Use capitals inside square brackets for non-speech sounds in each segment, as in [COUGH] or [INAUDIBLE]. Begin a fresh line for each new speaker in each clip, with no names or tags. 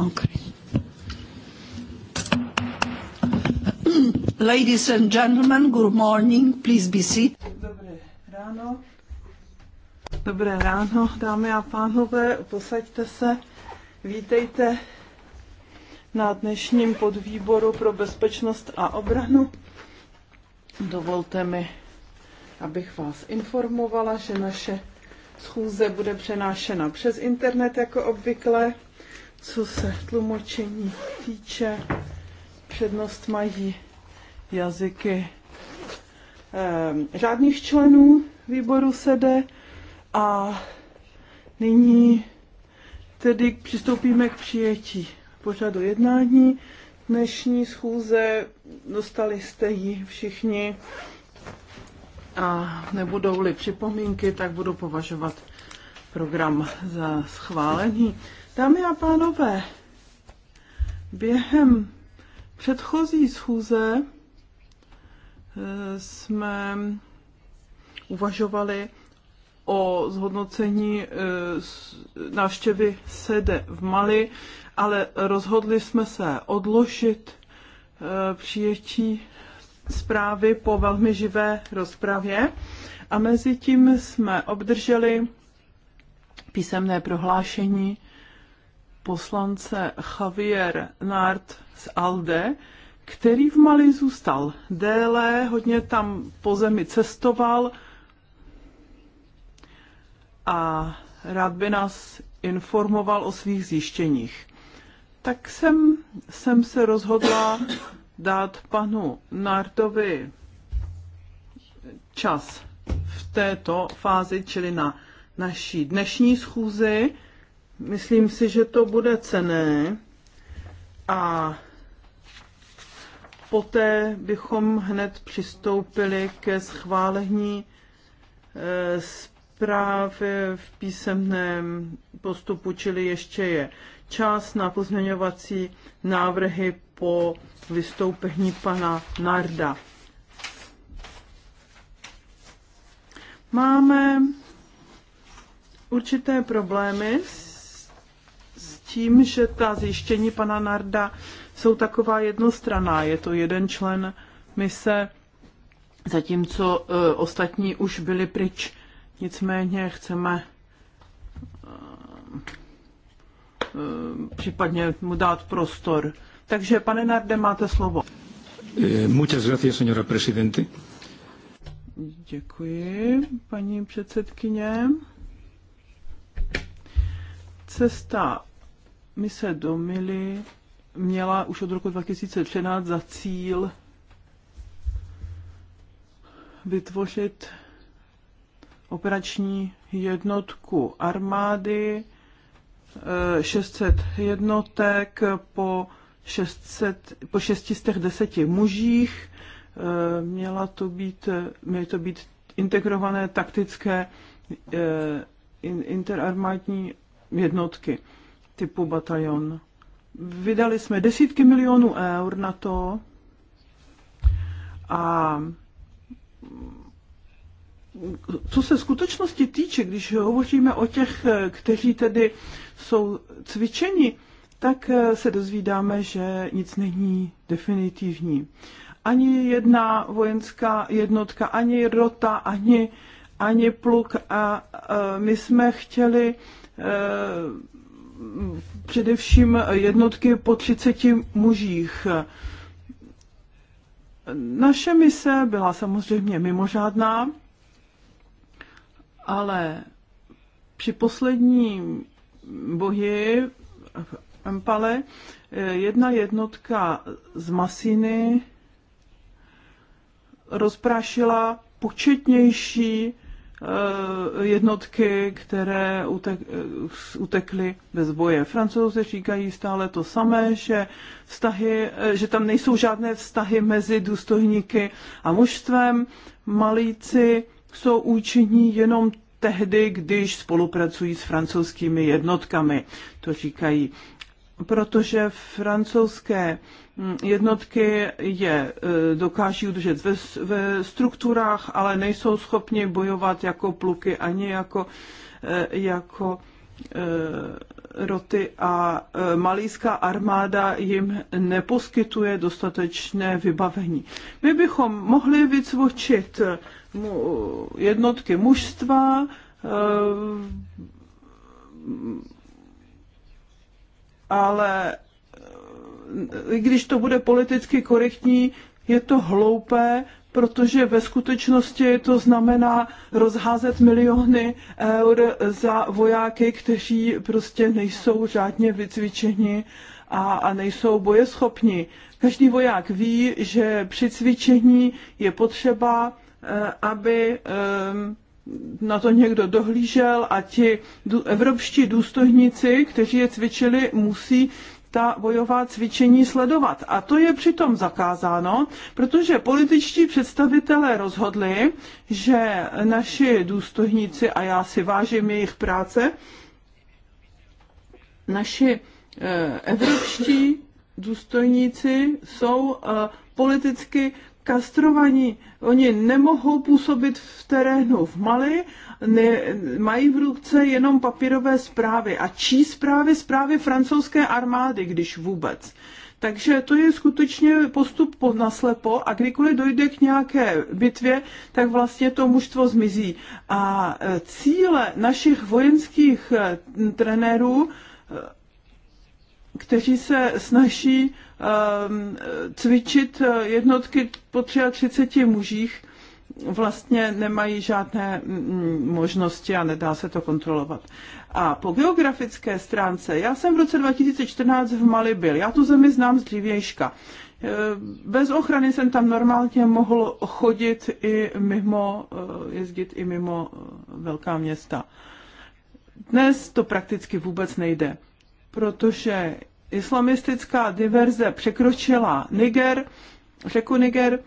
Okay. Ladies and gentlemen, good morning. Please be seated.
Dobré ráno. Dobré ráno, dámy a pánové, posaďte se. Vítejte na dnešním podvýboru pro bezpečnost a obranu. Dovolte mi, abych vás informovala, že naše schůze bude přenášena přes internet jako obvykle. Co se tlumočení týče, přednost mají jazyky řádných ehm, členů výboru sede a nyní tedy přistoupíme k přijetí pořadu jednání dnešní schůze. Dostali jste ji všichni a nebudou-li připomínky, tak budu považovat program za schválený. Dámy a pánové, během předchozí schůze eh, jsme uvažovali o zhodnocení eh, návštěvy sede v Mali, ale rozhodli jsme se odložit eh, přijetí zprávy po velmi živé rozpravě a mezi tím jsme obdrželi písemné prohlášení poslance Javier Nart z ALDE, který v Mali zůstal déle, hodně tam po zemi cestoval a rád by nás informoval o svých zjištěních. Tak jsem, jsem se rozhodla dát panu Nartovi čas v této fázi, čili na naší dnešní schůzi, Myslím si, že to bude cené a poté bychom hned přistoupili ke schválení eh, zprávy v písemném postupu, čili ještě je čas na pozměňovací návrhy po vystoupení pana Narda. Máme určité problémy s tím, že ta zjištění pana Narda jsou taková jednostraná. Je to jeden člen mise, zatímco e, ostatní už byli pryč. Nicméně chceme e, e případně mu dát prostor. Takže, pane Narde, máte slovo.
Eh, muchas gracias, señora presidente.
Děkuji, paní předsedkyně. Cesta mise do Mili měla už od roku 2013 za cíl vytvořit operační jednotku armády, 600 eh, jednotek po, 600, po 610 mužích. Eh, měla to být, měly to být integrované taktické eh, interarmádní jednotky typu batalion. Vydali jsme desítky milionů eur na to a co se skutečnosti týče, když hovoříme o těch, kteří tedy jsou cvičeni, tak se dozvídáme, že nic není definitivní. Ani jedna vojenská jednotka, ani rota, ani, ani pluk. A, a my jsme chtěli především jednotky po 30 mužích. Naše mise byla samozřejmě mimořádná, ale při posledním boji v Empale eh, jedna jednotka z Masiny rozprášila početnější Eh, jednotky, které eh, utekly bez boje. Francouzi říkají stále to samé, že, vztahy, eh, že tam nejsou žádné vztahy mezi důstojníky a mužstvem. Malíci jsou účinní jenom tehdy, když spolupracují s francouzskými jednotkami. To říkají, protože francouzské jednotky je eh, dokáží udržet ve, ve strukturách, ale nejsou schopni bojovat jako pluky ani jako, eh, jako eh, roty a malíská armáda jim neposkytuje dostatečné vybavení. My bychom mohli vycvočit jednotky mužstva, ale i když to bude politicky korektní, je to hloupé, protože ve skutečnosti to znamená rozházet miliony eur za vojáky, kteří prostě nejsou řádně vycvičeni a, a nejsou bojeschopní. Každý voják ví, že při cvičení je potřeba, eh, aby eh, na to někdo dohlížel a ti evropští důstojníci, kteří je cvičili, musí ta bojová cvičení sledovat. A to je přitom zakázáno, protože političtí představitelé rozhodli, že naši důstojníci, a já si vážím jejich práce, naši eh, evropští důstojníci jsou eh, politicky kastrovaní, oni nemohou působit v terénu v Mali, ne, mají v ruce jenom papírové zprávy a čí zprávy? Zprávy francouzské armády, když vůbec. Takže to je skutečně postup pod naslepo a kdykoliv dojde k nějaké bitvě, tak vlastně to mužstvo zmizí. A e, cíle našich vojenských e, trenérů e, kteří se snaží ehm, cvičit eh, jednotky po 33 mužích, vlastně nemají žádné možnosti a nedá se to kontrolovat. A po geografické stránce, já jsem v roce 2014 v Mali byl, já tu zemi znám z dřívějška. Eh, bez ochrany jsem tam normálně mohl chodit i mimo, eh, jezdit i mimo velká města. Dnes to prakticky vůbec nejde, protože islamistická diverze překročila Niger, řeku Niger,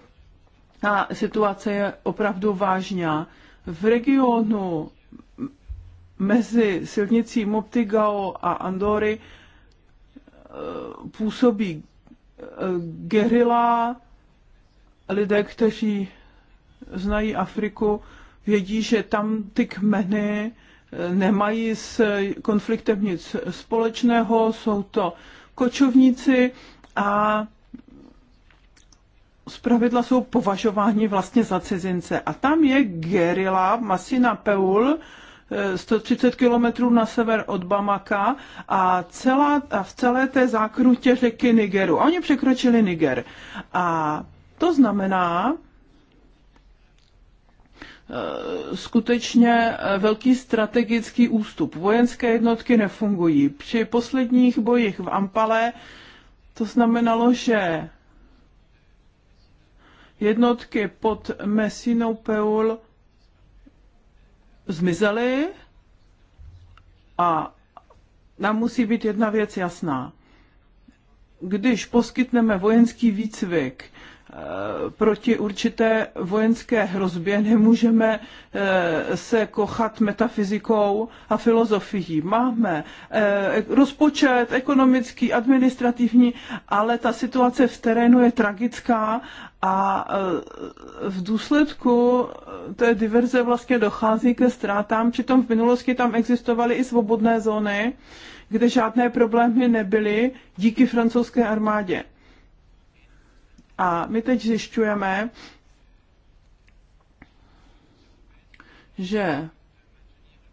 a situace je opravdu vážná. V regionu mezi silnicí Moptigao a Andory eh, působí eh, gerila, lidé, kteří znají Afriku, vědí, že tam ty kmeny nemají s konfliktem nic společného, jsou to kočovníci a zpravidla jsou považováni vlastně za cizince. A tam je gerila Masina Peul, 130 eh, kilometrů na sever od Bamaka a, celá, a v celé té zákrutě řeky Nigeru. A oni překročili Niger. A to znamená, Eh, skutečně eh, velký strategický ústup. Vojenské jednotky nefungují. Při posledních bojích v Ampale to znamenalo, že jednotky pod Messinou Peul zmizely a nám musí být jedna věc jasná. Když poskytneme vojenský výcvik Eh, proti určité vojenské hrozbě nemůžeme eh, se kochat metafyzikou a filozofií. Máme eh, rozpočet ekonomický, administrativní, ale ta situace v terénu je tragická a v důsledku té diverze vlastně dochází ke ztrátám. Přitom v minulosti tam existovaly i svobodné zóny, kde žádné problémy nebyly díky francouzské armádě. A my teď zjišťujeme, že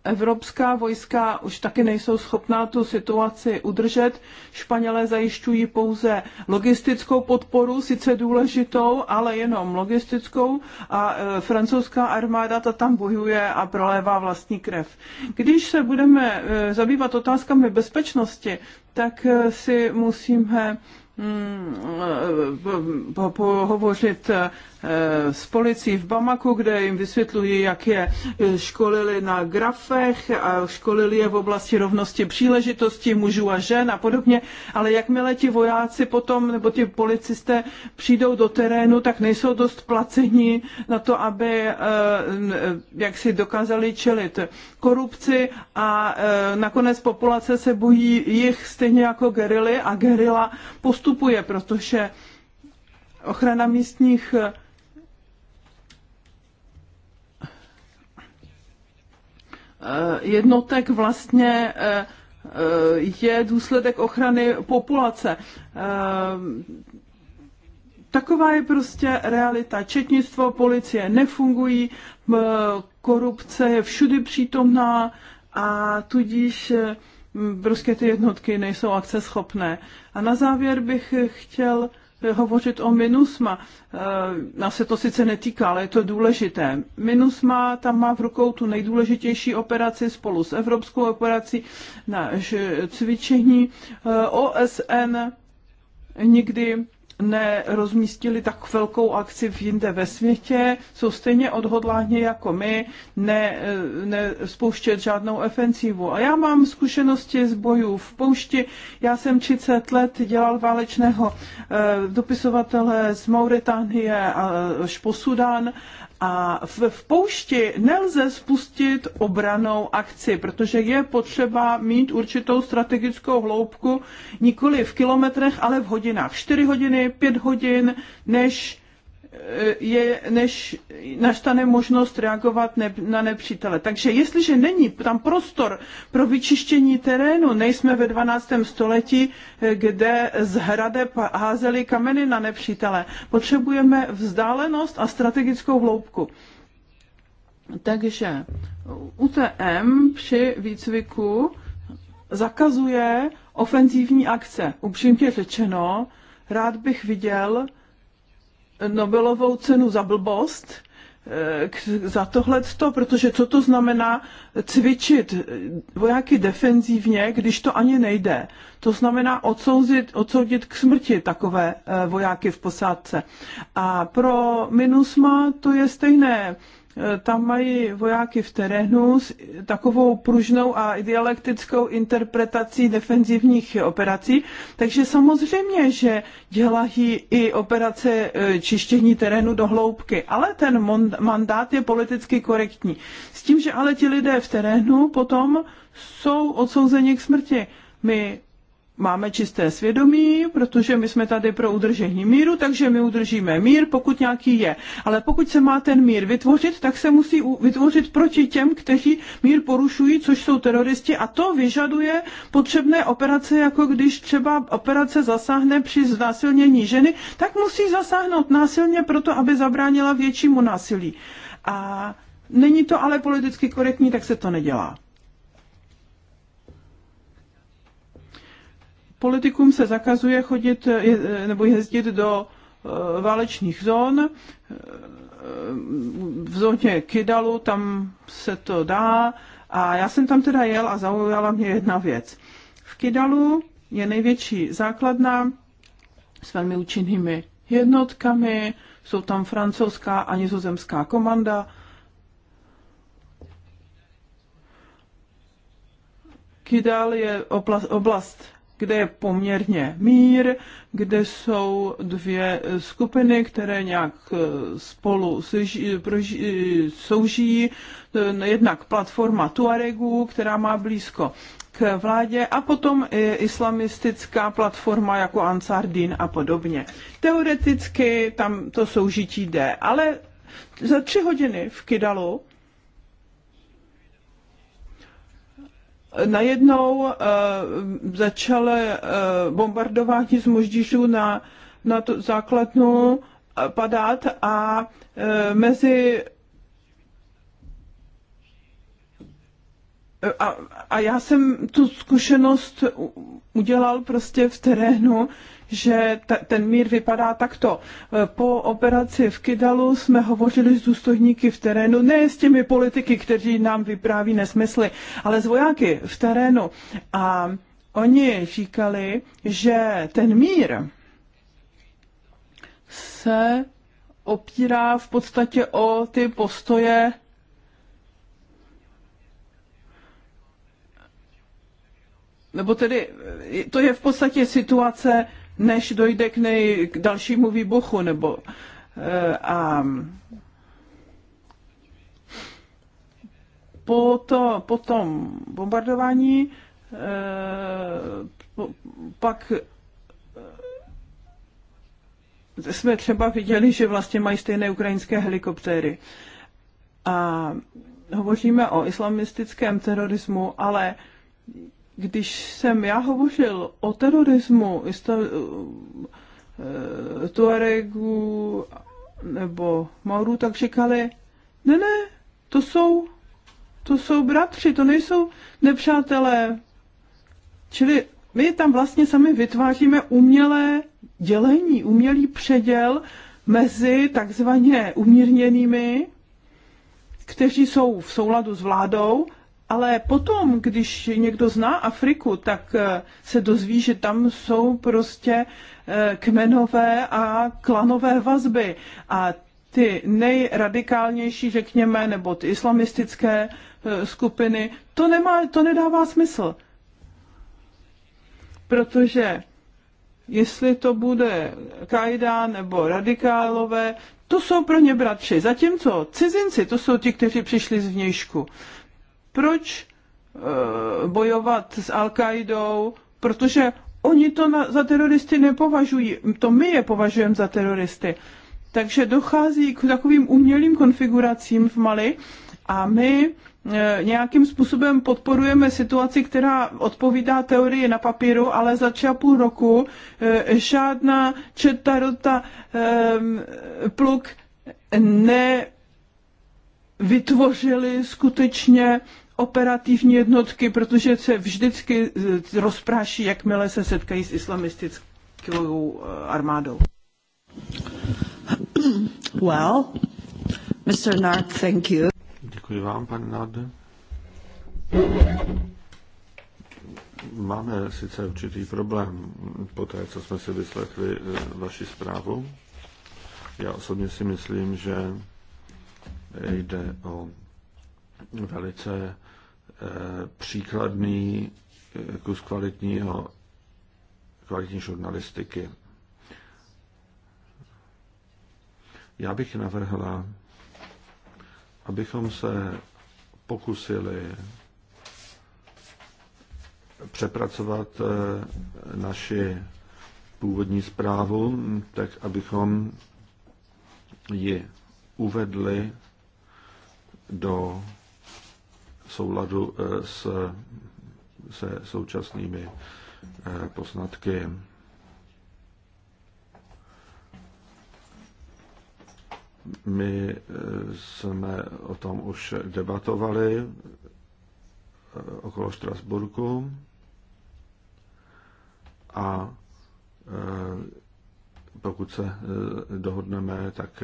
evropská vojska už taky nejsou schopná tu situaci udržet. Španělé zajišťují pouze logistickou podporu, sice důležitou, ale jenom logistickou a e, francouzská armáda ta tam bojuje a prolévá vlastní krev. Když se budeme e, zabývat otázkami bezpečnosti, tak e, si musíme Mm, eh, pohovořit eh, Eh, s policií v Bamaku, kde jim vysvětluji, jak je eh, školili na grafech a školili je v oblasti rovnosti příležitostí mužů a žen a podobně, ale jakmile ti vojáci potom nebo ti policisté přijdou do terénu, tak nejsou dost placeni na to, aby eh, jak si dokázali čelit korupci a nakonec populace se bojí jich stejně jako gerily a gerila postupuje, protože ochrana místních Eh, jednotek vlastně eh, eh, je důsledek ochrany populace. Taková je prostě realita. Četnictvo, policie nefungují, korupce je všudy přítomná a tudíž prostě ty jednotky nejsou akceschopné. A na závěr bych chtěl hovořit o MINUSMA. na eh, se to sice netýká, ale je to důležité. MINUSMA tam má v rukou tu nejdůležitější operaci spolu s evropskou operací na cvičení eh, OSN nikdy nerozmístili tak velkou akci v jinde ve světě, jsou stejně odhodláni jako my, ne, ne spouštět žádnou ofensivu. A já mám zkušenosti z bojů v poušti. Já jsem 30 let dělal válečného eh, dopisovatele z Mauritánie a po Sudán a v, v poušti nelze spustit obranou akci, protože je potřeba mít určitou strategickou hloubku nikoli v kilometrech, ale v hodinách. 4 hodiny, 5 hodin, než je, než nastane možnost reagovat ne, na nepřítele. Takže jestliže není tam prostor pro vyčištění terénu, nejsme ve 12. století, kde z hradeb házeli kameny na nepřítele. Potřebujeme vzdálenost a strategickou hloubku. Takže UTM při výcviku zakazuje ofenzivní akce. Upřímně řečeno, rád bych viděl, Nobelovou cenu za blbost, eh, za tohleto, protože co to znamená cvičit vojáky defenzívně, když to ani nejde. To znamená odsouzit, odsoudit k smrti takové eh, vojáky v posádce. A pro MINUSMA to je stejné tam mají vojáky v terénu s takovou pružnou a dialektickou interpretací defenzivních operací, takže samozřejmě, že dělají i operace e, čištění terénu do hloubky, ale ten mandát je politicky korektní. S tím, že ale ti lidé v terénu potom jsou odsouzeni k smrti. My máme čisté svědomí, protože my jsme tady pro udržení míru, takže my udržíme mír, pokud nějaký je. Ale pokud se má ten mír vytvořit, tak se musí vytvořit proti těm, kteří mír porušují, což jsou teroristi a to vyžaduje potřebné operace, jako když třeba operace zasáhne při znásilnění ženy, tak musí zasáhnout násilně proto, aby zabránila většímu násilí. A není to ale politicky korektní, tak se to nedělá. politikům se zakazuje chodit eh, eh, nebo jezdit do eh, válečných zón. V zóně Kidalu tam se to dá. A já jsem tam teda jel a zaujala mě jedna věc. V Kidalu je největší základna s velmi účinnými jednotkami, jsou tam francouzská a nizozemská komanda. Kidal je oblast kde je poměrně mír, kde jsou dvě skupiny, které nějak eh, spolu soužijí. Eh, jednak platforma Tuaregů, která má blízko k vládě a potom i islamistická platforma jako Ansar Din a podobně. Teoreticky tam to soužití jde, ale za tři hodiny v Kidalu najednou eh, začaly eh, bombardování z moždížů na, na to základnu eh, padat a mezi A, a já jsem tu zkušenost udělal prostě v terénu, že ten mír vypadá takto. E, po operaci v Kidalu jsme hovořili s důstojníky v terénu, ne s těmi politiky, kteří nám vypráví nesmysly, ale s vojáky v terénu. A oni říkali, že ten mír se opírá v podstatě o ty postoje nebo tedy to je v podstatě situace než dojde k, nej, k dalšímu výbuchu nebo eh, a po, to, po tom bombardování eh, po, pak eh, jsme třeba viděli, že vlastně mají stejné ukrajinské helikoptéry. A hovoříme o islamistickém terorismu, ale když jsem já hovořil o terorismu eh, Tuaregu nebo Mauru, tak říkali, ne, ne, to jsou, to jsou bratři, to nejsou nepřátelé. Čili my tam vlastně sami vytváříme umělé dělení, umělý předěl mezi takzvaně umírněnými, kteří jsou v souladu s vládou, ale potom, když někdo zná Afriku, tak eh, se dozví, že tam jsou prostě eh, kmenové a klanové vazby. A ty nejradikálnější, řekněme, nebo ty islamistické eh, skupiny, to, nemá, to nedává smysl. Protože jestli to bude Kajda nebo radikálové, to jsou pro ně bratři. Zatímco cizinci, to jsou ti, kteří přišli z vnějšku. Proč eh, bojovat s al kaidou protože oni to na, za teroristy nepovažují, to my je považujeme za teroristy. Takže dochází k takovým umělým konfiguracím v Mali a my eh, nějakým způsobem podporujeme situaci, která odpovídá teorii na papíru, ale za třeba půl roku eh, žádná četarota ehm, pluk ne vytvořili skutečně operativní jednotky, protože se vždycky eh, rozpráší, jakmile se setkají s islamistickou eh, armádou. Well, Mr. Nard, thank you.
Děkuji vám, pane Narde. Máme sice určitý problém po té, co jsme si vyslechli eh, vaši zprávu. Já osobně si myslím, že jde o velice příkladný eh, kus kvalitního, kvalitní žurnalistiky. Já bych navrhla, abychom se pokusili přepracovat eh, naši původní zprávu, tak abychom ji uvedli do souladu eh, s, se současnými eh, poznatky. My eh, jsme o tom už debatovali okolo Štrasburku a pokud se dohodneme, tak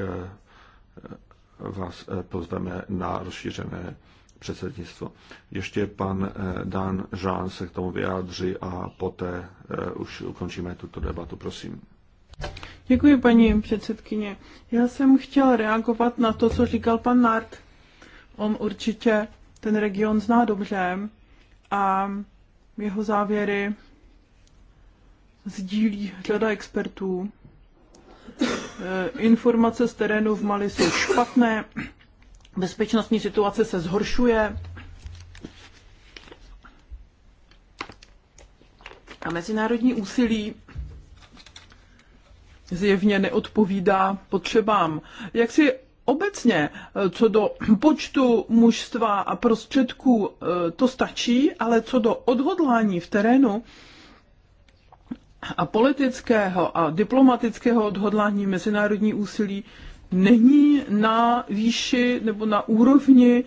vás pozveme na rozšířené předsednictvo. Ještě pan eh, Dan Žán se k tomu vyjádří a poté eh, už ukončíme tuto debatu, prosím.
Děkuji, paní předsedkyně. Já jsem chtěla reagovat na to, co říkal pan Nart. On určitě ten region zná dobře a jeho závěry sdílí řada expertů. Eh, informace z terénu v Mali jsou špatné, Bezpečnostní situace se zhoršuje a mezinárodní úsilí zjevně neodpovídá potřebám. Jak si obecně, eh, co do počtu mužstva a prostředků, eh, to stačí, ale co do odhodlání v terénu a politického a diplomatického odhodlání mezinárodní úsilí není na výši nebo na úrovni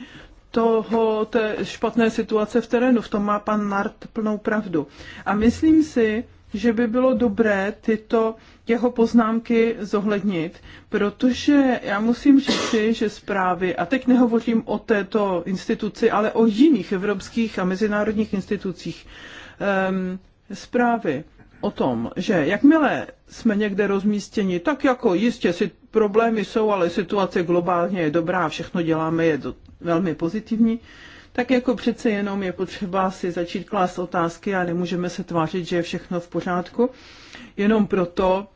toho, té špatné situace v terénu. V tom má pan Nart plnou pravdu. A myslím si, že by bylo dobré tyto jeho poznámky zohlednit, protože já musím říct, že zprávy, a teď nehovořím o této instituci, ale o jiných evropských a mezinárodních institucích, um, zprávy o tom, že jakmile jsme někde rozmístěni, tak jako jistě si problémy jsou, ale situace globálně je dobrá, všechno děláme, je do, velmi pozitivní, tak jako přece jenom je potřeba si začít klást otázky a nemůžeme se tvářit, že je všechno v pořádku, jenom proto,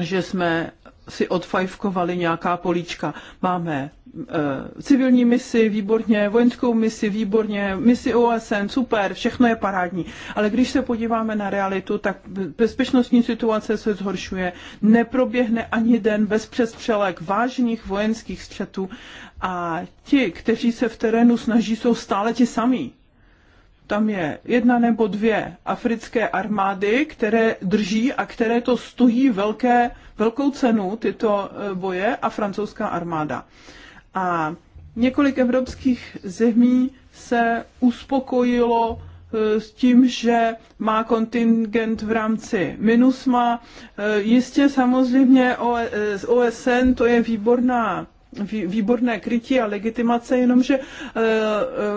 že jsme si odfajfkovali nějaká políčka. Máme Eh, civilní misi, výborně, vojenskou misi, výborně, misi OSN, super, všechno je parádní. Ale když se podíváme na realitu, tak bezpečnostní situace se zhoršuje, neproběhne ani den bez přestřelek vážných vojenských střetů a ti, kteří se v terénu snaží, jsou stále ti samí tam je jedna nebo dvě africké armády, které drží a které to stojí velké, velkou cenu, tyto eh, boje, a francouzská armáda. A několik evropských zemí se uspokojilo e, s tím, že má kontingent v rámci MINUSMA. E, jistě samozřejmě OSN e, to je výborná výborné krytí a legitimace, jenomže eh, eh,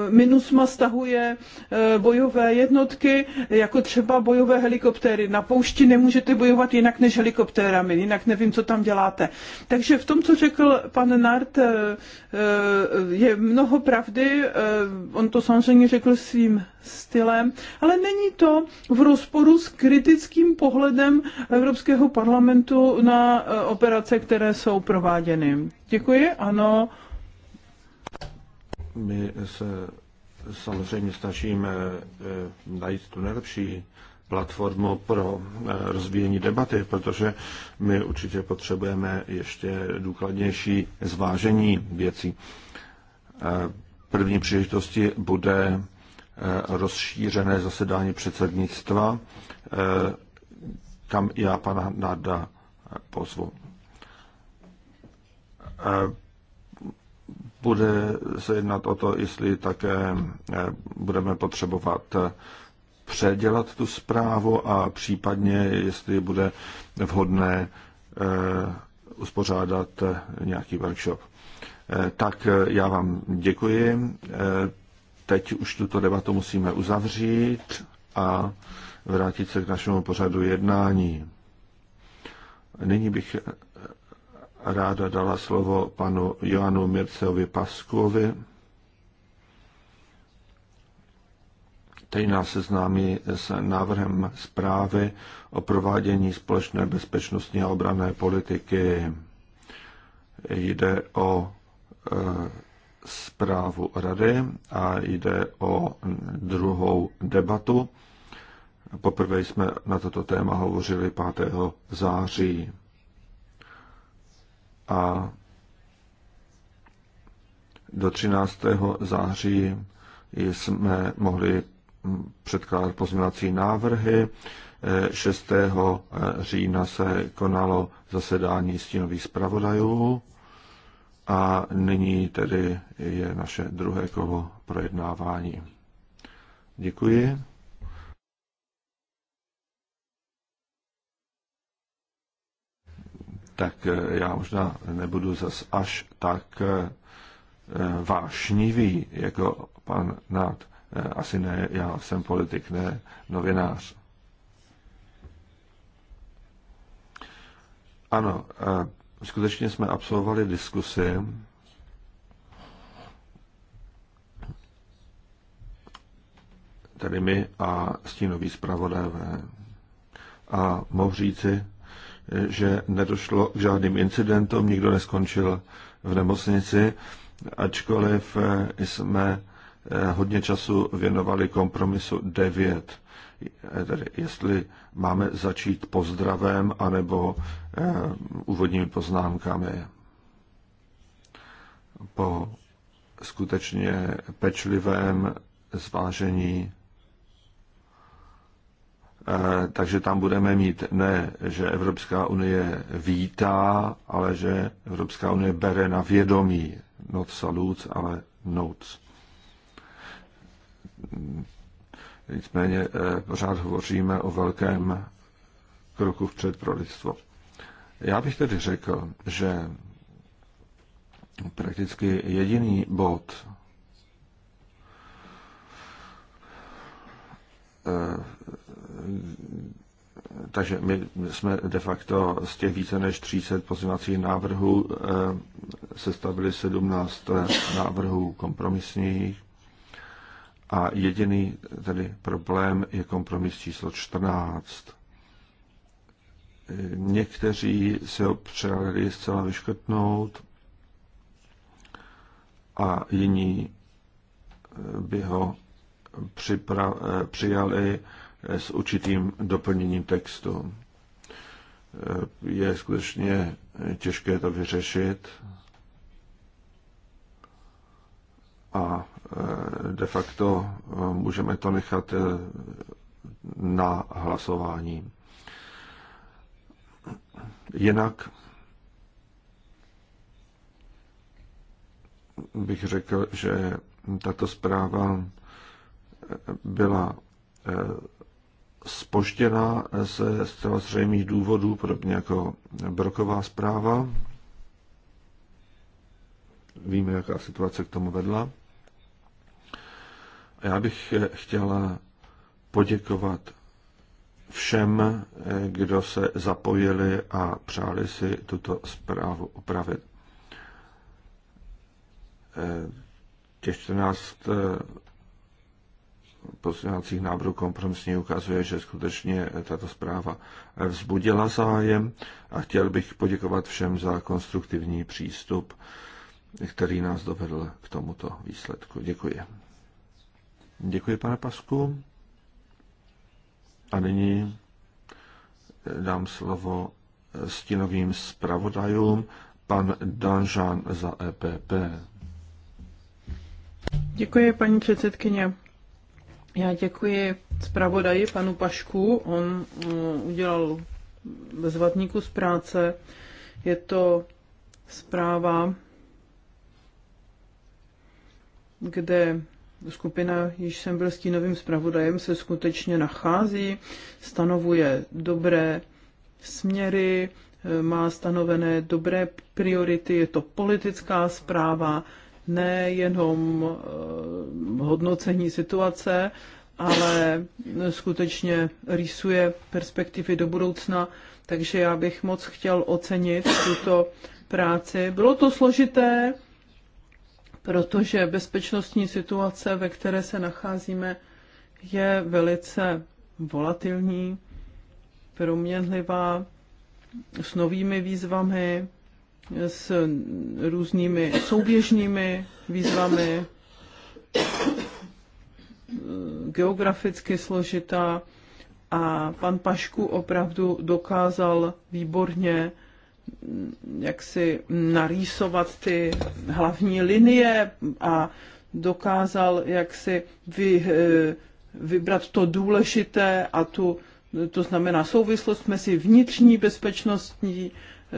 MINUSMA stahuje eh, bojové jednotky, jako třeba bojové helikoptéry. Na poušti nemůžete bojovat jinak než helikoptérami, jinak nevím, co tam děláte. Takže v tom, co řekl pan Nart, je mnoho pravdy. On to samozřejmě řekl svým stylem, ale není to v rozporu s kritickým pohledem Evropského parlamentu na eh, operace, které jsou prováděny. Děkuji, ano.
My se samozřejmě snažíme eh, najít tu nejlepší platformu pro eh, rozvíjení debaty, protože my určitě potřebujeme ještě důkladnější zvážení věcí. První příležitosti bude Eh, rozšířené zasedání předsednictva, eh, kam já pana Nada pozvu. Eh, bude se jednat o to, jestli také budeme potřebovat předělat tu zprávu a případně, jestli bude vhodné uspořádat nějaký workshop. Tak já vám děkuji teď už tuto debatu musíme uzavřít a vrátit se k našemu pořadu jednání. Nyní bych ráda dala slovo panu Joanu Mirceovi Paskovi, který nás seznámí s návrhem zprávy o provádění společné bezpečnostní a obrané politiky. Jde o eh, zprávu Rady a jde o druhou debatu. Poprvé jsme na toto téma hovořili 5. září. A do 13. září jsme mohli předkládat pozměňovací návrhy. 6. října se konalo zasedání stínových zpravodajů a nyní tedy je naše druhé kolo projednávání. Děkuji. Tak eh, já možná nebudu zas až tak eh, eh, vášnivý jako pan Nát. Asi ne, já jsem politik, ne novinář. Ano, skutečně jsme absolvovali diskusy tady my a stínový zpravodajové. A mohu říci, že nedošlo k žádným incidentům, nikdo neskončil v nemocnici, ačkoliv jsme Eh, hodně času věnovali kompromisu 9, eh, tedy jestli máme začít pozdravem anebo eh, úvodními poznámkami. Po skutečně pečlivém zvážení takže tam budeme mít ne, že Evropská unie vítá, ale že Evropská unie bere na vědomí not salutes, ale notes. Nicméně eh, pořád hovoříme o velkém kroku vpřed pro lidstvo. Já bych tedy řekl, že prakticky jediný bod, eh, takže my jsme de facto z těch více než 300 pozměňovacích návrhů eh, sestavili 17 návrhů kompromisních a jediný tedy problém je kompromis číslo 14. Někteří se ho přijali zcela vyškrtnout a jiní by ho připra- přijali s určitým doplněním textu. Je skutečně těžké to vyřešit a Eh, de facto eh, můžeme to nechat eh, na hlasování. Jinak bych řekl, že tato zpráva byla spožděna ze zcela zřejmých důvodů, podobně jako broková zpráva. Víme, jaká situace k tomu vedla. Já bych eh, chtěla poděkovat všem, eh, kdo se zapojili a přáli si tuto zprávu upravit. Eh, těch 14 pozměňovacích návrhů kompromisně ukazuje, že skutečně tato zpráva vzbudila zájem a chtěl bych poděkovat všem za konstruktivní přístup, který nás dovedl k tomuto výsledku. Děkuji. Děkuji, pane Pasku. A nyní eh, dám slovo eh, stínovým zpravodajům, pan Danžan za EPP.
Děkuji, paní předsedkyně. Já děkuji zpravodaji panu Pašku. On eh, udělal bezvatný z práce. Je to zpráva, kde skupina, již jsem byl stínovým zpravodajem, se skutečně nachází, stanovuje dobré směry, eh, má stanovené dobré priority, je to politická zpráva, nejenom eh, hodnocení situace, ale skutečně rýsuje perspektivy do budoucna, takže já bych moc chtěl ocenit tuto práci. Bylo to složité, protože bezpečnostní situace, ve které se nacházíme, je velice volatilní, proměnlivá, s novými výzvami, s různými souběžnými výzvami, geograficky složitá a pan Pašku opravdu dokázal výborně jak si narýsovat ty hlavní linie a dokázal jak si vy, eh, vybrat to důležité a tu, to znamená souvislost mezi vnitřní bezpečnostní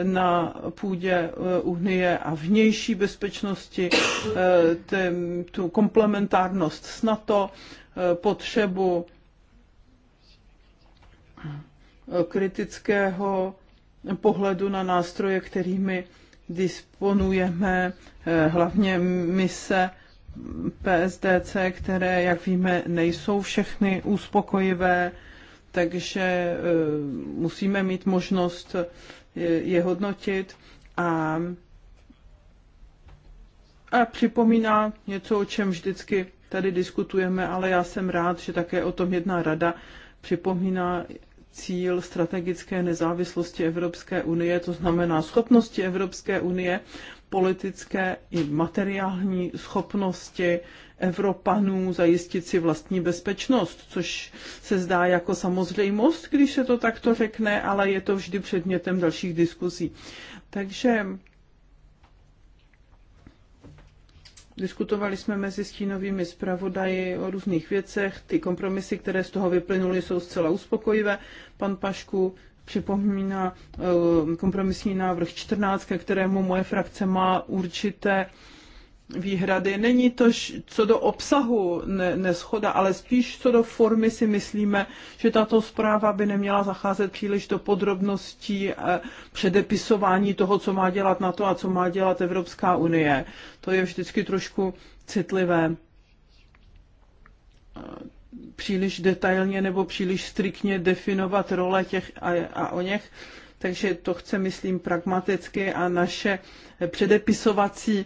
na půdě eh, Unie a vnější bezpečnosti, eh, tu komplementárnost s NATO, potřebu kritického pohledu na nástroje, kterými disponujeme, eh, hlavně mise PSDC, které, jak víme, nejsou všechny uspokojivé, takže eh, musíme mít možnost je hodnotit a, a připomíná něco, o čem vždycky tady diskutujeme, ale já jsem rád, že také o tom jedná rada, připomíná, cíl strategické nezávislosti Evropské unie, to znamená schopnosti Evropské unie, politické i materiální schopnosti Evropanů zajistit si vlastní bezpečnost, což se zdá jako samozřejmost, když se to takto řekne, ale je to vždy předmětem dalších diskuzí. Takže Diskutovali jsme mezi stínovými zpravodaji o různých věcech. Ty kompromisy, které z toho vyplynuly, jsou zcela uspokojivé. Pan Pašku připomíná eh, kompromisní návrh 14, ke kterému moje frakce má určité výhrady. Není to co do obsahu ne, neschoda, ale spíš co do formy si myslíme, že tato zpráva by neměla zacházet příliš do podrobností eh, předepisování toho, co má dělat NATO a co má dělat Evropská unie. To je vždycky trošku citlivé eh, příliš detailně nebo příliš striktně definovat role těch a, a o něch takže to chce, myslím, pragmaticky a naše předepisovací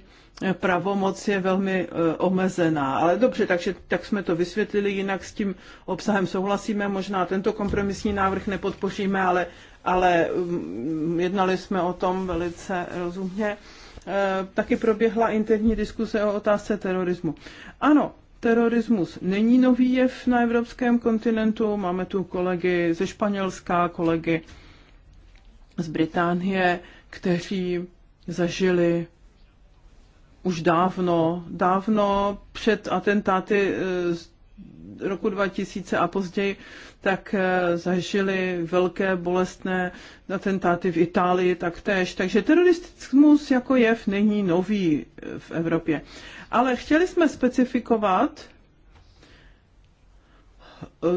pravomoc je velmi e, omezená. Ale dobře, takže tak jsme to vysvětlili, jinak s tím obsahem souhlasíme, možná tento kompromisní návrh nepodpoříme, ale, ale mm, jednali jsme o tom velice rozumně. E, taky proběhla interní diskuse o otázce terorismu. Ano, terorismus není nový jev na evropském kontinentu. Máme tu kolegy ze Španělska, kolegy z Británie, kteří zažili už dávno, dávno před atentáty eh, z roku 2000 a později, tak eh, zažili velké bolestné atentáty v Itálii taktéž. Takže terorismus jako jev není nový eh, v Evropě. Ale chtěli jsme specifikovat,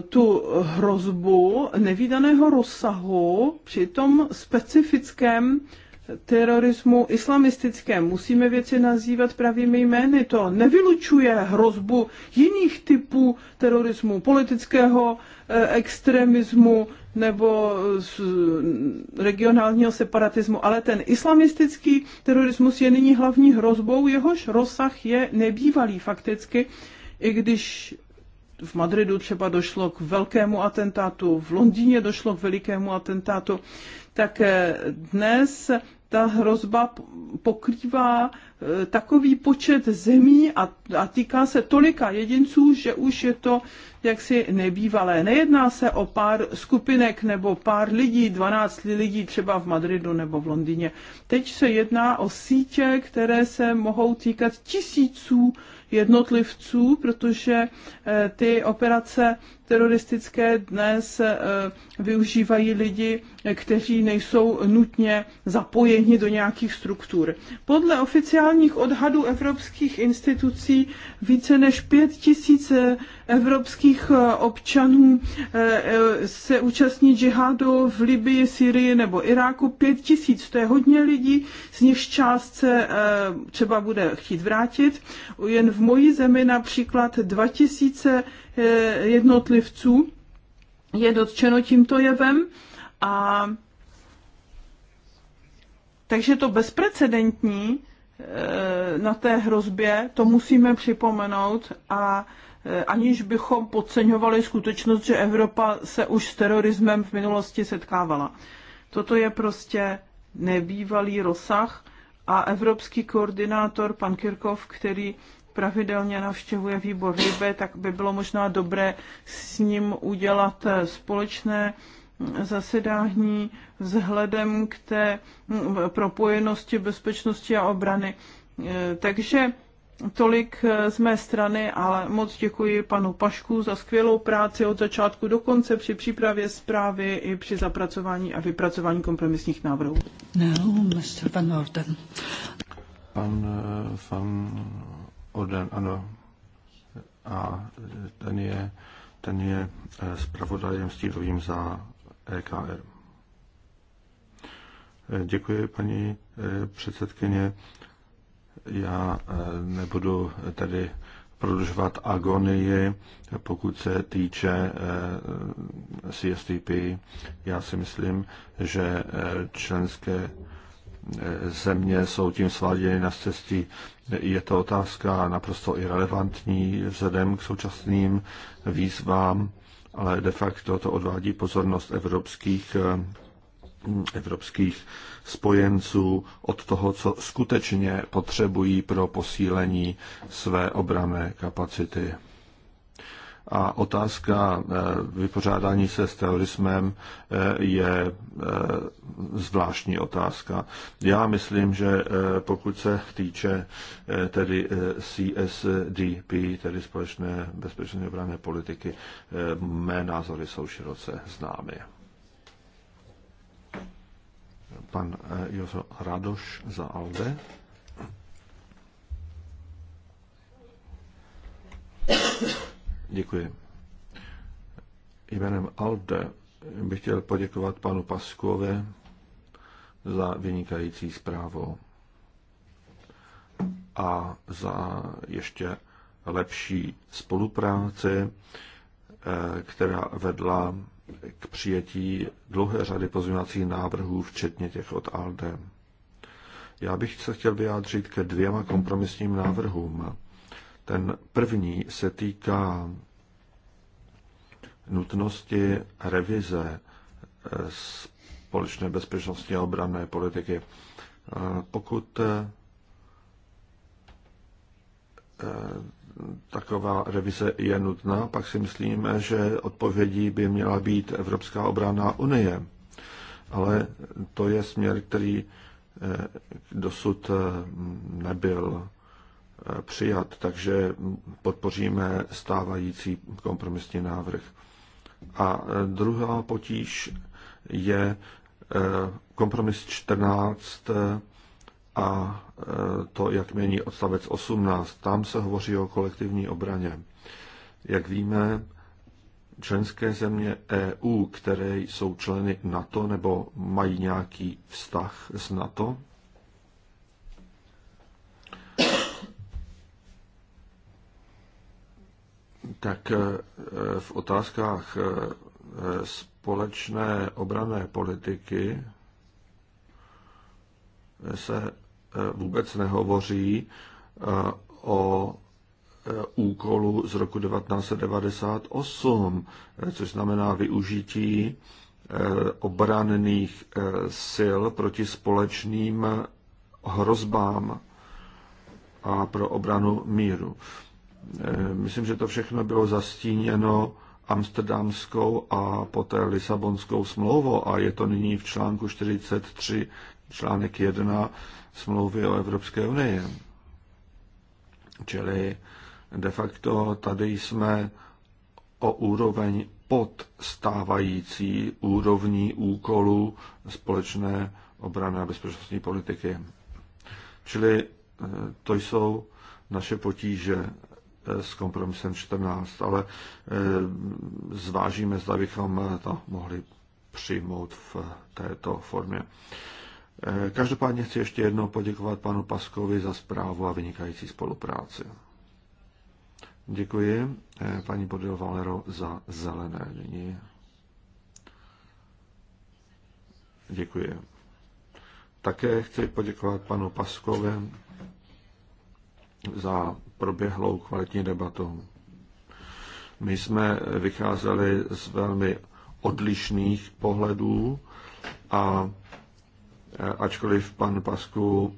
tu hrozbu nevýdaného rozsahu při tom specifickém terorismu islamistickém. Musíme věci nazývat pravými jmény. To nevylučuje hrozbu jiných typů terorismu, politického eh, extremismu nebo mm, regionálního separatismu, ale ten islamistický terorismus je nyní hlavní hrozbou, jehož rozsah je nebývalý fakticky, i když v Madridu třeba došlo k velkému atentátu, v Londýně došlo k velikému atentátu, tak eh, dnes ta hrozba pokrývá eh, takový počet zemí a, a týká se tolika jedinců, že už je to jaksi nebývalé. Nejedná se o pár skupinek nebo pár lidí, 12 lidí třeba v Madridu nebo v Londýně. Teď se jedná o sítě, které se mohou týkat tisíců jednotlivců, protože eh, ty operace teroristické dnes eh, využívají lidi, kteří nejsou nutně zapojeni do nějakých struktur. Podle oficiálních odhadů evropských institucí více než pět tisíc eh, evropských eh, občanů se účastní džihádu v Libii, Syrii nebo Iráku. Pět tisíc, to je hodně lidí, z nichž část se třeba bude chtít vrátit. Jen v mojí zemi například 2000 Eh, jednotlivců je dotčeno tímto jevem a takže to bezprecedentní eh, na té hrozbě, to musíme připomenout a eh, aniž bychom podceňovali skutečnost, že Evropa se už s terorismem v minulosti setkávala. Toto je prostě nebývalý rozsah a evropský koordinátor pan Kirkov, který pravidelně navštěvuje výbor Libe, tak by bylo možná dobré s ním udělat eh, společné mm, zasedání vzhledem k té mm, propojenosti bezpečnosti a obrany. Eh, takže tolik eh, z mé strany, ale moc děkuji panu Pašku za skvělou práci od začátku do konce při přípravě zprávy i při zapracování a vypracování kompromisních návrhů. No, Mr. Van Orden.
Pan, pan Oden, ano. A ten je, ten je eh, zpravodajem stílovým za EKR. Eh, děkuji, paní eh, předsedkyně. Já nebudu tady prodlužovat agonii, pokud se týče CSTP. Já si myslím, že členské země jsou tím sváděny na cestí. Je to otázka naprosto irrelevantní vzhledem k současným výzvám, ale de facto to odvádí pozornost evropských evropských spojenců od toho, co skutečně potřebují pro posílení své obrané kapacity. A otázka eh, vypořádání se s terorismem eh, je eh, zvláštní otázka. Já myslím, že pokud se týče tedy CSDP, tedy společné bezpečnostní obranné politiky, mé názory jsou široce známy. Pan Jozo Radoš za ALDE. Yeah. [COUGHS] Děkuji. Jménem Alde bych chtěl poděkovat panu Paskové za vynikající zprávu a za ještě lepší spolupráci, eh, která vedla k přijetí dlouhé řady pozměňovacích návrhů, včetně těch od ALDE. Já bych se chtěl vyjádřit ke dvěma kompromisním návrhům. Ten první se týká nutnosti revize eh, společné bezpečnostní a obranné politiky. Eh, pokud eh, taková revize je nutná, pak si myslíme, že odpovědí by měla být Evropská obranná unie. Ale to je směr, který dosud nebyl přijat, takže podpoříme stávající kompromisní návrh. A druhá potíž je eh, kompromis 14 eh, a eh, to, jak mění odstavec 18. Tam se hovoří o kolektivní obraně. Jak víme, členské země EU, které jsou členy NATO nebo mají nějaký vztah s NATO, tak eh, v otázkách eh, společné obrané politiky se eh, vůbec nehovoří o úkolu z roku 1998, což znamená využití obranných sil proti společným hrozbám a pro obranu míru. Eh, myslím, že to všechno bylo zastíněno amsterdamskou a poté Lisabonskou smlouvou a je to nyní v článku 43, článek 1 smlouvy o Evropské unii. Čili de facto tady jsme o úroveň pod stávající úrovní úkolů společné obrany a bezpečnostní politiky. Čili eh, to jsou naše potíže s kompromisem 14, ale eh, zvážíme, zda bychom eh, to mohli přijmout v eh, této formě. Každopádně chci ještě jednou poděkovat panu Paskovi za zprávu a vynikající spolupráci. Děkuji paní Bodil Valero za zelené nyní. Děkuji. Také chci poděkovat panu Paskovi za proběhlou kvalitní debatou. My jsme vycházeli z velmi odlišných pohledů a eh, ačkoliv pan Pasku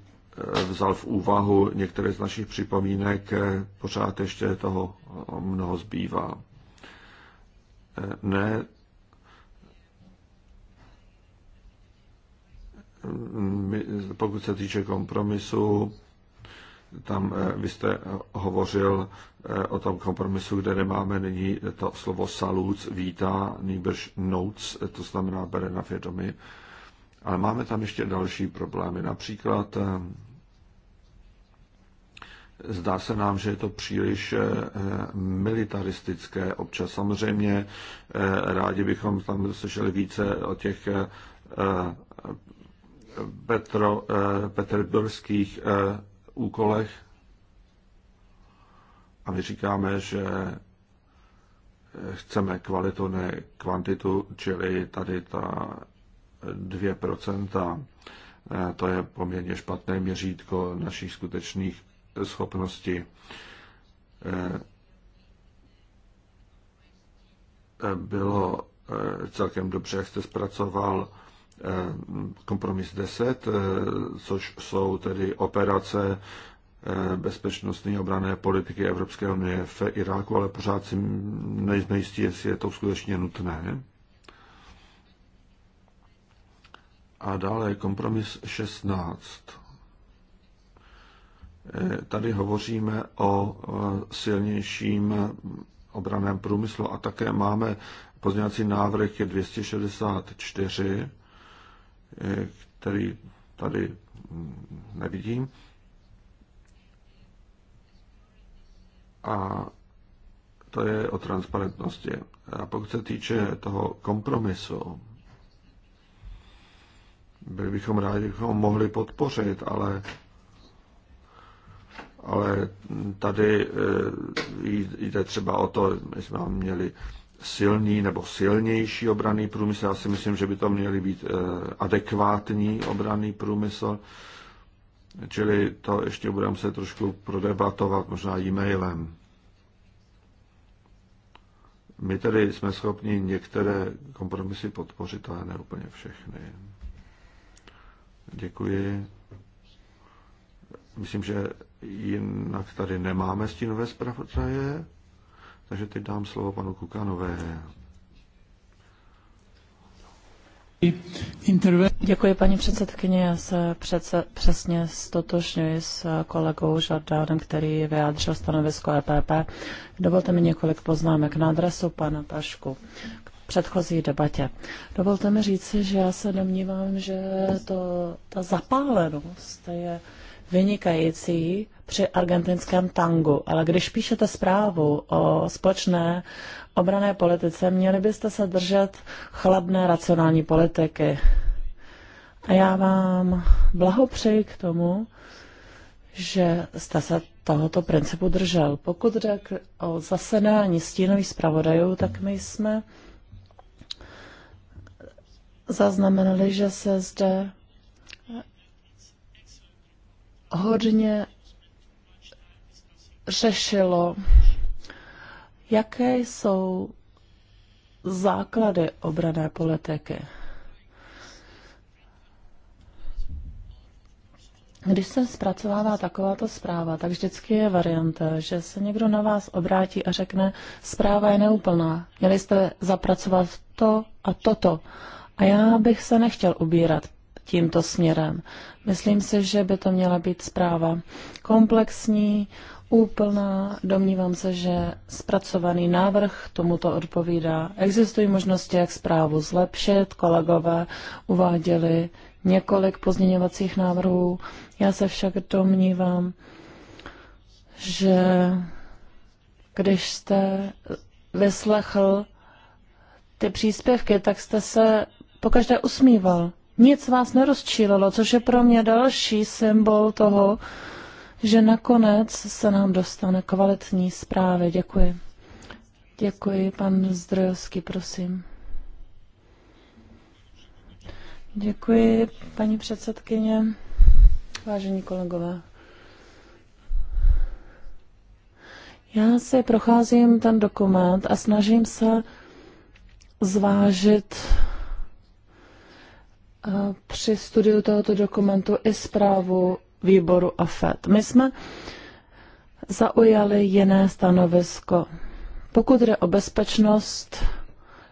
eh, vzal v úvahu některé z našich připomínek, eh, pořád ještě toho mnoho zbývá. Ne, pokud se týče kompromisu, tam eh, vy jste eh, hovořil eh, o tom kompromisu, kde nemáme nyní to slovo salut, vítá, nýbrž notes, to znamená bere na vědomí. Ale máme tam ještě další problémy. Například zdá se nám, že je to příliš militaristické občas. Samozřejmě rádi bychom tam slyšeli více o těch Petro, petrburských úkolech. A my říkáme, že chceme kvalitu, ne kvantitu, čili tady ta 2%, to je poměrně špatné měřítko našich skutečných schopností. Bylo celkem dobře, jak jste zpracoval Eh, kompromis 10, eh, což jsou tedy operace eh, bezpečnostní obrané politiky Evropské unie v Iráku, ale pořád si nejsme jistí, jestli je to skutečně nutné. A dále kompromis 16. Tady hovoříme o silnějším obraném průmyslu a také máme pozměňovací návrh 264, E, který tady mm, nevidím. A to je o transparentnosti. A pokud se týče toho kompromisu, byli bychom rádi, kdybychom mohli podpořit, ale, ale tady e, jde třeba o to, my jsme měli silný nebo silnější obraný průmysl. Já si myslím, že by to měly být eh, adekvátní obraný průmysl. Čili to ještě budeme se trošku prodebatovat, možná e-mailem. My tedy jsme schopni některé kompromisy podpořit, ale ne úplně všechny. Děkuji. Myslím, že jinak tady nemáme stínové zpravodaje. Takže teď dám slovo panu Kukanové.
Děkuji, paní předsedkyně. Já se přece, přesně stotožňuji s kolegou Žardánem, který vyjádřil stanovisko EPP. Dovolte mi několik poznámek na adresu pana Pašku k předchozí debatě. Dovolte mi říci, že já se domnívám, že to, ta zapálenost je uh, vynikající při argentinském tangu, ale když píšete zprávu o společné obrané politice, měli byste se držet chladné racionální politiky. A já vám blahopřeji k tomu, že jste se tohoto principu držel. Pokud jde o zasedání stínových zpravodajů, tak my jsme zaznamenali, že se zde hodně řešilo, jaké jsou základy obrané politiky. Když se zpracovává takováto zpráva, tak vždycky je varianta, že se někdo na vás obrátí a řekne, zpráva je neúplná, měli jste zapracovat to a toto. A já bych se nechtěl ubírat tímto směrem. Myslím si, že by to měla být zpráva komplexní, úplná. Domnívám se, že zpracovaný návrh tomuto odpovídá. Existují možnosti, jak zprávu zlepšit. Kolegové uváděli několik pozměňovacích návrhů. Já se však domnívám, že když jste vyslechl ty příspěvky, tak jste se pokaždé usmíval nic vás nerozčílilo, což je pro mě další symbol toho, že nakonec se nám dostane kvalitní zprávy. Děkuji. Děkuji, pan Zdrojovský, prosím. Děkuji, paní předsedkyně, vážení kolegové. Já si procházím ten dokument a snažím se zvážit při studiu tohoto dokumentu i zprávu výboru AFET. My jsme zaujali jiné stanovisko. Pokud jde o bezpečnost,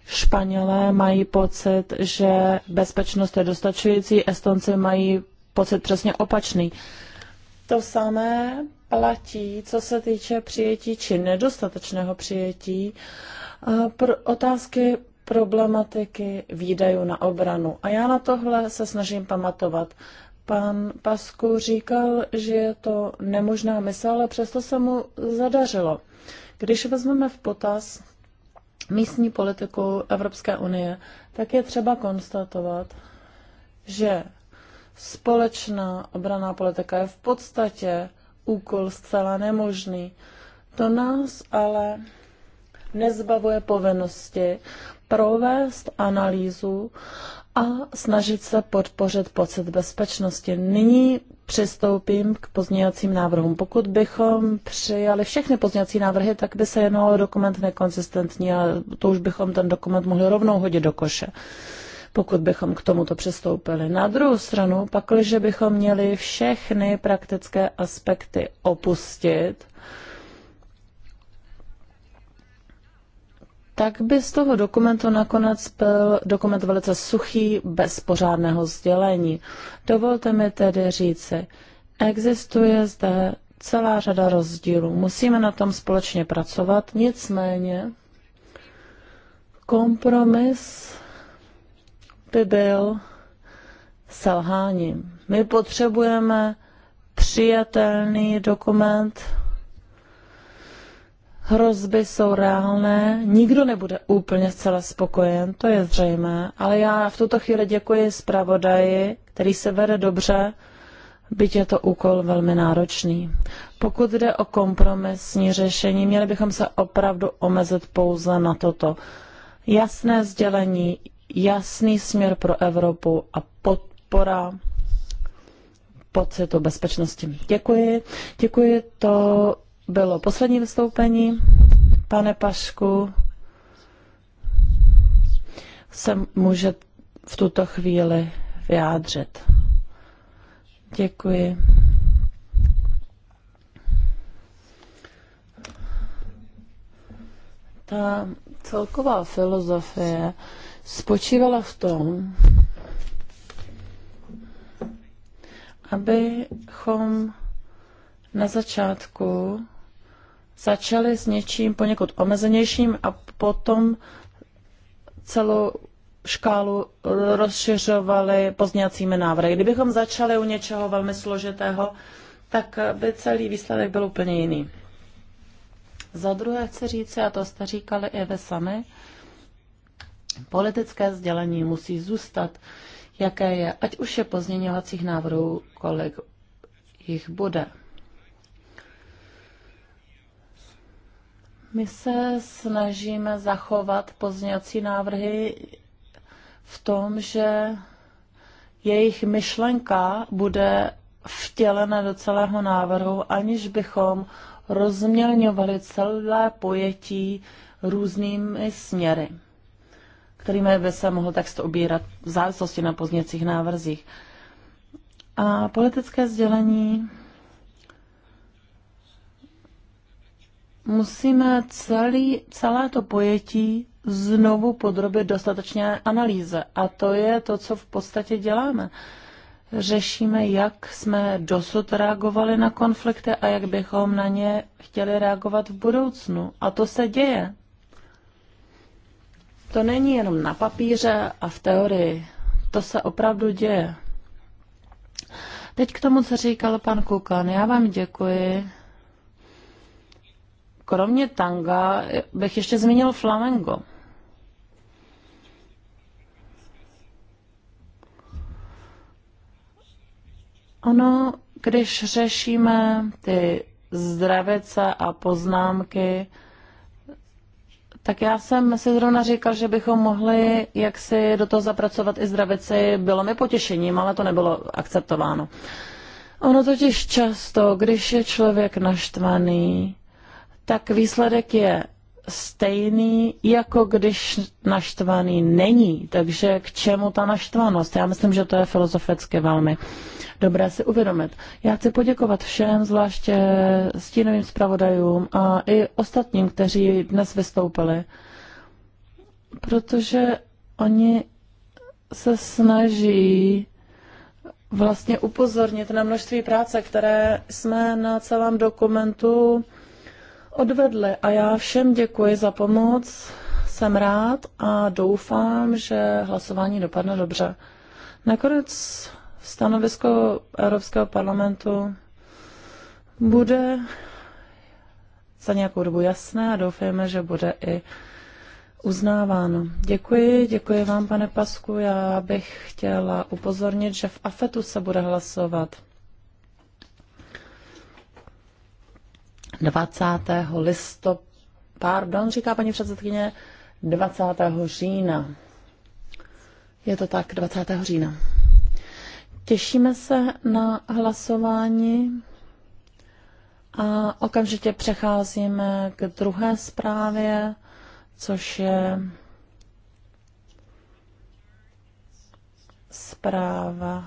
Španělé mají pocit, že bezpečnost je dostačující, Estonci mají pocit přesně opačný. To samé platí, co se týče přijetí či nedostatečného přijetí. Pro otázky problematiky výdajů na obranu. A já na tohle se snažím pamatovat. Pan Pasku říkal, že je to nemožná mysl, ale přesto se mu zadařilo. Když vezmeme v potaz místní politiku Evropské unie, tak je třeba konstatovat, že společná obraná politika je v podstatě úkol zcela nemožný. To nás ale nezbavuje povinnosti provést analýzu a snažit se podpořit pocit bezpečnosti. Nyní přistoupím k pozměňovacím návrhům. Pokud bychom přijali všechny pozměňovací návrhy, tak by se jednalo dokument nekonzistentní a to už bychom ten dokument mohli rovnou hodit do koše pokud bychom k tomuto přistoupili. Na druhou stranu, pakliže bychom měli všechny praktické aspekty opustit, tak by z toho dokumentu nakonec byl dokument velice suchý, bez pořádného sdělení. Dovolte mi tedy říci, existuje zde celá řada rozdílů. Musíme na tom společně pracovat, nicméně kompromis by byl selháním. My potřebujeme přijatelný dokument, Hrozby jsou reálné, nikdo nebude úplně zcela spokojen, to je zřejmé, ale já v tuto chvíli děkuji zpravodaji, který se vede dobře, byť je to úkol velmi náročný. Pokud jde o kompromisní řešení, měli bychom se opravdu omezit pouze na toto. Jasné sdělení, jasný směr pro Evropu a podpora pocitu bezpečnosti. Děkuji. Děkuji, to bylo poslední vystoupení. Pane Pašku, se může v tuto chvíli vyjádřit. Děkuji. Ta celková filozofie spočívala v tom, abychom na začátku začali s něčím poněkud omezenějším a potom celou škálu rozšiřovali pozněcími návrhy. Kdybychom začali u něčeho velmi složitého, tak by celý výsledek byl úplně jiný. Za druhé chci říct, a to jste říkali i vy sami, politické sdělení musí zůstat, jaké je, ať už je pozměňovacích návrhů, kolik jich bude. My se snažíme zachovat pozněcí návrhy v tom, že jejich myšlenka bude vtělena do celého návrhu, aniž bychom rozmělňovali celé pojetí různými směry, kterými by se mohl text obírat v závislosti na pozněcích návrzích. A politické sdělení musíme celý, celé to pojetí znovu podrobit dostatečně analýze. A to je to, co v podstatě děláme. Řešíme, jak jsme dosud reagovali na konflikty a jak bychom na ně chtěli reagovat v budoucnu. A to se děje. To není jenom na papíře a v teorii. To se opravdu děje. Teď k tomu, co říkal pan Kukan. Já vám děkuji Kromě tanga bych ještě zmínil flamengo. Ono, když řešíme ty zdravice a poznámky, tak já jsem si zrovna říkal, že bychom mohli jaksi do toho zapracovat i zdravici. Bylo mi potěšením, ale to nebylo akceptováno. Ono totiž často, když je člověk naštvaný, tak výsledek je stejný, jako když naštvaný není. Takže k čemu ta naštvanost? Já myslím, že to je filozoficky velmi dobré si uvědomit. Já chci poděkovat všem, zvláště stínovým zpravodajům a i ostatním, kteří dnes vystoupili, protože oni se snaží vlastně upozornit na množství práce, které jsme na celém dokumentu odvedli. A já všem děkuji za pomoc, jsem rád a doufám, že hlasování dopadne dobře. Nakonec stanovisko Evropského parlamentu bude za nějakou dobu jasné a doufejme, že bude i uznáváno. Děkuji, děkuji vám, pane Pasku. Já bych chtěla upozornit, že v AFETu se bude hlasovat. 20. listopadu, pardon, říká paní předsedkyně, 20. října. Je to tak, 20. října. Těšíme se na hlasování a okamžitě přecházíme k druhé zprávě, což je zpráva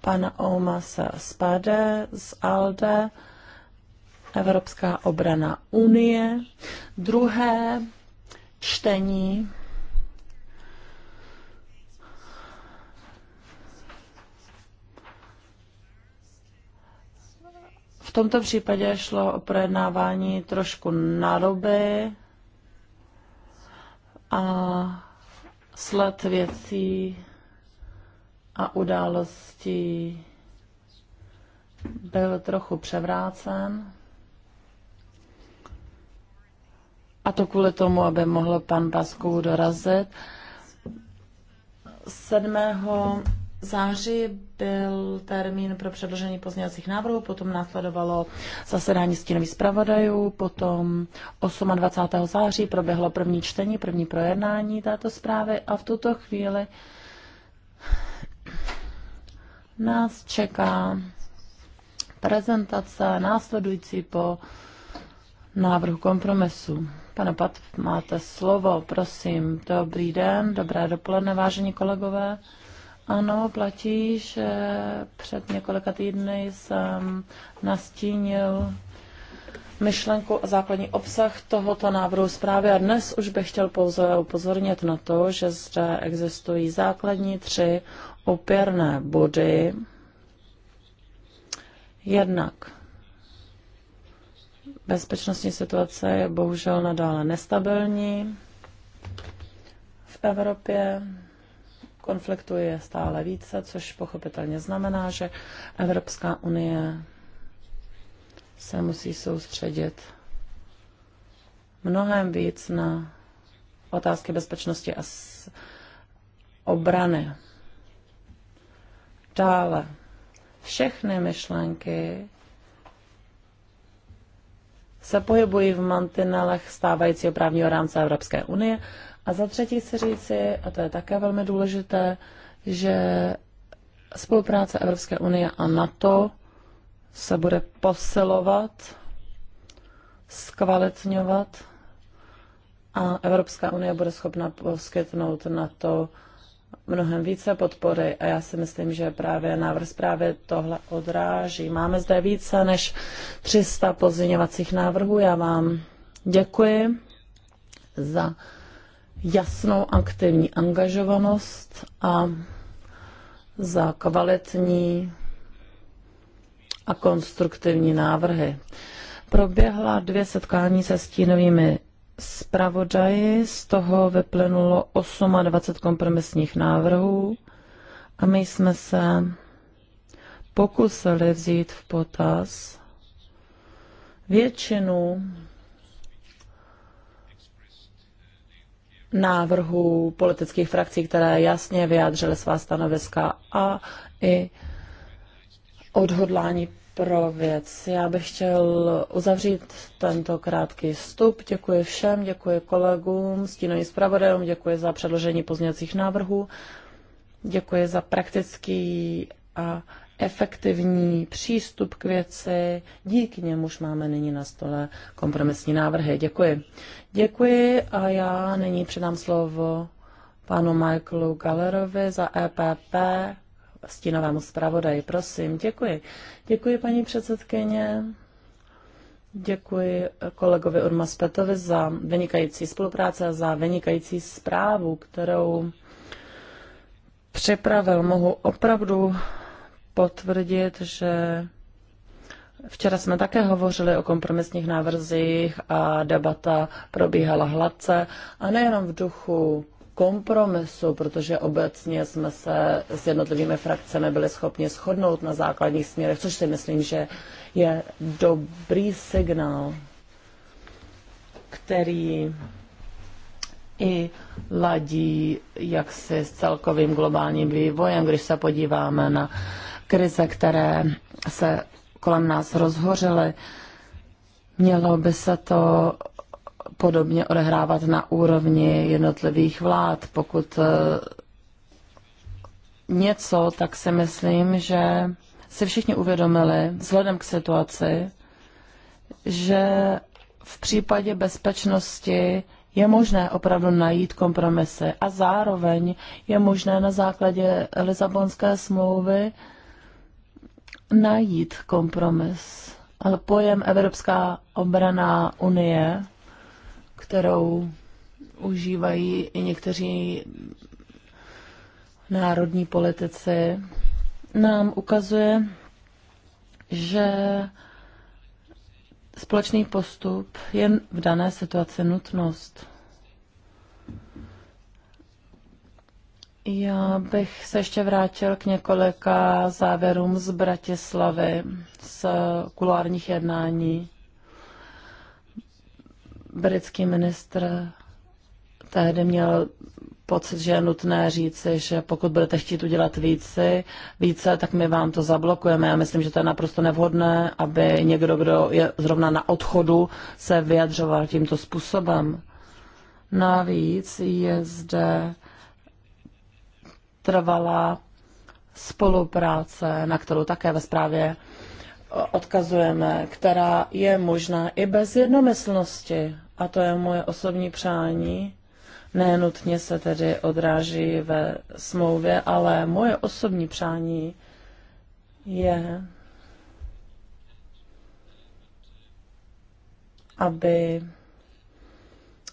pana Omasa Spade z ALDE Evropská obrana unie. Druhé čtení V tomto případě šlo o projednávání trošku na doby a sled věcí a událostí byl trochu převrácen. A to kvůli tomu, aby mohl pan Baskou dorazit. 7. září byl termín pro předložení pozměňovacích návrhů, potom následovalo zasedání stínových zpravodajů, potom 28. září proběhlo první čtení, první projednání této zprávy a v tuto chvíli nás čeká prezentace následující po návrhu kompromisu. Pane Pat, máte slovo, prosím. Dobrý den, dobré dopoledne, vážení kolegové. Ano, platí, že před několika týdny jsem nastínil myšlenku a základní obsah tohoto návrhu zprávy a dnes už bych chtěl pouze upozornit na to, že zde existují základní tři opěrné body. Jednak Bezpečnostní situace je bohužel nadále nestabilní. V Evropě Konfliktu je stále více, což pochopitelně znamená, že Evropská unie se musí soustředit mnohem víc na otázky bezpečnosti a obrany. Dále, všechny myšlenky se pohybují v mantinelech stávajícího právního rámce Evropské unie. A za třetí chci říci, a to je také velmi důležité, že spolupráce Evropské unie a NATO se bude posilovat, zkvalitňovat a Evropská unie bude schopna poskytnout na to mnohem více podpory a já si myslím, že právě návrh zprávy tohle odráží. Máme zde více než 300 pozměňovacích návrhů. Já vám děkuji za jasnou aktivní angažovanost a za kvalitní a konstruktivní návrhy. Proběhla dvě setkání se stínovými zpravodaji, z toho vyplynulo 28 kompromisních návrhů a my jsme se pokusili vzít v potaz většinu návrhů politických frakcí, které jasně vyjádřily svá stanoviska a i odhodlání pro věc. Já bych chtěl uzavřít tento krátký vstup. Děkuji všem, děkuji kolegům, stínovým zpravodajům, děkuji za předložení pozměňovacích návrhů, děkuji za praktický a efektivní přístup k věci. Díky němuž máme nyní na stole kompromisní návrhy. Děkuji. Děkuji a já nyní předám slovo panu Michaelu Gallerovi za EPP stínovému zpravodaji. Prosím, děkuji. Děkuji, paní předsedkyně. Děkuji kolegovi Urma Spetovi za vynikající spolupráce a za vynikající zprávu, kterou připravil. Mohu opravdu potvrdit, že Včera jsme také hovořili o kompromisních návrzích a debata probíhala hladce a nejenom v duchu kompromisu, protože obecně jsme se s jednotlivými frakcemi byli schopni shodnout na základních směrech, což si myslím, že je dobrý signál, který i ladí jaksi s celkovým globálním vývojem, když se podíváme na krize, které se kolem nás rozhořely. Mělo by se to podobně odehrávat na úrovni jednotlivých vlád. Pokud eh, něco, tak si myslím, že si všichni uvědomili, vzhledem k situaci, že v případě bezpečnosti je možné opravdu najít kompromisy a zároveň je možné na základě Lisabonské smlouvy najít kompromis. Ale pojem Evropská obraná unie kterou užívají i někteří národní politici, nám ukazuje, že společný postup je v dané situaci nutnost. Já bych se ještě vrátil k několika závěrům z Bratislavy, z kulárních jednání britský ministr tehdy měl pocit, že je nutné říci, že pokud budete chtít udělat více, více, tak my vám to zablokujeme. Já myslím, že to je naprosto nevhodné, aby někdo, kdo je zrovna na odchodu, se vyjadřoval tímto způsobem. Navíc je zde trvalá spolupráce, na kterou také ve zprávě odkazujeme, která je možná i bez jednomyslnosti a to je moje osobní přání, nenutně se tedy odráží ve smlouvě, ale moje osobní přání je, aby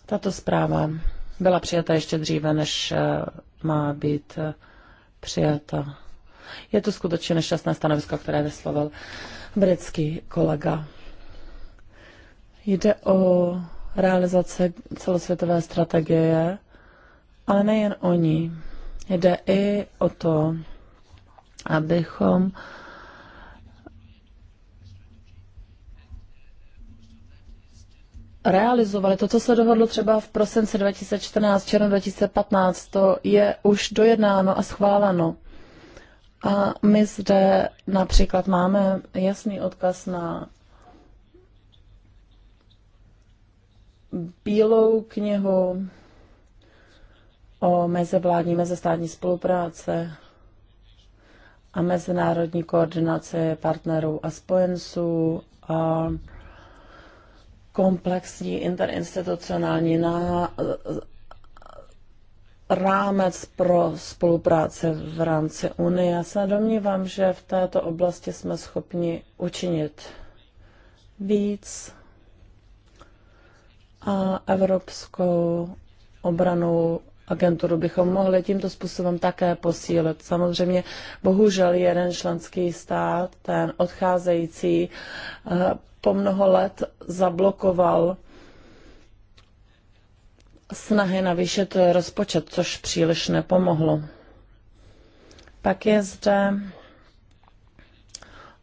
tato zpráva byla přijata ještě dříve, než eh, má být eh, přijata. Je to skutečně nešťastné stanovisko, které vyslovil britský kolega. Jde o realizaci celosvětové strategie, ale nejen o ní. Jde i o to, abychom realizovali to, co se dohodlo třeba v prosinci 2014, černo 2015, to je už dojednáno a schváleno. A my zde například máme jasný odkaz na bílou knihu o mezivládní, mezistátní spolupráce a mezinárodní koordinaci partnerů a spojenců a komplexní interinstitucionální na, rámec pro spolupráci v rámci Unie. Já se domnívám, že v této oblasti jsme schopni učinit víc a Evropskou obranou agenturu bychom mohli tímto způsobem také posílit. Samozřejmě, bohužel jeden členský stát, ten odcházející, eh, po mnoho let zablokoval snahy navýšit rozpočet, což příliš nepomohlo. Pak je zde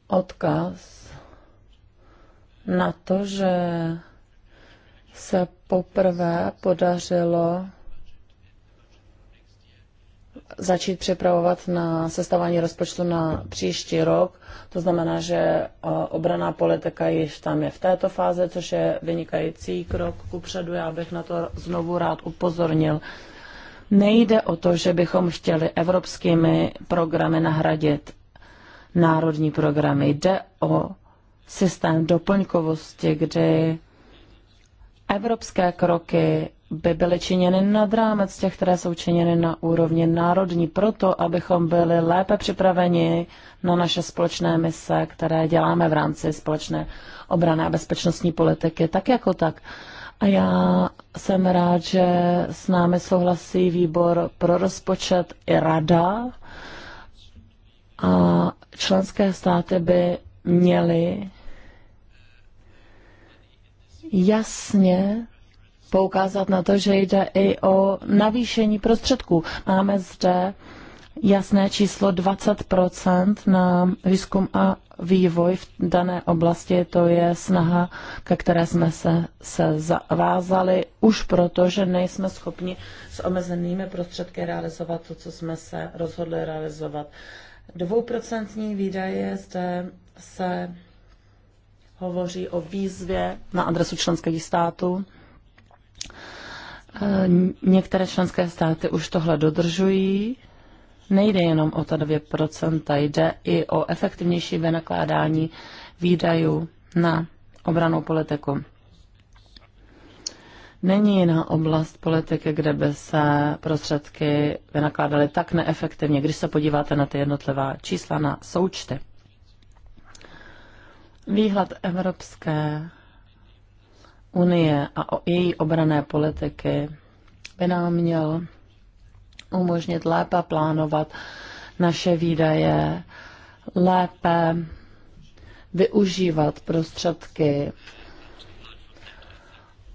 odkaz na to, že se poprvé podařilo začít připravovat na sestavání rozpočtu na příští rok. To znamená, že eh, obraná politika již tam je v této fázi, což je vynikající krok kupředu. Já bych na to znovu rád upozornil. Nejde o to, že bychom chtěli evropskými programy nahradit národní programy. Jde o systém doplňkovosti, kdy evropské kroky by byly činěny nad rámec těch, které jsou činěny na úrovni národní, proto abychom byli lépe připraveni na naše společné mise, které děláme v rámci společné obrané a bezpečnostní politiky, tak jako tak. A já jsem rád, že s námi souhlasí výbor pro rozpočet i rada a členské státy by měly jasně poukázat na to, že jde i o navýšení prostředků. Máme zde jasné číslo 20% na výzkum a vývoj v dané oblasti, to je snaha, ke které jsme se, se zavázali, už proto, že nejsme schopni s omezenými prostředky realizovat to, co jsme se rozhodli realizovat. Dvouprocentní výdaje zde se hovoří o výzvě na adresu členských států. E, některé členské státy už tohle dodržují. Nejde jenom o ta 2%, jde i o efektivnější vynakládání výdajů na obranou politiku. Není jiná oblast politiky, kde by se prostředky vynakládaly tak neefektivně, když se podíváte na ty jednotlivá čísla na součty. Výhled Evropské unie a o její obrané politiky by nám měl umožnit lépe plánovat naše výdaje, lépe využívat prostředky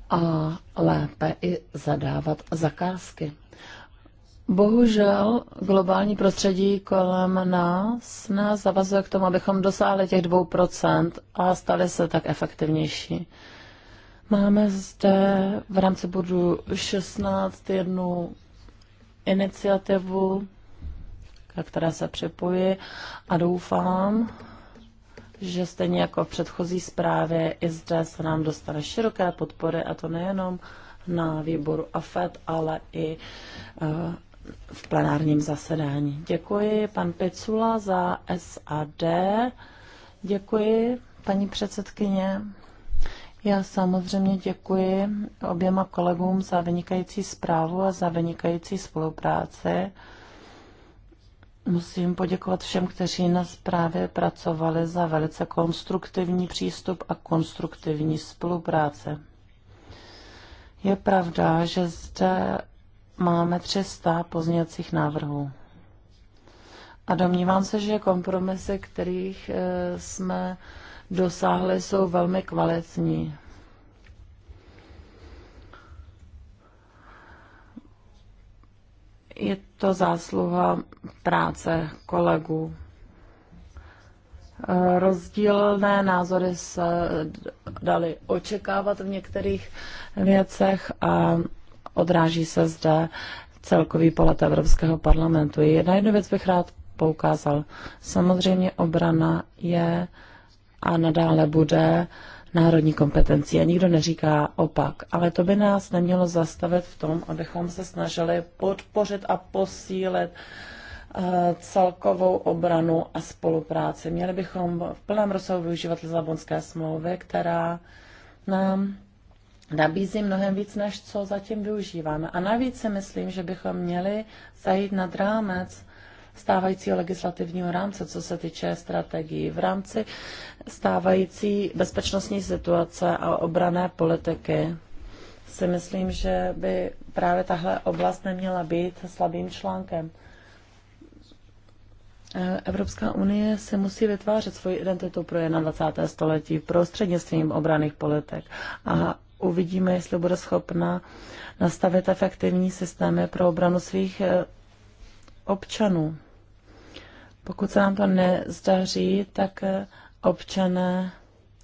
a lépe i zadávat zakázky. Bohužel globální prostředí kolem nás nás zavazuje k tomu, abychom dosáhli těch 2% a stali se tak efektivnější. Máme zde v rámci bodu 16 jednu iniciativu, ke které se připojí a doufám, že stejně jako v předchozí zprávě i zde se nám dostane široké podpory a to nejenom na výboru AFED, ale i eh, v plenárním zasedání. Děkuji pan Picula za SAD. Děkuji, paní předsedkyně. Já samozřejmě děkuji oběma kolegům za vynikající zprávu a za vynikající spolupráci. Musím poděkovat všem, kteří na zprávě pracovali za velice konstruktivní přístup a konstruktivní spolupráce. Je pravda, že zde Máme 300 pozměňovacích návrhů. A domnívám se, že kompromisy, kterých eh, jsme dosáhli, jsou velmi kvalitní. Je to zásluha práce kolegů. Eh, rozdílné názory se daly očekávat v některých věcech a odráží se zde celkový polet Evropského parlamentu. Jedna jednu věc bych rád poukázal. Samozřejmě obrana je a nadále bude národní kompetenci. a nikdo neříká opak. Ale to by nás nemělo zastavit v tom, abychom se snažili podpořit a posílit eh, celkovou obranu a spolupráci. Měli bychom v plném rozsahu využívat Lisabonské smlouvy, která nám nabízí mnohem víc, než co zatím využíváme. A navíc si myslím, že bychom měli zajít nad rámec stávajícího legislativního rámce, co se týče strategií. V rámci stávající bezpečnostní situace a obrané politiky si myslím, že by právě tahle oblast neměla být slabým článkem. Evropská unie se musí vytvářet svoji identitu pro 21. století prostřednictvím obraných politik. A uvidíme, jestli bude schopna nastavit efektivní systémy pro obranu svých eh, občanů. Pokud se nám to nezdaří, tak eh, občané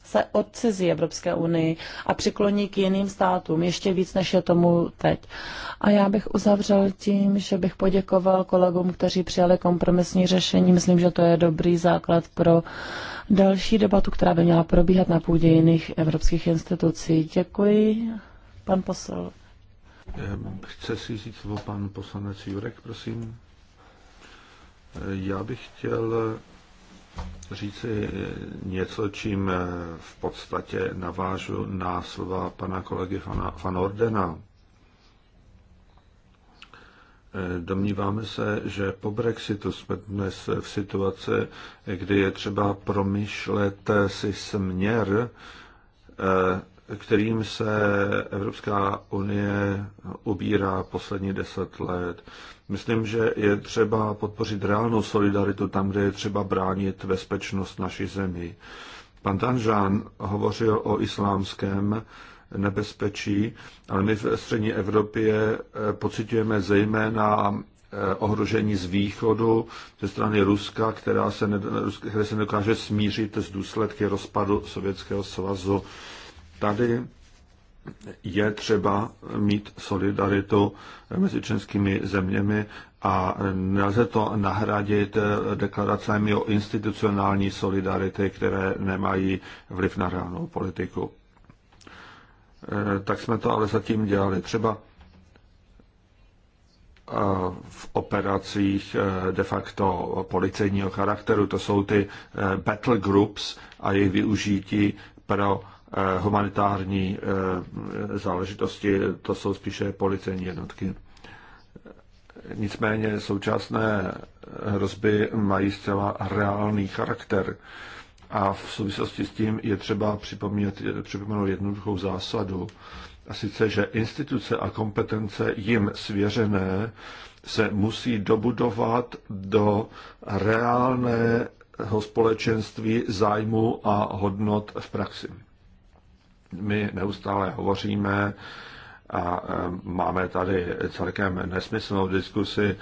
se odcizí Evropské unii a přikloní k jiným státům, ještě víc, než je tomu teď. A já bych uzavřel tím, že bych poděkoval kolegům, kteří přijali kompromisní řešení. Myslím, že to je dobrý základ pro uh, další debatu, která by měla probíhat na půdě jiných evropských institucí. Děkuji, pan
posel. Ehm, chce si říct slovo pan poslanec Jurek, prosím. Eh, já bych chtěl eh, říci eh, něco, čím v podstatě navážu na slova pana kolegy Fanordena. Van Ordena. Domníváme se, že po Brexitu jsme dnes v situaci, kdy je třeba promyšlet si směr, eh, kterým se Evropská unie ubírá poslední deset let. Myslím, že je třeba podpořit reálnou solidaritu tam, kde je třeba bránit bezpečnost naší zemi. Pan Danžán hovořil o islámském nebezpečí, ale my v střední Evropě eh, pocitujeme zejména eh, ohrožení z východu ze strany Ruska, která se, ne, které se nedokáže smířit s důsledky rozpadu Sovětského svazu. Tady je třeba mít solidaritu mezi českými zeměmi a nelze to nahradit eh, deklaracemi o institucionální solidarity, které nemají vliv na reálnou politiku. Eh, tak jsme to ale zatím dělali. Třeba eh, v operacích eh, de facto policejního charakteru, to jsou ty battle groups a jejich využití pro humanitární záležitosti, to jsou spíše policejní jednotky. Nicméně současné hrozby mají zcela reálný charakter. A v souvislosti s tím je třeba připomínat, připomenout jednoduchou zásadu, a sice, že instituce a kompetence jim svěřené se musí dobudovat do reálného společenství zájmu a hodnot v praxi. My neustále hovoříme a e, máme tady celkem nesmyslnou diskusi e,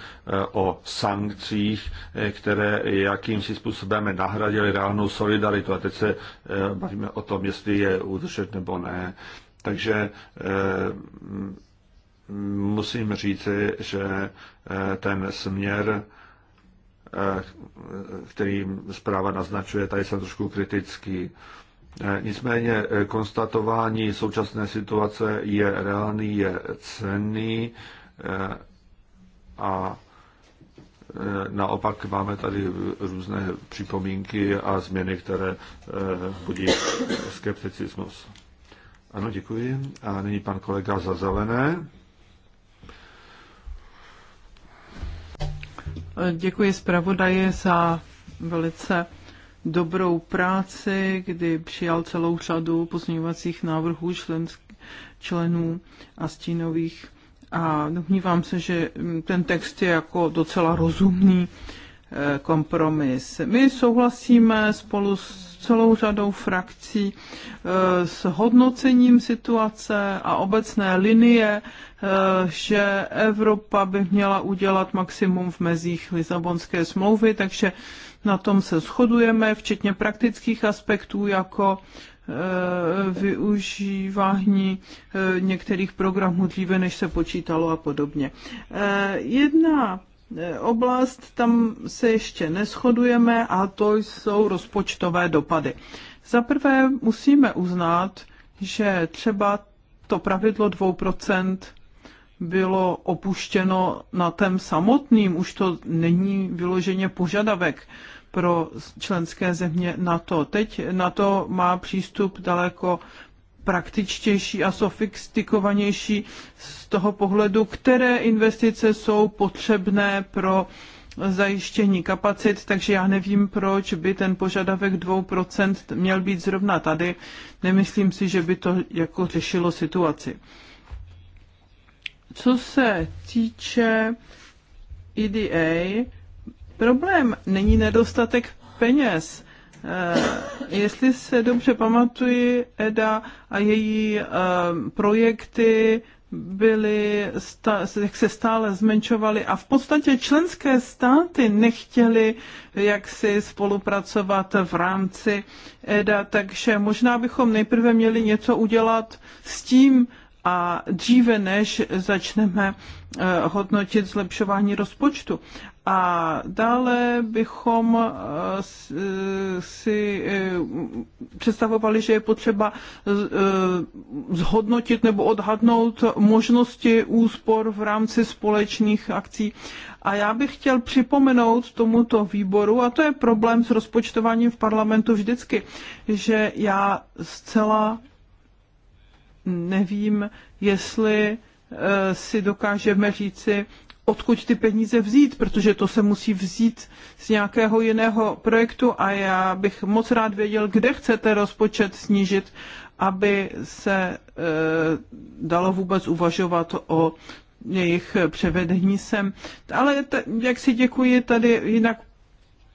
o sankcích, e, které jakýmsi způsobem nahradily reálnou solidaritu. A teď se bavíme o tom, jestli je udržet nebo ne. Takže musím říci, že ten směr, který zpráva naznačuje, tady jsem trošku kritický. Eh, nicméně eh, konstatování současné situace je reálný, je cenný eh, a naopak máme tady různé připomínky a změny, které budí skepticismus. Ano, děkuji. A nyní pan kolega za zelené.
Děkuji zpravodaji za velice dobrou práci, kdy přijal celou řadu pozměňovacích návrhů člen, členů a stínových a domnívám se, že ten text je jako docela rozumný kompromis. My souhlasíme spolu s celou řadou frakcí eh, s hodnocením situace a obecné linie, eh, že Evropa by měla udělat maximum v mezích Lisabonské smlouvy, takže na tom se shodujeme, včetně praktických aspektů jako eh, využívání některých programů dříve, než se počítalo a podobně. Jedna E, oblast, tam se ještě neschodujeme a to jsou rozpočtové dopady. Za prvé musíme uznat, že třeba to pravidlo 2% bylo opuštěno na tém samotným, už to není vyloženě požadavek pro členské země NATO. Teď NATO má přístup daleko praktičtější a sofistikovanější z toho pohledu, které investice jsou potřebné pro zajištění kapacit, takže já nevím, proč by ten požadavek 2% měl být zrovna tady. Nemyslím si, že by to jako řešilo situaci. Co se týče EDA, problém není nedostatek peněz. Eh, jestli se dobře pamatuji, EDA a její eh, projekty byly, jak se stále zmenšovaly a v podstatě členské státy nechtěly jaksi spolupracovat v rámci EDA, takže možná bychom nejprve měli něco udělat s tím a dříve než začneme eh, hodnotit zlepšování rozpočtu. A dále bychom eh, eh, si eh, představovali, že je potřeba zhodnotit nebo odhadnout možnosti úspor v rámci společných akcí. A já bych chtěl připomenout tomuto výboru, a to je problém s rozpočtováním v parlamentu vždycky, že já zcela nevím, jestli si dokážeme říci, odkud ty peníze vzít, protože to se musí vzít z nějakého jiného projektu a já bych moc rád věděl, kde chcete rozpočet snížit, aby se e, dalo vůbec uvažovat o jejich převedení sem. Ale t- jak si děkuji, tady jinak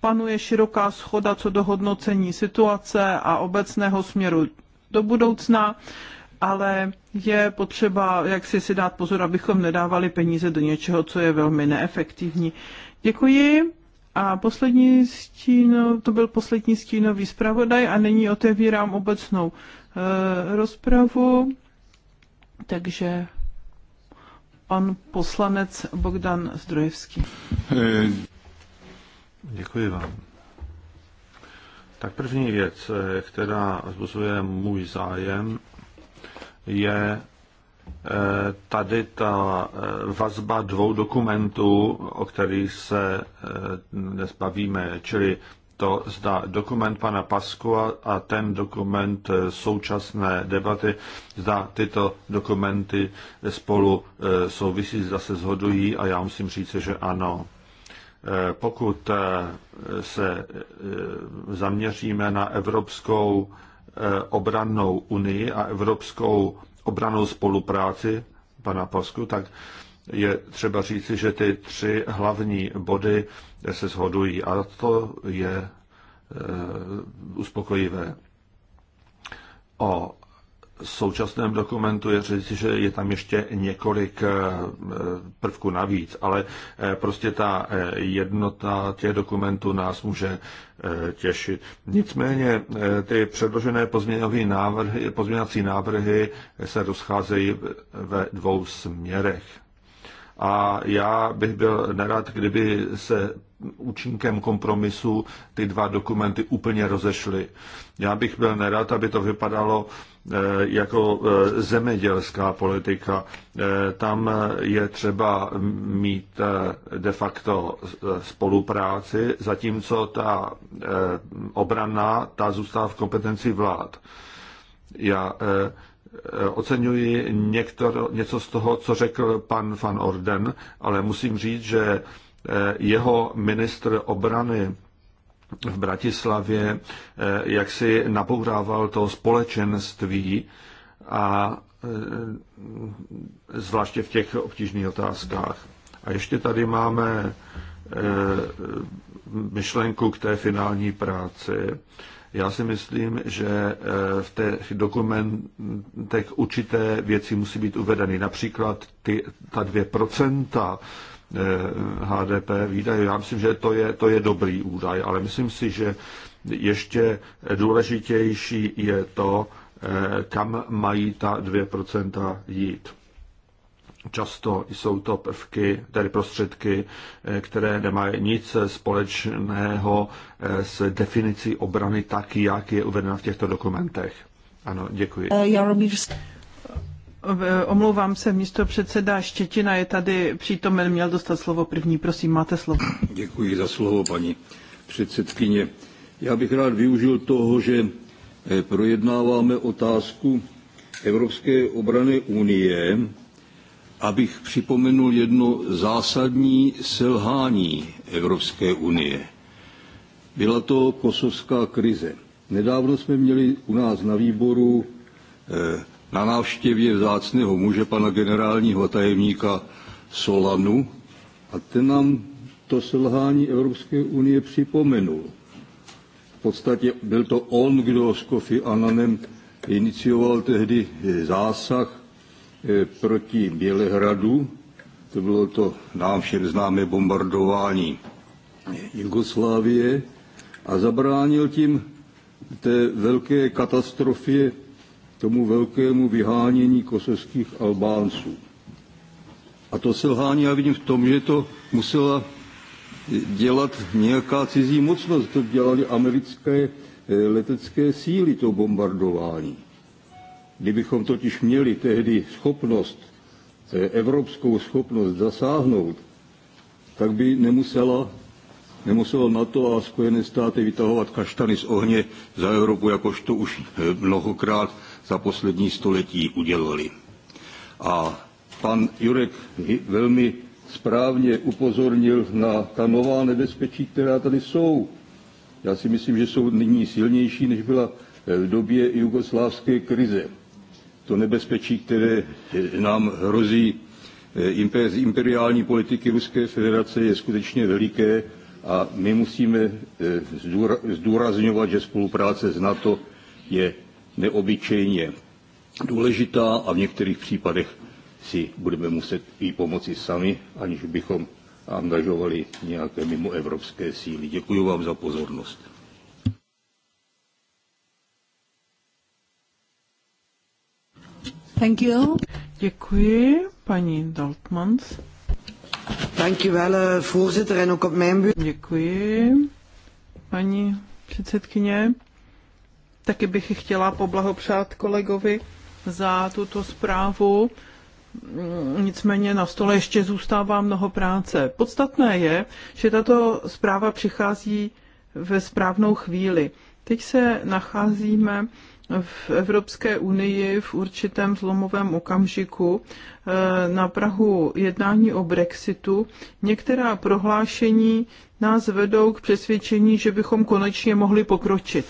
panuje široká schoda co do hodnocení situace a obecného směru do budoucna ale je potřeba jak si, si dát pozor, abychom nedávali peníze do něčeho, co je velmi neefektivní. Děkuji. A poslední stíno, to byl poslední stínový zpravodaj a nyní otevírám obecnou e, rozpravu. Takže pan poslanec Bogdan Zdrojevský.
Eh,
děkuji vám. Tak první věc, eh, která vzbuzuje můj zájem, je eh, tady ta eh, vazba dvou dokumentů, o kterých se eh, dnes bavíme, čili to zda dokument pana Pasku a ten dokument současné debaty, zda tyto dokumenty spolu souvisí, zda se zhodují a já musím říct, že ano. Pokud se zaměříme na evropskou Eh, obrannou unii a evropskou obranou spolupráci pana Pasku, tak je třeba říci, že ty tři hlavní body se shodují a to je eh, uspokojivé. O současném dokumentu je říct, že je tam ještě několik eh, prvků navíc, ale eh, prostě ta eh, jednota těch dokumentů nás může těšit. Nicméně ty předložené pozměňovací návrhy, pozměňovací návrhy se rozcházejí ve dvou směrech. A já bych byl nerad, kdyby se účinkem kompromisu ty dva dokumenty úplně rozešly. Já bych byl nerad, aby to vypadalo, E, jako e, zemědělská politika. E, tam je třeba mít de facto spolupráci, zatímco ta obrana ta zůstává v kompetenci vlád. Já oceňuji některo, něco z toho, co řekl pan Van Orden, ale musím říct, že jeho ministr obrany v Bratislavě, eh, jak si napourával to společenství a eh, zvláště v těch obtížných otázkách. A ještě tady máme eh, myšlenku k té finální práci. Já si myslím, že v těch dokumentech určité věci musí být uvedeny. Například ty, ta dvě procenta HDP eh, výdaje. Já myslím, že to je, to je dobrý údaj, ale myslím si, že ještě důležitější je to, eh, kam mají ta 2% jít. Často jsou to prvky, tedy prostředky, eh, které nemají nic společného s definicí obrany tak, jak je uvedena v těchto dokumentech. Ano, děkuji.
Jaromír Eh, omlouvám se, místo předseda Štětina je tady přítomen, měl dostat slovo první, prosím, máte slovo.
Děkuji za slovo, paní předsedkyně. Já bych rád využil toho, že eh, projednáváme otázku Evropské obrany unie, abych připomenul jedno zásadní selhání Evropské unie. Byla to kosovská krize. Nedávno jsme měli u nás na výboru eh, na návštěvě vzácného muže pana generálního tajemníka Solanu a ten nám to selhání Evropské unie připomenul. V podstatě byl to on, kdo s Kofi Ananem inicioval tehdy zásah eh, proti Bělehradu. To bylo to nám všem známé bombardování Jugoslávie a zabránil tím té velké katastrofě tomu velkému vyhánění kosovských Albánců. A to selhání já vidím v tom, že to musela dělat nějaká cizí mocnost. To dělali americké eh, letecké síly, to bombardování. Kdybychom totiž měli tehdy schopnost, eh, evropskou schopnost zasáhnout, tak by nemusela, nemuselo NATO a Spojené státy vytahovat kaštany z ohně za Evropu, jakož to už eh, mnohokrát za poslední století udělali. A pan Jurek velmi správně upozornil na ta nová nebezpečí, která tady jsou. Já si myslím, že jsou nyní silnější, než byla eh, v době jugoslávské krize. To nebezpečí, které eh, nám hrozí eh, z imperiální politiky Ruské federace, je skutečně veliké a my musíme zdůrazňovat, že spolupráce s NATO je neobyčejně důležitá a v některých případech si budeme muset i pomoci sami, aniž bychom angažovali nějaké mimoevropské síly. Děkuji vám za pozornost.
Thank you. Děkuji, paní Daltmans. Thank you, well, voorzitter, en ook op mijn Děkuji, paní předsedkyně. Taky bych chtěla poblahopřát kolegovi za tuto zprávu. Nicméně na stole ještě zůstává mnoho práce. Podstatné je, že tato zpráva přichází ve správnou chvíli. Teď se nacházíme v Evropské unii v určitém zlomovém okamžiku eh, na Prahu jednání o Brexitu. Některá prohlášení nás vedou k přesvědčení, že bychom konečně mohli pokročit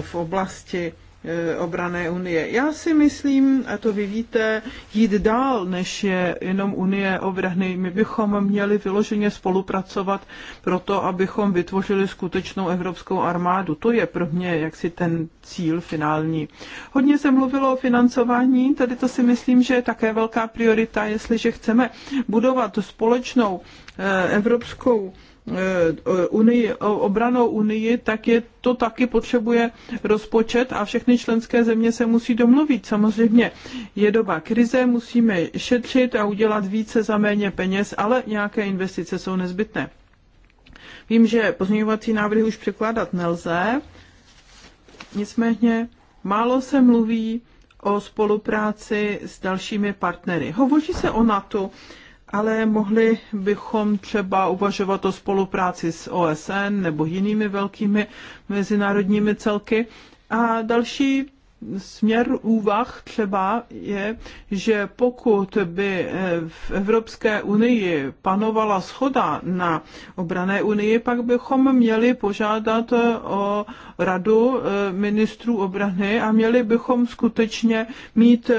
v oblasti eh, obrané unie. Já si myslím, a to vy víte, jít dál, než je jenom unie obrany. My bychom měli vyloženě spolupracovat proto, abychom vytvořili skutečnou evropskou armádu. To je pro mě jaksi ten cíl finální. Hodně se mluvilo o financování, tady to si myslím, že je také velká priorita, jestliže chceme budovat společnou eh, evropskou Eh, unii, obranou unii, tak je to taky potřebuje rozpočet a všechny členské země se musí domluvit. Samozřejmě je doba krize, musíme šetřit a udělat více za méně peněz, ale nějaké investice jsou nezbytné. Vím, že pozměňovací návrhy už překládat nelze, nicméně málo se mluví o spolupráci s dalšími partnery. Hovoří se o NATO, ale mohli bychom třeba uvažovat o spolupráci s OSN nebo jinými velkými mezinárodními celky. A další směr úvah třeba je, že pokud by eh, v Evropské unii panovala schoda na obrané unii, pak bychom měli požádat eh, o radu eh, ministrů obrany a měli bychom skutečně mít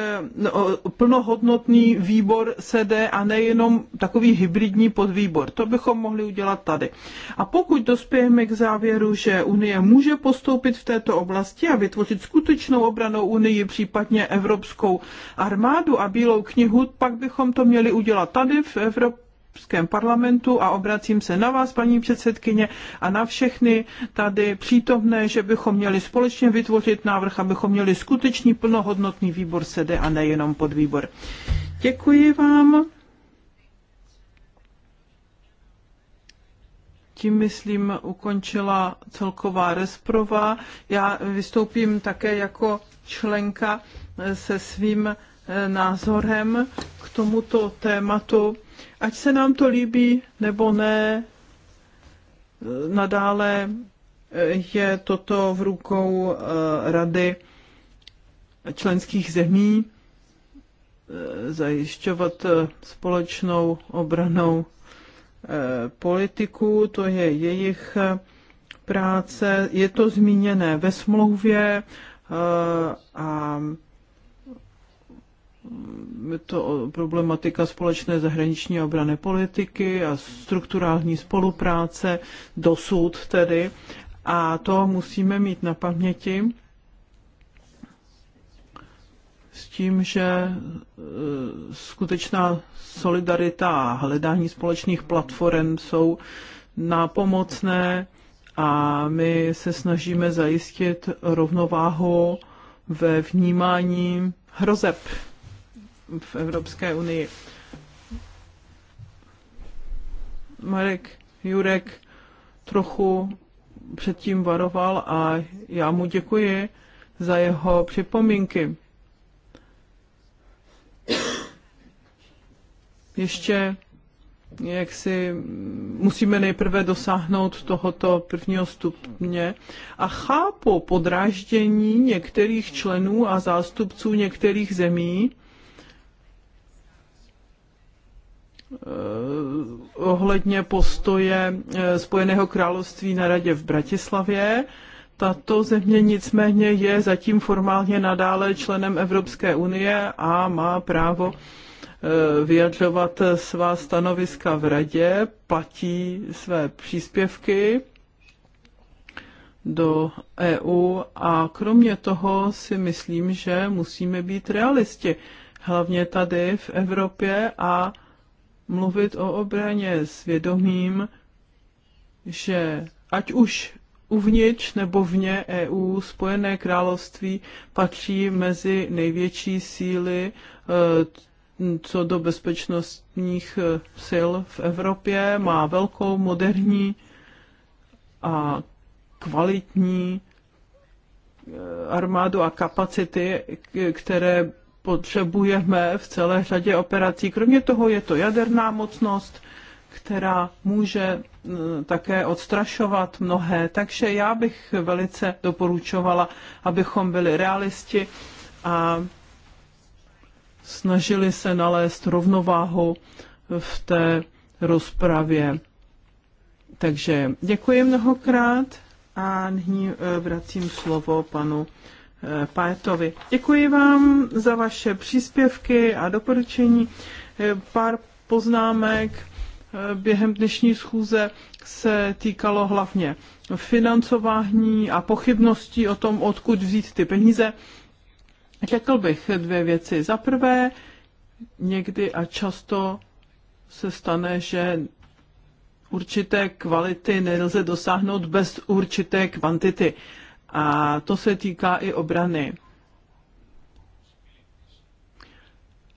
plnohodnotný výbor CD a nejenom takový hybridní podvýbor. To bychom mohli udělat tady. A pokud dospějeme k závěru, že Unie může postoupit v této oblasti a vytvořit skutečnou obranou unii, případně Evropskou armádu a Bílou knihu, pak bychom to měli udělat tady v Evropě Evropském parlamentu a obracím se na vás, paní předsedkyně, a na všechny tady přítomné, že bychom měli společně vytvořit návrh, abychom měli skutečný plnohodnotný výbor sede a nejenom podvýbor. Děkuji vám. tím, myslím, ukončila celková rozprava. Já vystoupím také jako členka se svým eh, názorem k tomuto tématu. Ať se nám to líbí nebo ne, eh, nadále eh, je toto v rukou Rady členských zemí zajišťovat společnou obranou Eh, politiků, to je jejich eh, práce, je to zmíněné ve smlouvě eh, a je to problematika společné zahraniční obrany politiky a strukturální spolupráce, dosud tedy. A to musíme mít na paměti s tím, že e, skutečná solidarita a hledání společných platform jsou nápomocné a my se snažíme zajistit rovnováhu ve vnímání hrozeb v Evropské unii. Marek Jurek trochu předtím varoval a já mu děkuji za jeho připomínky. ještě jak si musíme nejprve dosáhnout tohoto prvního stupně. A chápu podráždění některých členů a zástupců některých zemí eh, ohledně postoje eh, Spojeného království na radě v Bratislavě. Tato země nicméně je zatím formálně nadále členem Evropské unie a má právo Eh, vyjadřovat svá stanoviska v radě, platí své příspěvky do EU a kromě toho si myslím, že musíme být realisti, hlavně tady v Evropě a mluvit o obraně s vědomím, že ať už uvnitř nebo vně EU Spojené království patří mezi největší síly eh, co do bezpečnostních eh, sil v Evropě. Má velkou, moderní a kvalitní eh, armádu a kapacity, které potřebujeme v celé řadě operací. Kromě toho je to jaderná mocnost, která může eh, také odstrašovat mnohé. Takže já bych velice doporučovala, abychom byli realisti a snažili se nalézt rovnováhu v té rozpravě. Takže děkuji mnohokrát a nyní eh, vracím slovo panu eh, Pátovi. Děkuji vám za vaše příspěvky a doporučení. Eh, pár poznámek během dnešní schůze se týkalo hlavně financování a pochybností o tom, odkud vzít ty peníze. Řekl bych dvě věci. Za prvé, někdy a často se stane, že určité kvality nelze dosáhnout bez určité kvantity. A to se týká i obrany.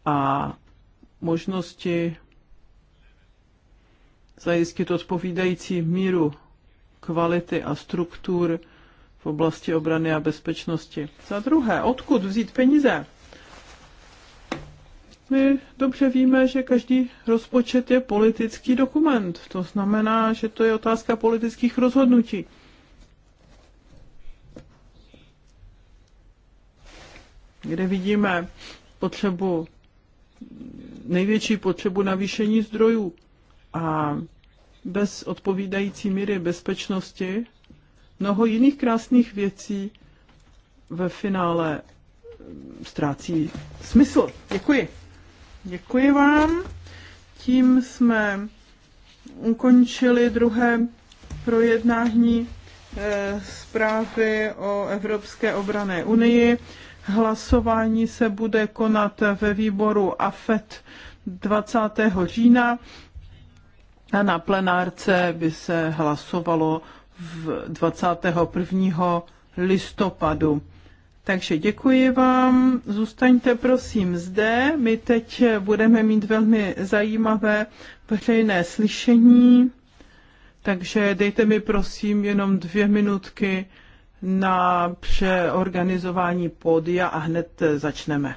A možnosti zajistit odpovídající míru kvality a struktur v oblasti obrany a bezpečnosti. Za druhé, odkud vzít peníze? My dobře víme, že každý rozpočet je politický dokument. To znamená, že to je otázka politických rozhodnutí. Kde vidíme potřebu, největší potřebu navýšení zdrojů a bez odpovídající míry bezpečnosti mnoho jiných krásných věcí ve finále mm, ztrácí smysl. Děkuji. Děkuji vám. Tím jsme ukončili druhé projednání eh, zprávy o Evropské obrané unii. Hlasování se bude konat ve výboru AFET 20. října a na plenárce by se hlasovalo v 21. listopadu. Takže děkuji vám, zůstaňte prosím zde. My teď budeme mít velmi zajímavé veřejné slyšení, takže dejte mi prosím jenom dvě minutky na přeorganizování pódia a hned začneme.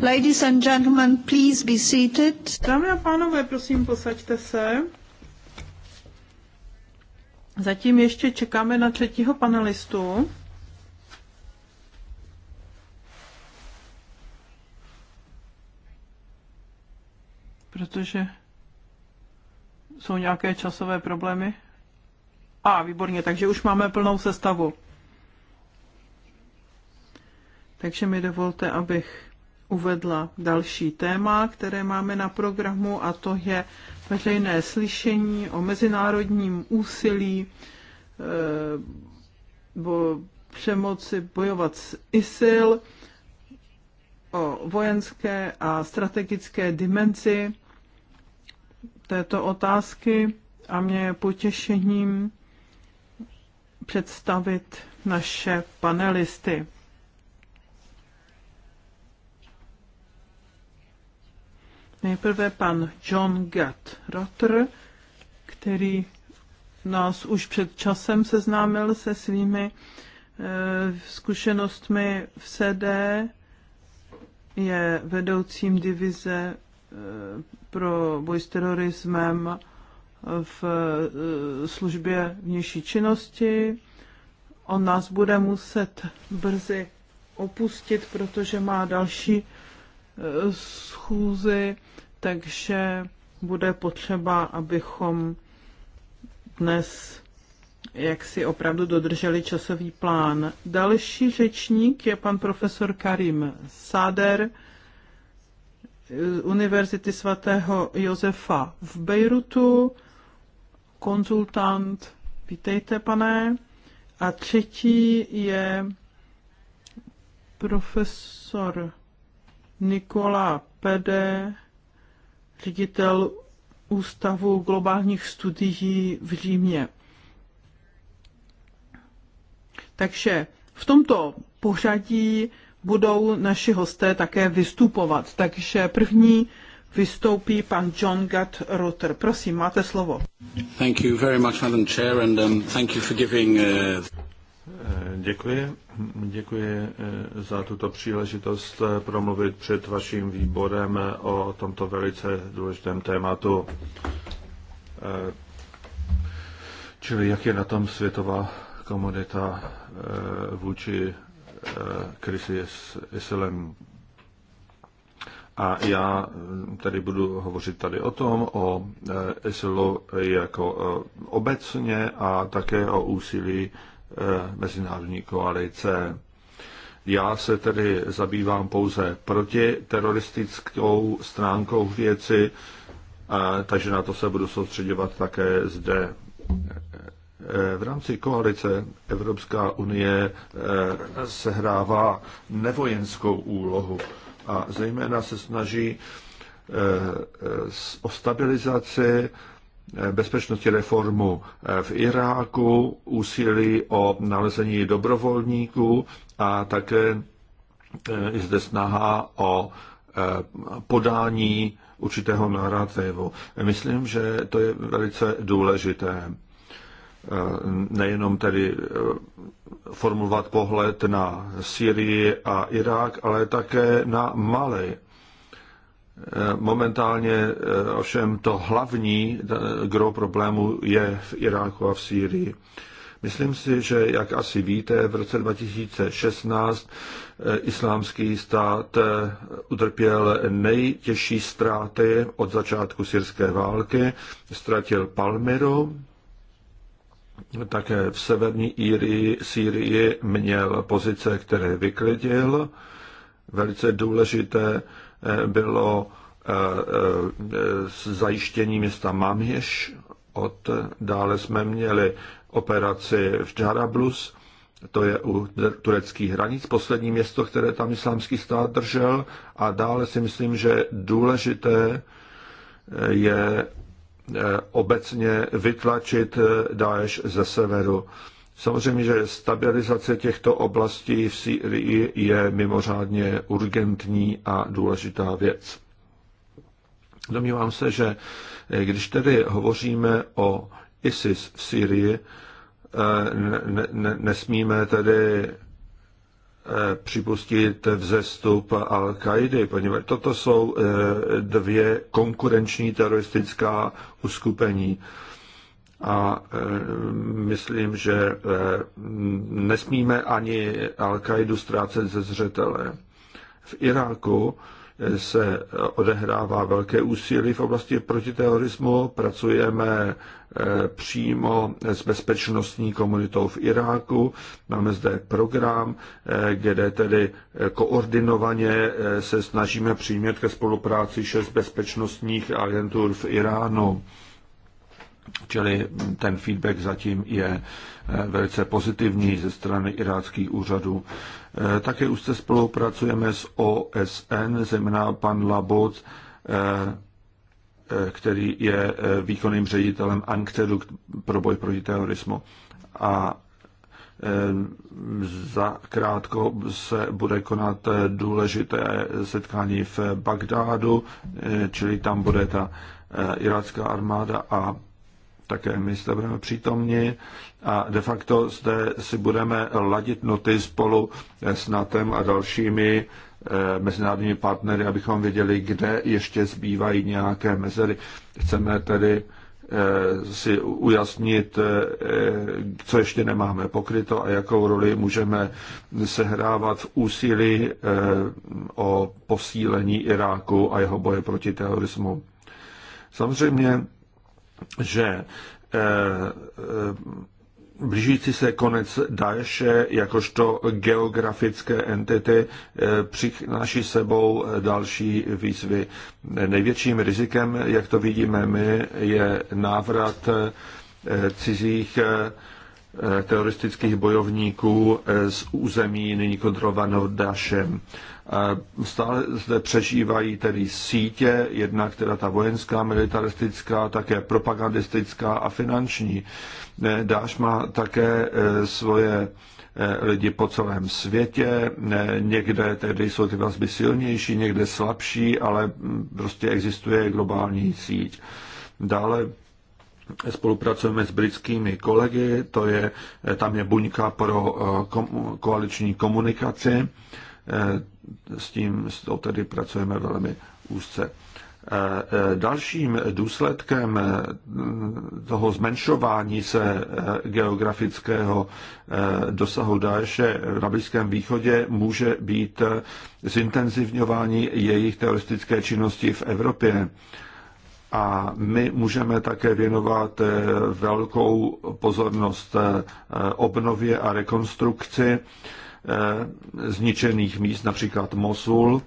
Ladies and gentlemen, please be seated. Dámy a pánové, prosím, posaďte se. Zatím ještě čekáme na třetího panelistu. Protože jsou nějaké časové problémy. A, výborně, takže už máme plnou sestavu. Takže mi dovolte, abych uvedla další téma, které máme na programu, a to je veřejné slyšení o mezinárodním úsilí eh, bo přemoci bojovat s ISIL, o vojenské a strategické dimenzi této otázky a mě je potěšením představit naše panelisty. Nejprve pan John Gatt Rotter, který nás už před časem seznámil se svými eh, zkušenostmi v CD, je vedoucím divize eh, pro boj s terorismem v eh, službě vnější činnosti. On nás bude muset brzy opustit, protože má další schůzi, takže bude potřeba, abychom dnes jak si opravdu dodrželi časový plán. Další řečník je pan profesor Karim Sader z eh, Univerzity svatého Josefa v Bejrutu, konzultant. Vítejte, pane. A třetí je profesor Nikola Pede, ředitel Ústavu globálních studií v Římě. Takže v tomto pořadí budou naši hosté také vystupovat. Takže první vystoupí pan John Gatt Rutter. Prosím, máte slovo. Thank you very much, Madam Chair, and um, thank you for giving,
uh... Děkuji. Děkuji eh, za tuto příležitost eh, promluvit před vaším výborem eh, o tomto velice důležitém tématu. Čili jak je na tom světová komunita vůči krizi s Islem. A já hm, tady budu hovořit tady o tom, o Isilu jako obecně a také o úsilí Eh, mezinárodní koalice. Já se tedy zabývám pouze proti stránkou věci, takže na to se budu soustředovat také zde. Eh, v rámci koalice Evropská unie eh, sehrává nevojenskou úlohu a zejména se snaží o stabilizaci bezpečnosti reformu eh, v Iráku, úsilí o nalezení dobrovolníků a také eh, je zde snaha o eh, podání určitého narrativu. Myslím, že to je velice důležité. Nejenom tedy formulovat pohled na Syrii a Irák, ale také na Mali Momentálně eh, ovšem to hlavní gro problému je v Iráku a v Sýrii. Myslím si, že, jak asi víte, v roce 2016 eh, islámský stát eh, utrpěl nejtěžší ztráty od začátku syrské války, ztratil Palmyru, také v severní Írii, Sýrii měl pozice, které vyklidil. Velice důležité bylo eh, eh, zajištění města Mamješ, od dále jsme měli operaci v Džarablus, to je u tureckých hranic, poslední město, které tam islámský stát držel. A dále si myslím, že důležité eh, je obecně vytlačit Daesh ze severu. Samozřejmě, že stabilizace těchto oblastí v Sýrii je mimořádně urgentní a důležitá věc. Domnívám se, že eh, když tedy hovoříme o ISIS v Sýrii, eh, ne, ne, nesmíme tedy eh, připustit vzestup Al-Kaidy, poněvadž toto jsou dvě konkurenční teroristická uskupení a e, myslím, že e, nesmíme ani Al-Kaidu ztrácet ze zřetele. V Iráku e, se odehrává velké úsilí v oblasti protiterorismu. Pracujeme přímo s bezpečnostní komunitou v Iráku. Máme zde program, kde tedy koordinovaně se snažíme přijmět ke spolupráci šest bezpečnostních agentur v Iránu. Čili ten feedback zatím je eh, velice pozitivní ze strany iráckých úřadů. Eh, také už se spolupracujeme s OSN, zejména pan Labot, eh, který je výkonným ředitelem Anktedu pro boj proti terorismu. A za krátko se bude konat důležité setkání v Bagdádu, čili tam bude ta irácká armáda a také my zde budeme přítomni a de facto zde si budeme ladit noty spolu s NATO a dalšími eh, mezinárodními partnery, abychom věděli, kde ještě zbývají nějaké mezery. Chceme tedy eh, si ujasnit, eh, co ještě nemáme pokryto a jakou roli můžeme sehrávat v úsilí o posílení Iráku a jeho boje proti terorismu. Samozřejmě že eh, eh, blížící se konec Daeše jakožto geografické entity eh, přináší sebou další výzvy. Největším rizikem, jak to vidíme my, je návrat cizích teroristických bojovníků z území nyní kontrolovaného Dašem. Stále zde přežívají tedy sítě, jedna která ta vojenská, militaristická, také propagandistická a finanční. Eh, Dáš má také eh, svoje eh, lidi po celém světě. Někde tedy jsou ty vazby silnější, někde slabší, ale hm, prostě existuje globální síť. Dále spolupracujeme s britskými kolegy, to je, tam je buňka pro koaliční komunikaci s tím s tedy pracujeme velmi úzce. Dalším důsledkem toho zmenšování se geografického dosahu Daeše na Blízkém východě může být zintenzivňování jejich teroristické činnosti v Evropě. A my můžeme také věnovat velkou pozornost obnově a rekonstrukci Eh, zničených míst, například Mosul.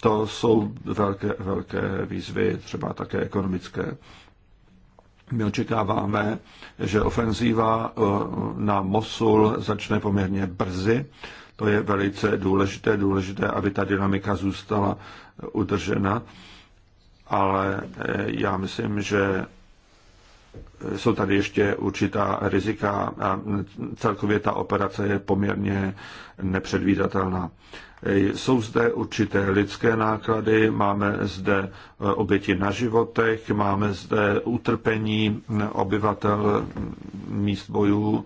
To jsou velké, velké výzvy, třeba také ekonomické. My očekáváme, že ofenzíva eh, na Mosul začne poměrně brzy. To je velice důležité, důležité, aby ta dynamika zůstala eh, udržena. Ale já myslím, že jsou tady ještě určitá rizika a celkově ta operace je poměrně nepředvídatelná. Jsou zde určité lidské náklady, máme zde oběti na životech, máme zde utrpení obyvatel míst bojů,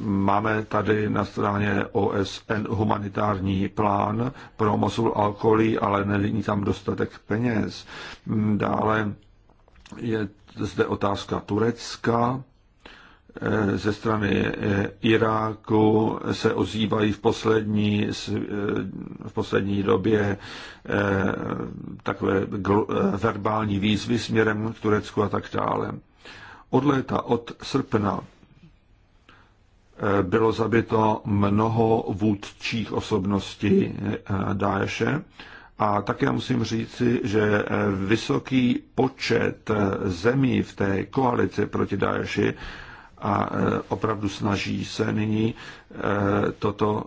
máme tady na straně OSN humanitární plán pro Mosul a okolí, ale není tam dostatek peněz. Dále je zde otázka Turecka. Eh, ze strany eh, Iráku se ozývají v poslední, eh, v poslední době takové verbální výzvy směrem k Turecku a tak dále. Od léta, od srpna, bylo zabito mnoho vůdčích osobností Dáše a také musím říci, že eh, vysoký počet eh, zemí v té koalici proti Daeši a eh, opravdu snaží se nyní toto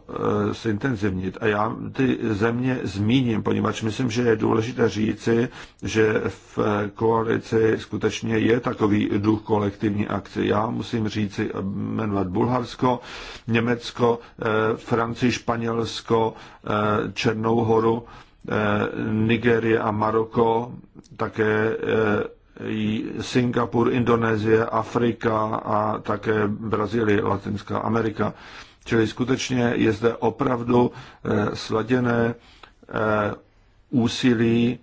zintenzivnit. A já ty země zmíním, poněvadž myslím, že je důležité říci, že v koalici skutečně je takový duch kolektivní akce. Já musím říci jmenovat Bulharsko, Německo, Francii, Španělsko, Černou horu, Eh, Nigerie a Maroko, také eh, Singapur, Indonésie, Afrika a také Brazílie, Latinská Amerika. Čili skutečně je zde opravdu eh, sladěné úsilí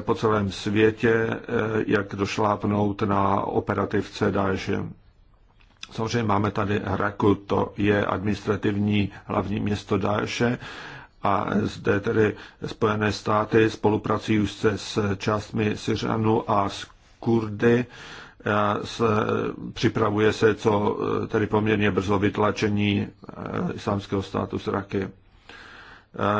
po celém světě, jak došlápnout na operativce Daeše. Samozřejmě máme tady Hraku, to je administrativní hlavní město Daeše a zde tedy Spojené státy spolupracují už se s částmi Syřanu a s Kurdy. S, e, připravuje se, co e, tedy poměrně brzo vytlačení e, islámského státu z Raky.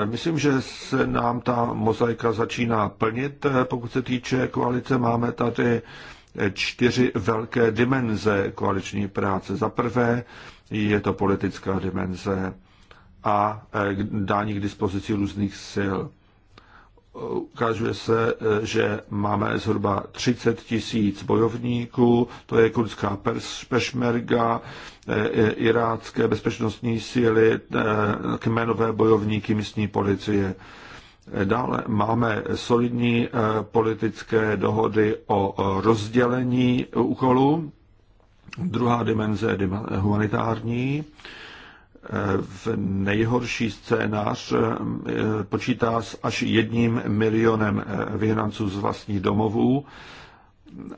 Myslím, že se nám ta mozaika začíná plnit, pokud se týče koalice. Máme tady čtyři velké dimenze koaliční práce. Za prvé je to politická dimenze a e, dání k dispozici různých sil. ukazuje se, e, že máme zhruba 30 tisíc bojovníků, to je kurdská pešmerga, e, irácké bezpečnostní síly, kmenové bojovníky místní policie. Dále máme solidní politické dohody o rozdělení úkolů. Druhá dimenze je humanitární v nejhorší scénář eh, počítá s až jedním milionem eh, vyhnanců z vlastních domovů,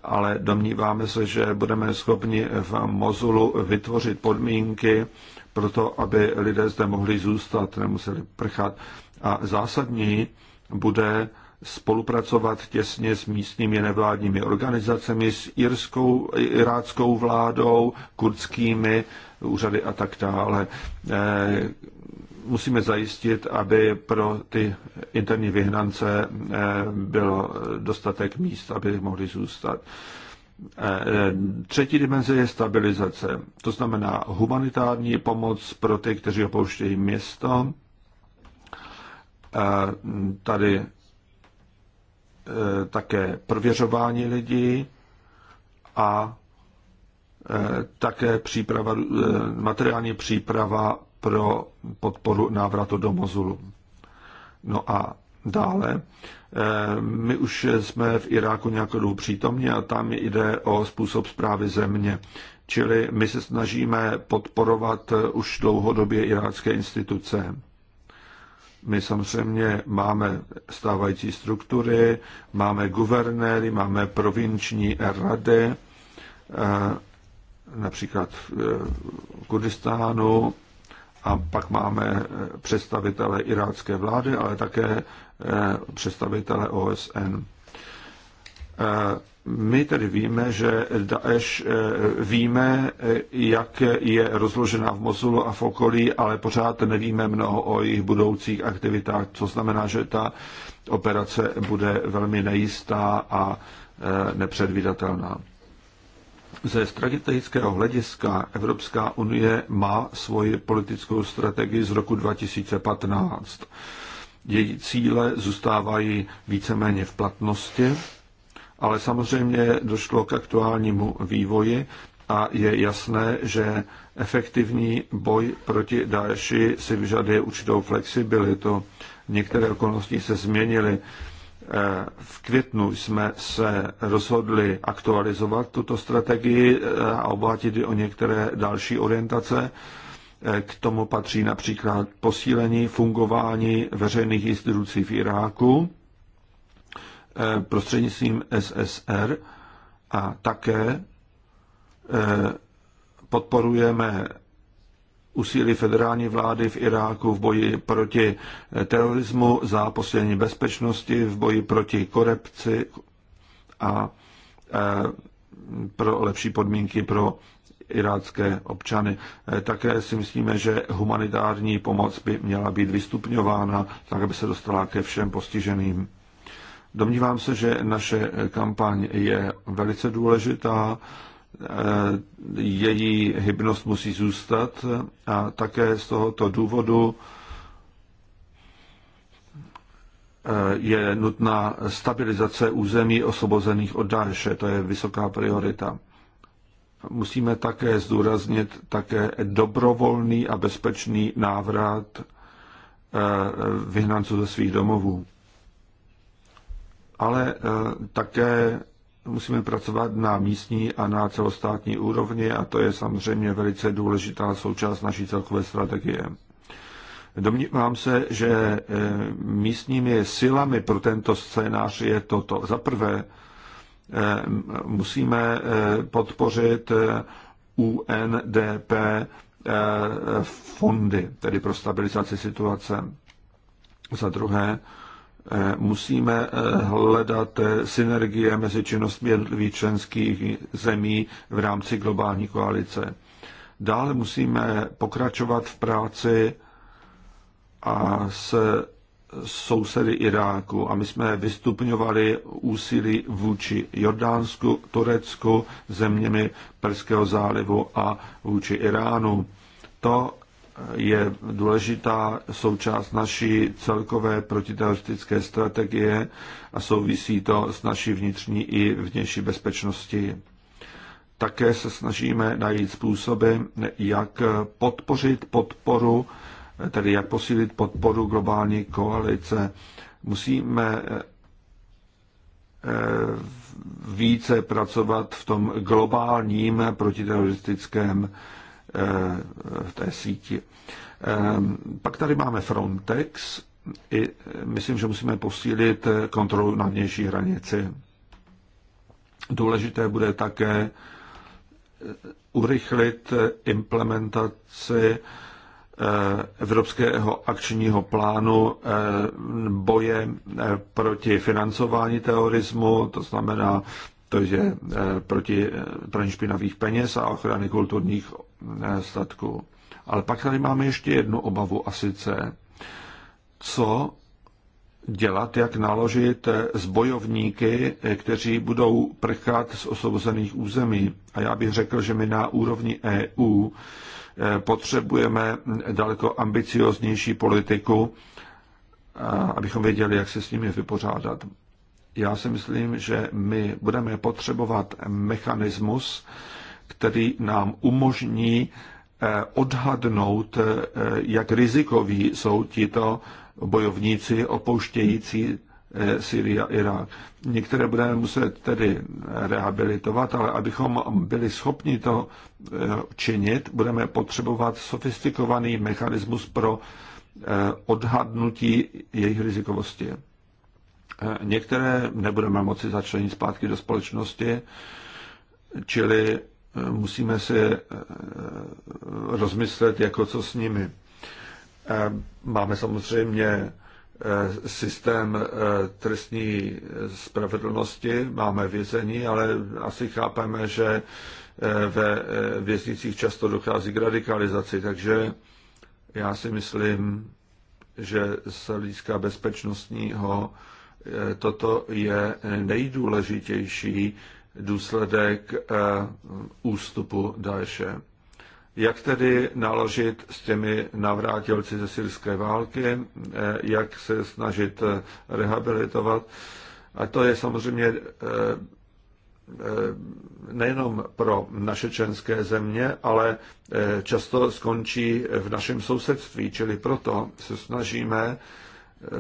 ale domníváme se, že budeme schopni v Mozulu vytvořit podmínky pro to, aby lidé zde mohli zůstat, nemuseli prchat. A zásadní bude spolupracovat těsně s místními nevládními organizacemi, s irskou, iráckou vládou, kurdskými úřady a tak dále. Eh, musíme zajistit, aby pro ty interní vyhnance eh, bylo dostatek míst, aby mohli zůstat. Eh, třetí dimenze je stabilizace, to znamená humanitární pomoc pro ty, kteří opouštějí město. Tady také prověřování lidí a Eh, také příprava, eh, materiální příprava pro podporu návratu do Mozulu. No a dále. Eh, my už jsme v Iráku nějakou dobu přítomně a tam jde o způsob zprávy země. Čili my se snažíme podporovat už dlouhodobě irácké instituce. My samozřejmě máme stávající struktury, máme guvernéry, máme provinční rady například eh, v Kurdistánu a pak máme eh, představitele irácké vlády, ale také eh, představitele OSN. My tedy víme, že Daesh víme, jak je rozložená v Mosulu a v okolí, ale pořád nevíme mnoho o jejich budoucích aktivitách, co znamená, že ta operace bude velmi nejistá a nepředvídatelná. Ze strategického hlediska Evropská unie má svoji politickou strategii z roku 2015. Její cíle zůstávají víceméně v platnosti, ale samozřejmě došlo k aktuálnímu vývoji a je jasné, že efektivní boj proti Daeši si vyžaduje určitou flexibilitu. Některé okolnosti se změnily v květnu jsme se rozhodli aktualizovat tuto strategii eh, a obohatit ji o některé další orientace. Eh, k tomu patří například posílení fungování veřejných institucí v Iráku eh, prostřednictvím SSR a také podporujeme úsilí federální vlády v Iráku v boji proti eh, terorismu, za posílení bezpečnosti, v boji proti korupci a eh, pro lepší podmínky pro irácké občany. Eh, také si myslíme, že humanitární pomoc by měla být vystupňována, tak aby se dostala ke všem postiženým. Domnívám se, že naše kampaň je velice důležitá Eh, její hybnost musí zůstat a také z tohoto důvodu eh, je nutná stabilizace území osobozených od dáše. To je vysoká priorita. Musíme také zdůraznit také dobrovolný a bezpečný návrat eh, vyhnanců ze svých domovů. Ale také musíme pracovat na místní a na celostátní úrovni a to je samozřejmě velice důležitá součást naší celkové strategie. Domnívám se, že eh, místními silami pro tento scénář je toto. Za prvé eh, musíme eh, podpořit UNDP fondy, tedy pro stabilizaci situace. Za druhé, Eh, musíme eh, hledat eh, synergie mezi činnostmi jednotlivých členských zemí v rámci globální koalice. Dále musíme pokračovat v práci a se sousedy Iráku. A my jsme vystupňovali úsilí vůči Jordánsku, Turecku, zeměmi Perského zálivu a vůči Iránu. To je důležitá součást naší celkové protiteroristické strategie a souvisí to s naší vnitřní i vnější bezpečností. Také se snažíme najít způsoby, jak podpořit podporu, tedy jak posílit podporu globální koalice. Musíme eh, více pracovat v tom globálním protiteroristickém Eh, v té síti. Eh, pak tady máme Frontex. I eh, myslím, že musíme posílit kontrolu na vnější hranici. Důležité bude také urychlit implementaci Evropského akčního plánu boje proti financování terorismu, to znamená to, že proti praní špinavých peněz a ochrany kulturních statků. Ale pak tady máme ještě jednu obavu a sice, co dělat, jak naložit s bojovníky, kteří budou prchat z osvobozených území. A já bych řekl, že my na úrovni EU eh, potřebujeme daleko ambicioznější politiku, abychom věděli, jak se s nimi vypořádat. Já si myslím, že my budeme potřebovat mechanismus, který nám umožní eh, odhadnout, eh, jak rizikoví jsou tito bojovníci opouštějící eh, Syrii a Irák. Některé budeme muset tedy rehabilitovat, ale abychom byli schopni to činit, budeme potřebovat sofistikovaný mechanismus pro odhadnutí jejich rizikovosti. Některé nebudeme moci začlenit zpátky do společnosti, čili musíme si eh, rozmyslet, jako co s nimi. Eh, máme samozřejmě eh, systém trestní spravedlnosti, máme vězení, ale asi chápeme, že ve věznicích často dochází k radikalizaci, takže já si myslím, že z hlediska bezpečnostního toto je nejdůležitější důsledek eh, ústupu Daeše. Jak tedy naložit s těmi navrátilci ze syrské války, eh, jak se snažit eh, rehabilitovat. A to je samozřejmě nejenom pro naše členské země, ale často skončí v našem sousedství, čili proto se snažíme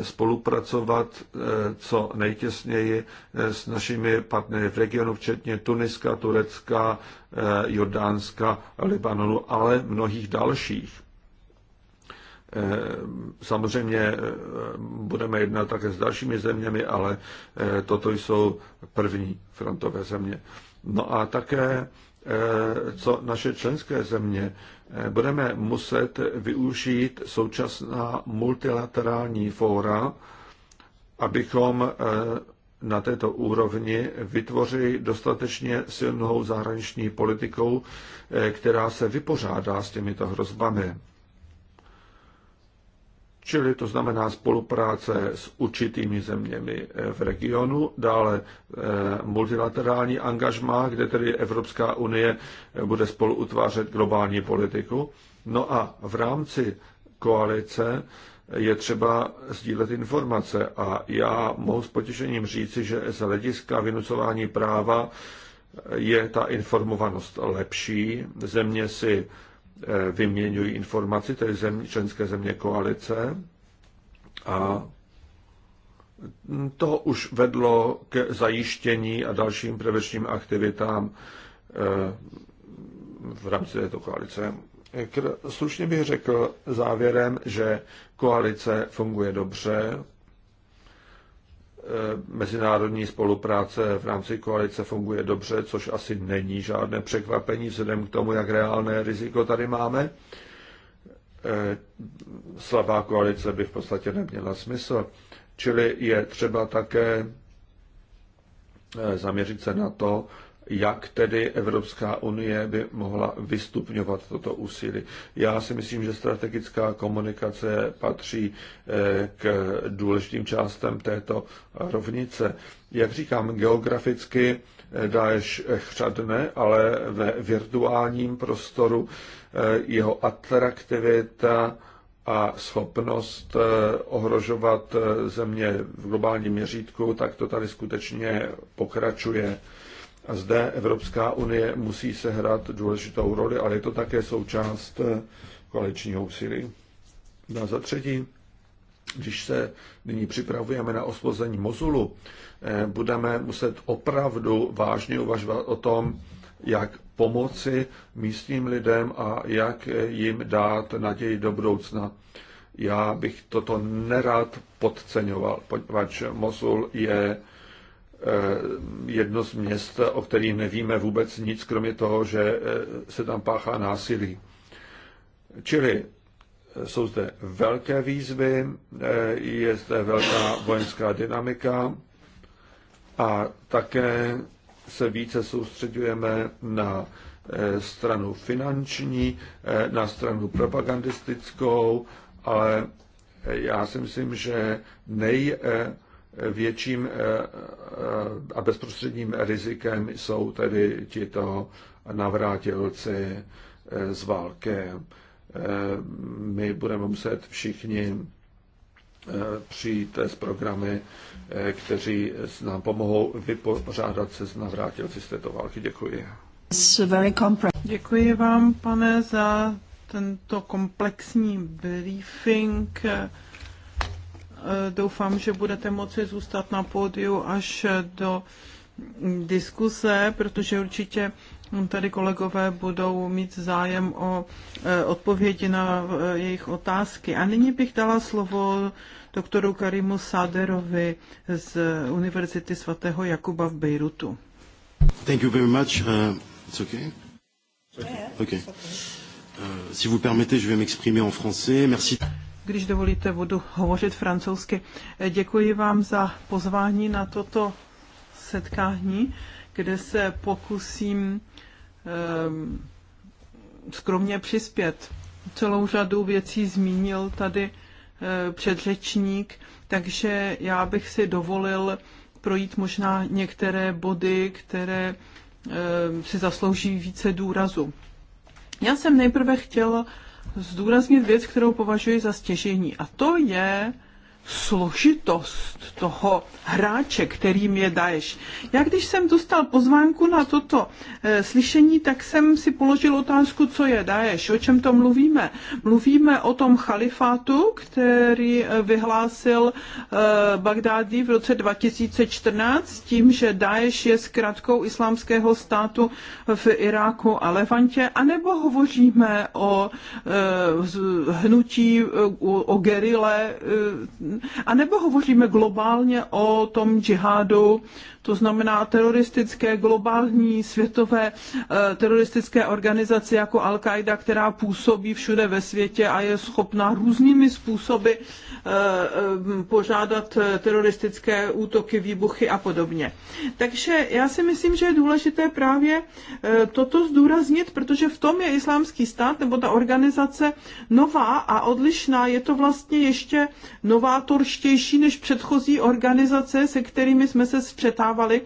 spolupracovat eh, co nejtěsněji eh, s našimi partnery v regionu, včetně Tuniska, Turecka, eh, Jordánska, Libanonu, ale mnohých dalších. Samozřejmě budeme jednat také s dalšími zeměmi, ale toto jsou první frontové země. No a také Eh, co naše členské země, eh, budeme muset využít současná multilaterální fóra, abychom eh, na této úrovni vytvořili dostatečně silnou zahraniční politikou, která se vypořádá s těmito hrozbami. Čili to znamená spolupráce s určitými zeměmi eh, v regionu, dále eh, multilaterální angažma, kde tedy Evropská unie eh, bude spolu utvářet globální politiku. No a v rámci koalice je třeba sdílet informace a já mohu s potěšením říci, že z hlediska vynucování práva je ta informovanost lepší. Země si Eh, vyměňují informaci, tedy zem, členské země koalice. A to už vedlo k zajištění a dalším prevečním aktivitám eh, v rámci této koalice. Slušně bych řekl závěrem, že koalice funguje dobře, Eh, mezinárodní spolupráce v rámci koalice funguje dobře, což asi není žádné překvapení vzhledem k tomu, jak reálné riziko tady máme. Eh, slabá koalice by v podstatě neměla smysl. Čili je třeba také eh, zaměřit se na to, jak tedy Evropská unie by mohla vystupňovat toto úsilí. Já si myslím, že strategická komunikace patří eh, k důležitým částem této rovnice. Jak říkám, geograficky eh, Daesh chřadne, ale ve virtuálním prostoru eh, jeho atraktivita a schopnost ohrožovat země v globálním měřítku, tak to tady skutečně pokračuje. Zde Evropská unie musí sehrát důležitou roli, ale je to také součást eh, koaličního úsilí. No a za třetí, když se nyní připravujeme na osvobození Mozulu, eh, budeme muset opravdu vážně uvažovat o tom, jak pomoci místním lidem a jak jim dát naději do budoucna. Já bych toto nerad podceňoval, poněvadž Mosul je Eh, jedno z měst, o kterých nevíme vůbec nic, kromě toho, že eh, se tam páchá násilí. Čili eh, jsou zde velké výzvy, je zde velká vojenská dynamika a také se více soustředujeme na stranu finanční, na stranu propagandistickou, ale já si myslím, že nej Větším eh, eh, a bezprostředním rizikem jsou tedy tito navrátilci eh, z války. My budeme muset všichni přijít s programy, kteří nám pomohou vypořádat se s navrátilci z této války. Děkuji.
Děkuji vám, pane, za tento komplexní briefing. Eh, doufám, že budete moci zůstat na pódiu až do diskuse, protože určitě tady kolegové budou mít zájem o eh, odpovědi na eh, jejich otázky. A nyní bych dala slovo doktoru Karimu Sáderovi z Univerzity svatého Jakuba v Bejrutu. Thank you very much. Uh, it's okay? Okay. okay. Uh, si vous permettez, je vais m'exprimer en français. Merci když dovolíte, budu hovořit francouzsky. Děkuji vám za pozvání na toto setkání, kde se pokusím ehm, skromně přispět. Celou řadu věcí zmínil tady eh, předřečník, takže já bych si dovolil projít možná některé body, které ehm, si zaslouží více důrazu. Já jsem nejprve chtěl zdůraznit věc, kterou považuji za stěžení. A to je složitost toho hráče, kterým je Daesh. Já když jsem dostal pozvánku na toto e, slyšení, tak jsem si položil otázku, co je Daesh, o čem to mluvíme. Mluvíme o tom chalifátu, který eh, vyhlásil e, eh, Bagdádi v roce 2014 tím, že Daesh je zkratkou islámského státu v Iráku a Levantě, anebo hovoříme o e, hnutí, o, o gerile anebo hovoříme globálně o tom džihádu to znamená teroristické globální světové eh, teroristické organizace jako Al-Qaida, která působí všude ve světě a je schopná různými způsoby eh, eh, požádat teroristické útoky, výbuchy a podobně. Takže já si myslím, že je důležité právě toto zdůraznit, protože v tom je islámský stát nebo ta organizace nová a odlišná. Je to vlastně ještě novátorštější než předchozí organizace, se kterými jsme se střetávali očekávali,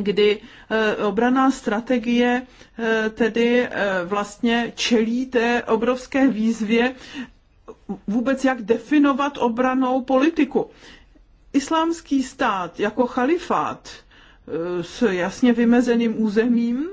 kdy eh, obraná strategie eh, tedy eh, vlastně čelí té obrovské výzvě vůbec jak definovat obranou politiku. Islámský stát jako chalifát s jasně vymezeným územím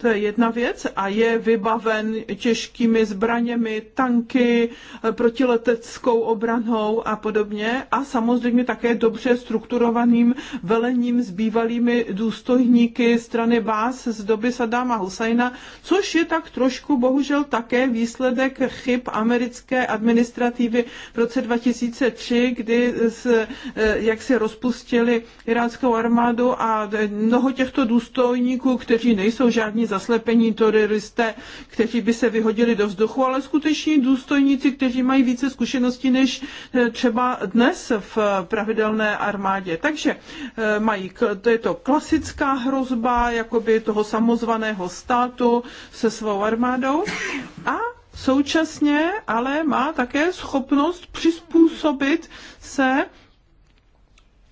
to je jedna věc a je vybaven těžkými zbraněmi, tanky, protileteckou obranou a podobně a samozřejmě také dobře strukturovaným velením s bývalými důstojníky strany Bás z doby Sadáma Husajna, což je tak trošku bohužel také výsledek chyb americké administrativy v roce 2003, kdy se, eh, jak se rozpustili iránskou armádu a mnoho těchto důstojníků, kteří nejsou žádní zaslepení teroristé, kteří by se vyhodili do vzduchu, ale skuteční důstojníci, kteří mají více zkušeností než eh, třeba dnes v eh, pravidelné armádě. Takže eh, mají, to je to klasická hrozba jakoby toho samozvaného státu se svou armádou a současně ale má také schopnost přizpůsobit se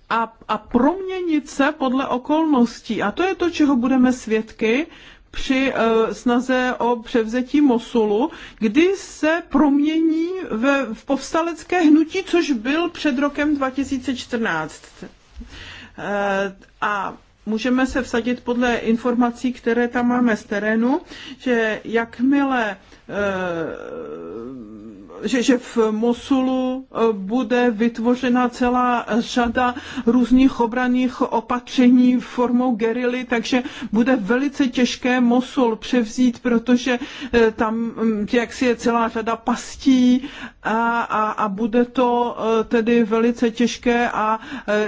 a, a proměnit se podle okolností. A to je to, čeho budeme svědky při eh, snaze o převzetí Mosulu, kdy se promění ve, v povstalecké hnutí, což byl před rokem 2014. Eh, a můžeme se vsadit podle informací, které tam máme z terénu, že jakmile eh, že, že v Mosulu eh, bude vytvořena celá řada různých obraných opatření formou gerily, takže bude velice těžké Mosul převzít, protože eh, tam mm, jaksi je celá řada pastí a, a, a bude to tedy velice těžké a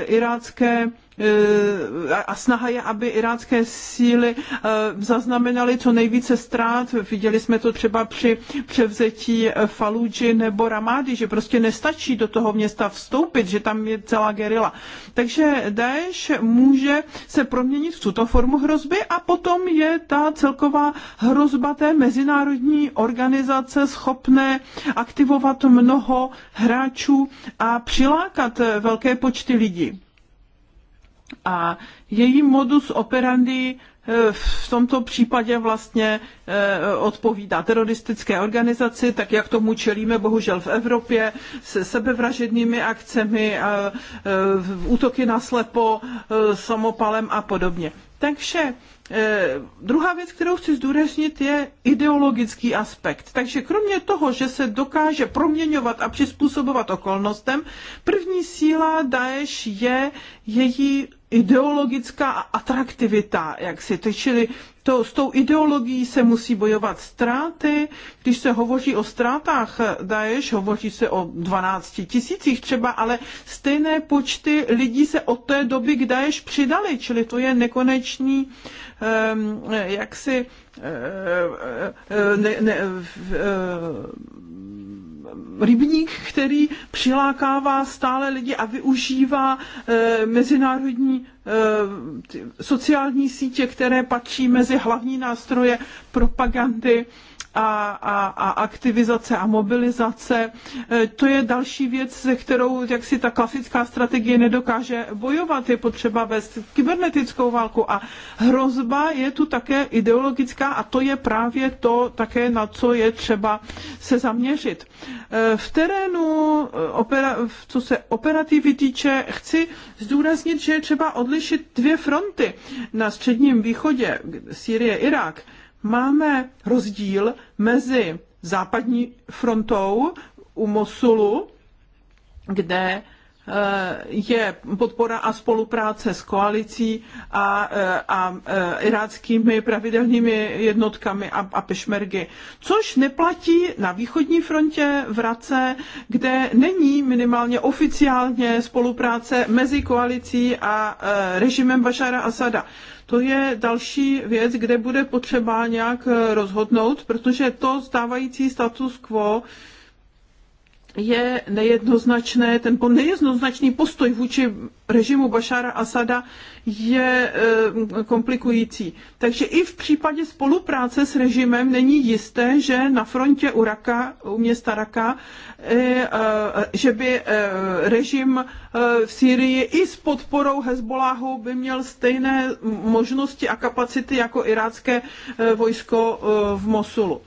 irácké Eh, a snaha je, aby irácké síly eh, zaznamenaly co nejvíce ztrát. Viděli jsme to třeba při převzetí eh, Faluji nebo Ramády, že prostě nestačí do toho města vstoupit, že tam je celá gerila. Takže Daesh může se proměnit v tuto formu hrozby a potom je ta celková hrozba té mezinárodní organizace schopné aktivovat mnoho hráčů a přilákat velké počty lidí. A její modus operandi eh, v tomto případě vlastně eh, odpovídá teroristické organizaci, tak jak tomu čelíme bohužel v Evropě, se sebevražednými akcemi, eh, útoky na slepo, samopalem a podobně. Takže druhá věc, kterou chci zdůraznit, je ideologický aspekt. Takže kromě toho, že se dokáže proměňovat a přizpůsobovat okolnostem, první síla Daesh je její ideologická atraktivita, jak si to, čili to, s tou ideologií se musí bojovat ztráty. Když se hovoří o ztrátách Daesh, hovoří se o 12 tisících třeba, ale stejné počty lidí se od té doby k Daesh přidali, čili to je nekonečný um, jaksi eh, eh, ne, ne, uh, rybník, který přilákává stále lidi a využívá eh, mezinárodní eh, sociální sítě, které patří mezi hlavní nástroje propagandy a, a, a aktivizace a mobilizace. E, to je další věc, se kterou jak si ta klasická strategie nedokáže bojovat. Je potřeba vést kybernetickou válku a hrozba je tu také ideologická a to je právě to také, na co je třeba se zaměřit. E, v terénu, e, co se operativy týče, chci zdůraznit, že je třeba odlišit dvě fronty na středním východě, Sýrie, Irák, máme rozdíl mezi západní frontou u Mosulu, kde Eh, je podpora a spolupráce s koalicí a, eh, a eh, iráckými pravidelnými jednotkami a, a pešmergy, což neplatí na východní frontě v Race, kde není minimálně oficiálně spolupráce mezi koalicí a režimem Bašara Asada. To je další věc, kde bude potřeba nějak rozhodnout, protože to stávající status quo je nejednoznačné, ten nejednoznačný postoj vůči režimu Bašara Asada je eh, komplikující. Takže i v případě spolupráce s režimem není jisté, že na frontě u Raka, u města Raka, eh, eh, že by režim v Sýrii i s podporou Hezboláhu by měl stejné možnosti a kapacity jako irácké vojsko v Mosulu.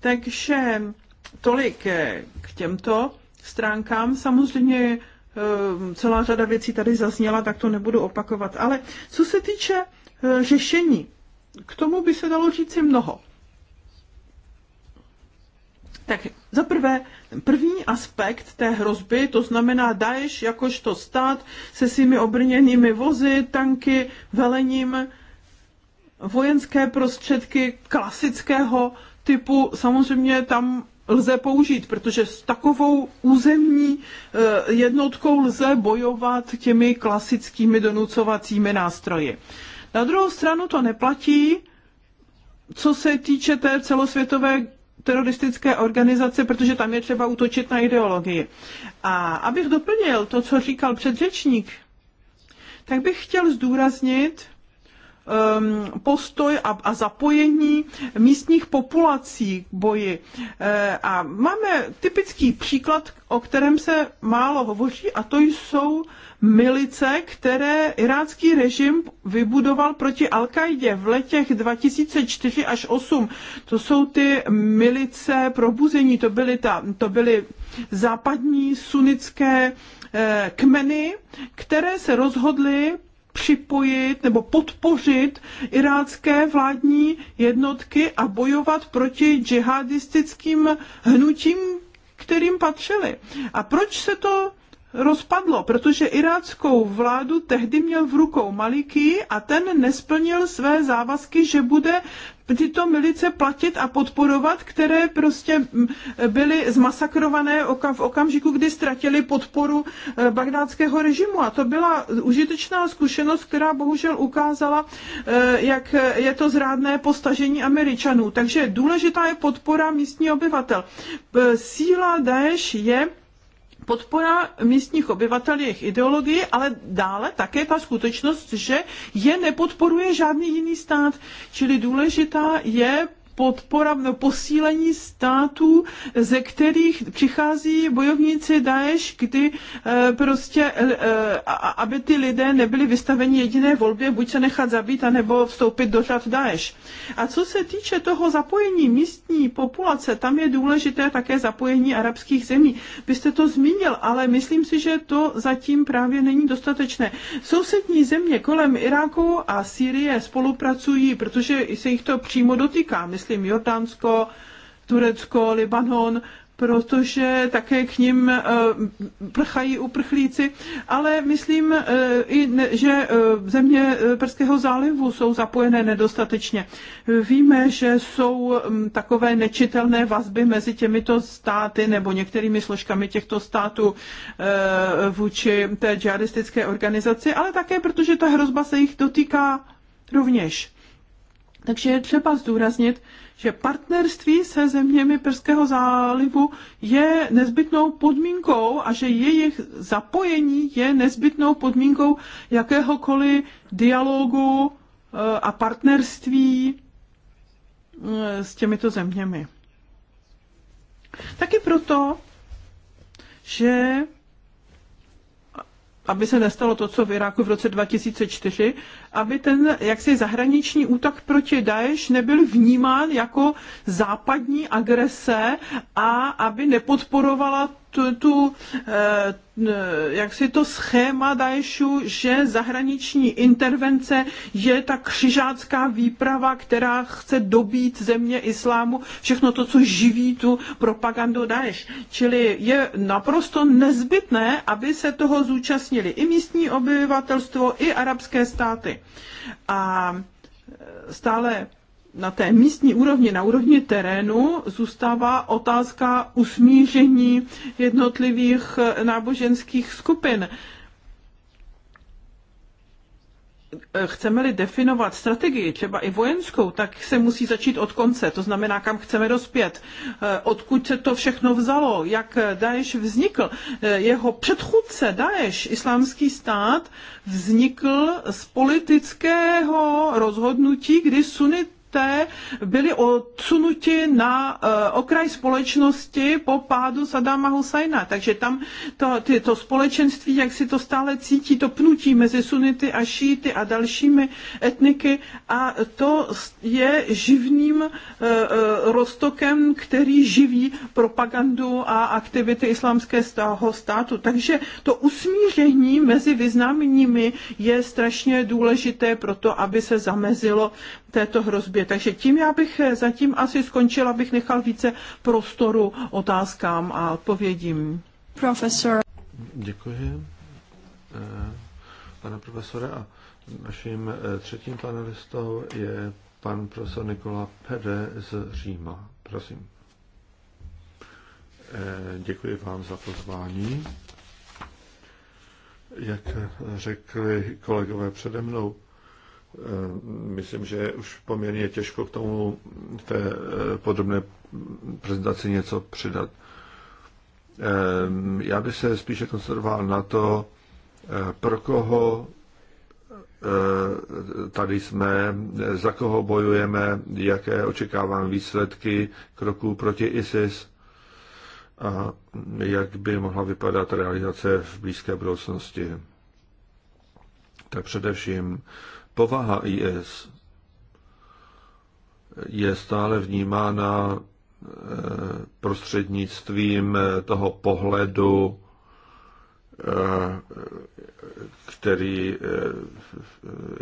Takže tolik těmto stránkám. Samozřejmě eh, celá řada věcí tady zazněla, tak to nebudu opakovat. Ale co se týče eh, řešení, k tomu by se dalo říci mnoho. Tak za prvé, první aspekt té hrozby, to znamená Daesh jakožto stát se svými obrněnými vozy, tanky, velením, vojenské prostředky klasického typu, samozřejmě tam lze použít, protože s takovou územní eh, jednotkou lze bojovat těmi klasickými donucovacími nástroji. Na druhou stranu to neplatí, co se týče té celosvětové teroristické organizace, protože tam je třeba útočit na ideologii. A abych doplnil to, co říkal předřečník, tak bych chtěl zdůraznit, Um, postoj a, a zapojení místních populací k boji. Eh, a máme typický příklad, o kterém se málo hovoří, a to jsou milice, které irácký režim vybudoval proti al kaidě v letech 2004 až 8. To jsou ty milice probuzení, to byly, ta, to byly západní sunické eh, kmeny, které se rozhodly připojit nebo podpořit irácké vládní jednotky a bojovat proti džihadistickým hnutím, kterým patřili. A proč se to rozpadlo, protože iráckou vládu tehdy měl v rukou Maliki a ten nesplnil své závazky, že bude tyto milice platit a podporovat, které prostě mm, byly zmasakrované v okamžiku, kdy ztratili podporu e, bagdádského režimu. A to byla užitečná zkušenost, která bohužel ukázala, e, jak je to zrádné postažení Američanů. Takže důležitá je podpora místní obyvatel. E, síla Daesh je podpora místních obyvatel jejich ideologii, ale dále také ta skutečnost, že je nepodporuje žádný jiný stát. Čili důležitá je podpora no, posílení států, ze kterých přichází bojovníci Daesh, kdy eh, prostě, eh, aby ty lidé nebyli vystaveni jediné volbě, buď se nechat zabít, anebo vstoupit do řad Daesh. A co se týče toho zapojení místní populace, tam je důležité také zapojení arabských zemí. Vy jste to zmínil, ale myslím si, že to zatím právě není dostatečné. Sousední země kolem Iráku a Sýrie spolupracují, protože se jich to přímo dotýká. Myslím, myslím Jordánsko, Turecko, Libanon, protože také k ním eh, prchají uprchlíci, ale myslím eh, i, že eh, země Perského zálivu jsou zapojené nedostatečně. Víme, že jsou mm, takové nečitelné vazby mezi těmito státy nebo některými složkami těchto států vůči té džihadistické organizaci, ale také protože ta hrozba se jich dotýká rovněž. Takže je třeba zdůraznit, že partnerství se zeměmi Perského zálivu je nezbytnou podmínkou a že jejich zapojení je nezbytnou podmínkou jakéhokoliv dialogu eh, a partnerství eh, s těmito zeměmi. Taky proto, že aby se nestalo to, co v Iráku v roce 2004, aby ten jaksi zahraniční útok proti Daesh nebyl vnímán jako západní agrese a aby nepodporovala tu, tu eh, eh, jak si to schéma Daešu, že zahraniční intervence je ta křižácká výprava, která chce dobít země islámu, všechno to, co živí tu propagandu Daeš. Čili je naprosto nezbytné, aby se toho zúčastnili i místní obyvatelstvo, i arabské státy. A eh, stále na té místní úrovni, na úrovni terénu, zůstává otázka usmíření jednotlivých eh, náboženských skupin. Eh, chceme-li definovat strategii, třeba i vojenskou, tak se musí začít od konce, to znamená, kam chceme rozpět, eh, odkud se to všechno vzalo, jak Daesh vznikl. Jeho předchůdce Daesh, islámský stát, vznikl z politického rozhodnutí, kdy sunit té byli odsunuti na e, okraj společnosti po pádu Sadama Husajna. Takže tam to, ty, to společenství, jak si to stále cítí, to pnutí mezi sunity a šíty a dalšími etniky a to je živným e, e, roztokem, který živí propagandu a aktivity islámského státu. Takže to usmíření mezi vyznáními je strašně důležité pro to, aby se zamezilo této hrozbě sobě. Takže tím já bych eh, zatím asi skončila, bych nechal více prostoru otázkám a odpovědím. Profesor.
Děkuji, eh, pane profesore. A naším eh, třetím panelistou je pan profesor Nikola Pede z Říma. Prosím. Děkuji vám za pozvání. Jak řekli kolegové přede mnou, Eh, myslím, že už poměrně těžko k tomu v té eh, podobné prezentaci něco přidat. Eh, já bych se spíše koncentroval na to, pro koho tady jsme, za koho bojujeme, jaké očekávám výsledky kroků proti ISIS a jak by mohla vypadat realizace v blízké budoucnosti. Tak především povaha IS je stále vnímána eh, prostřednictvím eh, toho pohledu, eh, který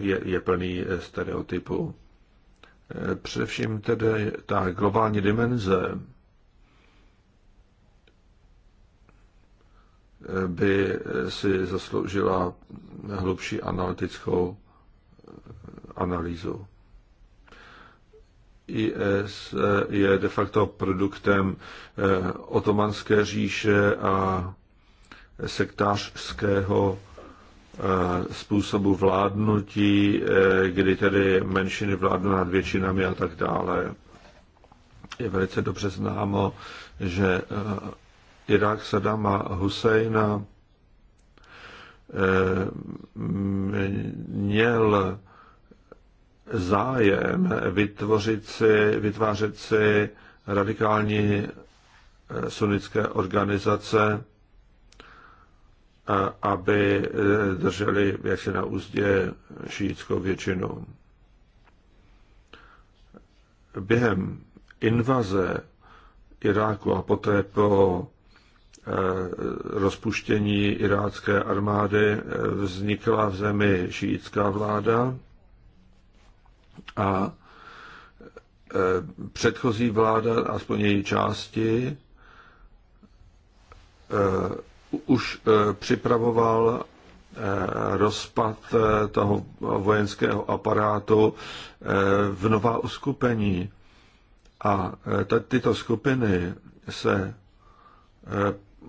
je, plný stereotypů. Především tedy ta globální dimenze by si zasloužila hlubší analytickou analýzu. IS je de facto produktem eh, otomanské říše a sektářského eh, způsobu vládnutí, eh, kdy tedy menšiny vládnou nad většinami a tak dále. Je velice dobře známo, že Irák Sadama Husejna měl zájem vytvořit si, vytvářet si radikální eh, sunnické organizace, eh, aby eh, drželi jaksi na úzdě šíjickou většinu. Během invaze Iráku a poté po rozpuštění irácké armády vznikla v zemi šíjická vláda, a e, předchozí vláda, aspoň její části, e, už e, připravoval rozpad toho vojenského aparátu v nová uskupení. A tyto skupiny se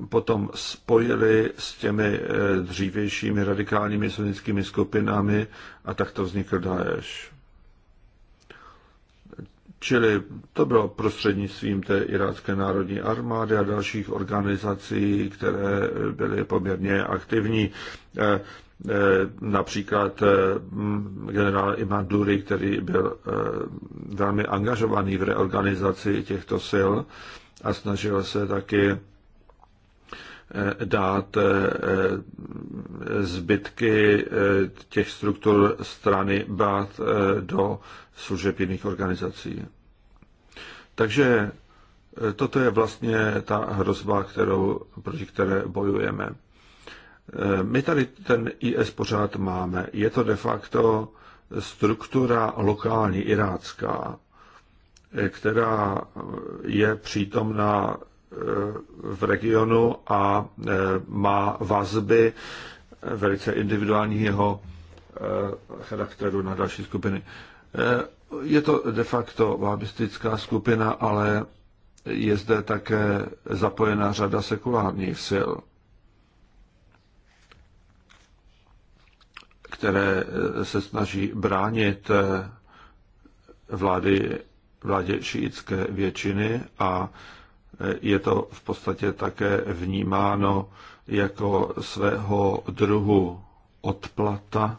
potom spojily s těmi dřívějšími radikálními sunnickými skupinami a tak to vznikl Daesh. Čili to bylo prostřednictvím té irácké národní armády a dalších organizací, které byly poměrně aktivní. Eh, eh, například eh, generál Duri, který byl velmi angažovaný v reorganizaci těchto sil a snažil se taky dát zbytky těch struktur strany Bát do služeb jiných organizací. Takže e, toto je vlastně ta hrozba, kterou, proti které bojujeme. E, my tady ten IS pořád máme. Je to de facto struktura lokální irácká, e, která je přítomná v regionu a má vazby velice individuálního charakteru na další skupiny. Eh, je to de facto vábistická skupina, ale je zde také zapojená řada sekulárních sil, které eh, se snaží bránit eh, vlády, vládě šiitské většiny a je to v podstatě také vnímáno jako svého druhu odplata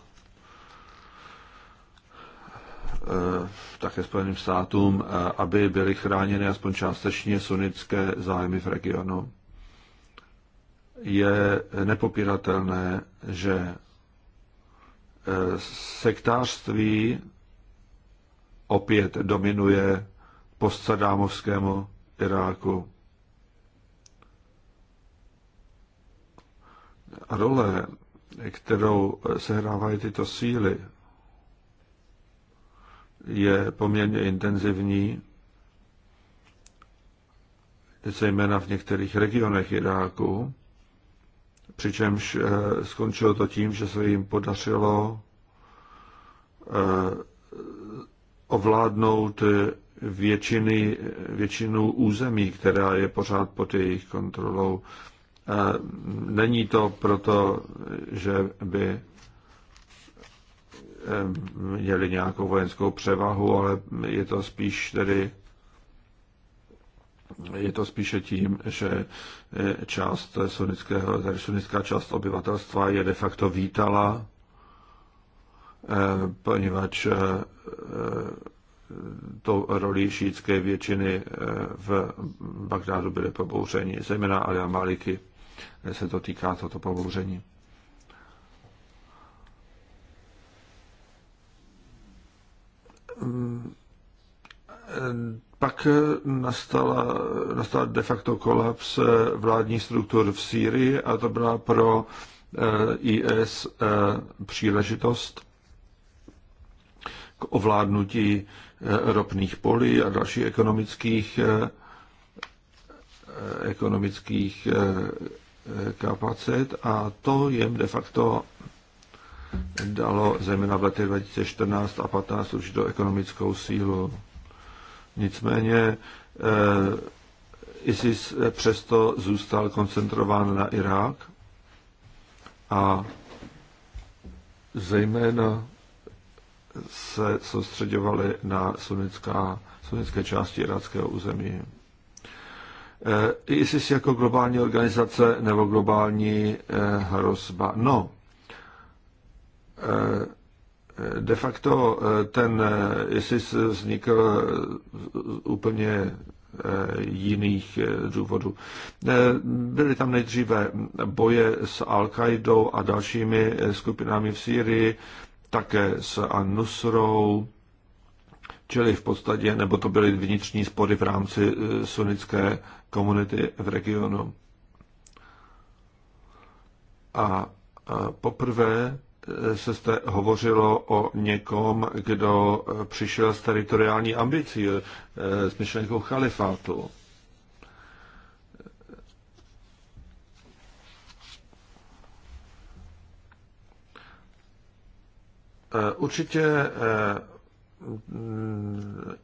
Eh, také Spojeným státům, eh, aby byly chráněny aspoň částečně sunnické zájmy v regionu. Je nepopiratelné, že eh, sektářství opět dominuje postsadámovskému Iráku. Role, kterou sehrávají tyto síly je poměrně intenzivní, zejména v některých regionech Iráku, přičemž eh, skončilo to tím, že se jim podařilo eh, ovládnout většiny, většinu území, která je pořád pod jejich kontrolou. Eh, není to proto, že by Eh, měli nějakou vojenskou převahu, ale je to spíš tedy je to spíše tím, že eh, část sunnického, tedy sunnická část obyvatelstva je de facto vítala, eh, poněvadž to roli šítské většiny v Bagdádu byly pobouření, zejména Alia Maliky, se to týká toto pobouření. pak nastala, nastala de facto kolaps vládní struktur v Sýrii a to byla pro eh, IS eh, příležitost k ovládnutí eh, ropných polí a dalších ekonomických, ekonomických kapacit a to jim de facto dalo zejména v letech 2014 a 2015 určitou ekonomickou sílu. Nicméně eh, ISIS přesto zůstal koncentrován na Irák a zejména se soustředovali na sunnická, sunnické části iráckého území. Eh, ISIS jako globální organizace nebo globální eh, hrozba. No, Eh, de facto eh, ten eh, ISIS vznikl úplně jiných důvodů. Byly tam nejdříve boje s Al-Qaidou a dalšími skupinami v Sýrii, také s Anusrou, čili v podstatě, nebo to byly vnitřní spory v rámci sunnické komunity v regionu. A poprvé se zde hovořilo o někom, kdo přišel s teritoriální ambicí, eh, s myšlenkou chalifátu. Eh, určitě eh,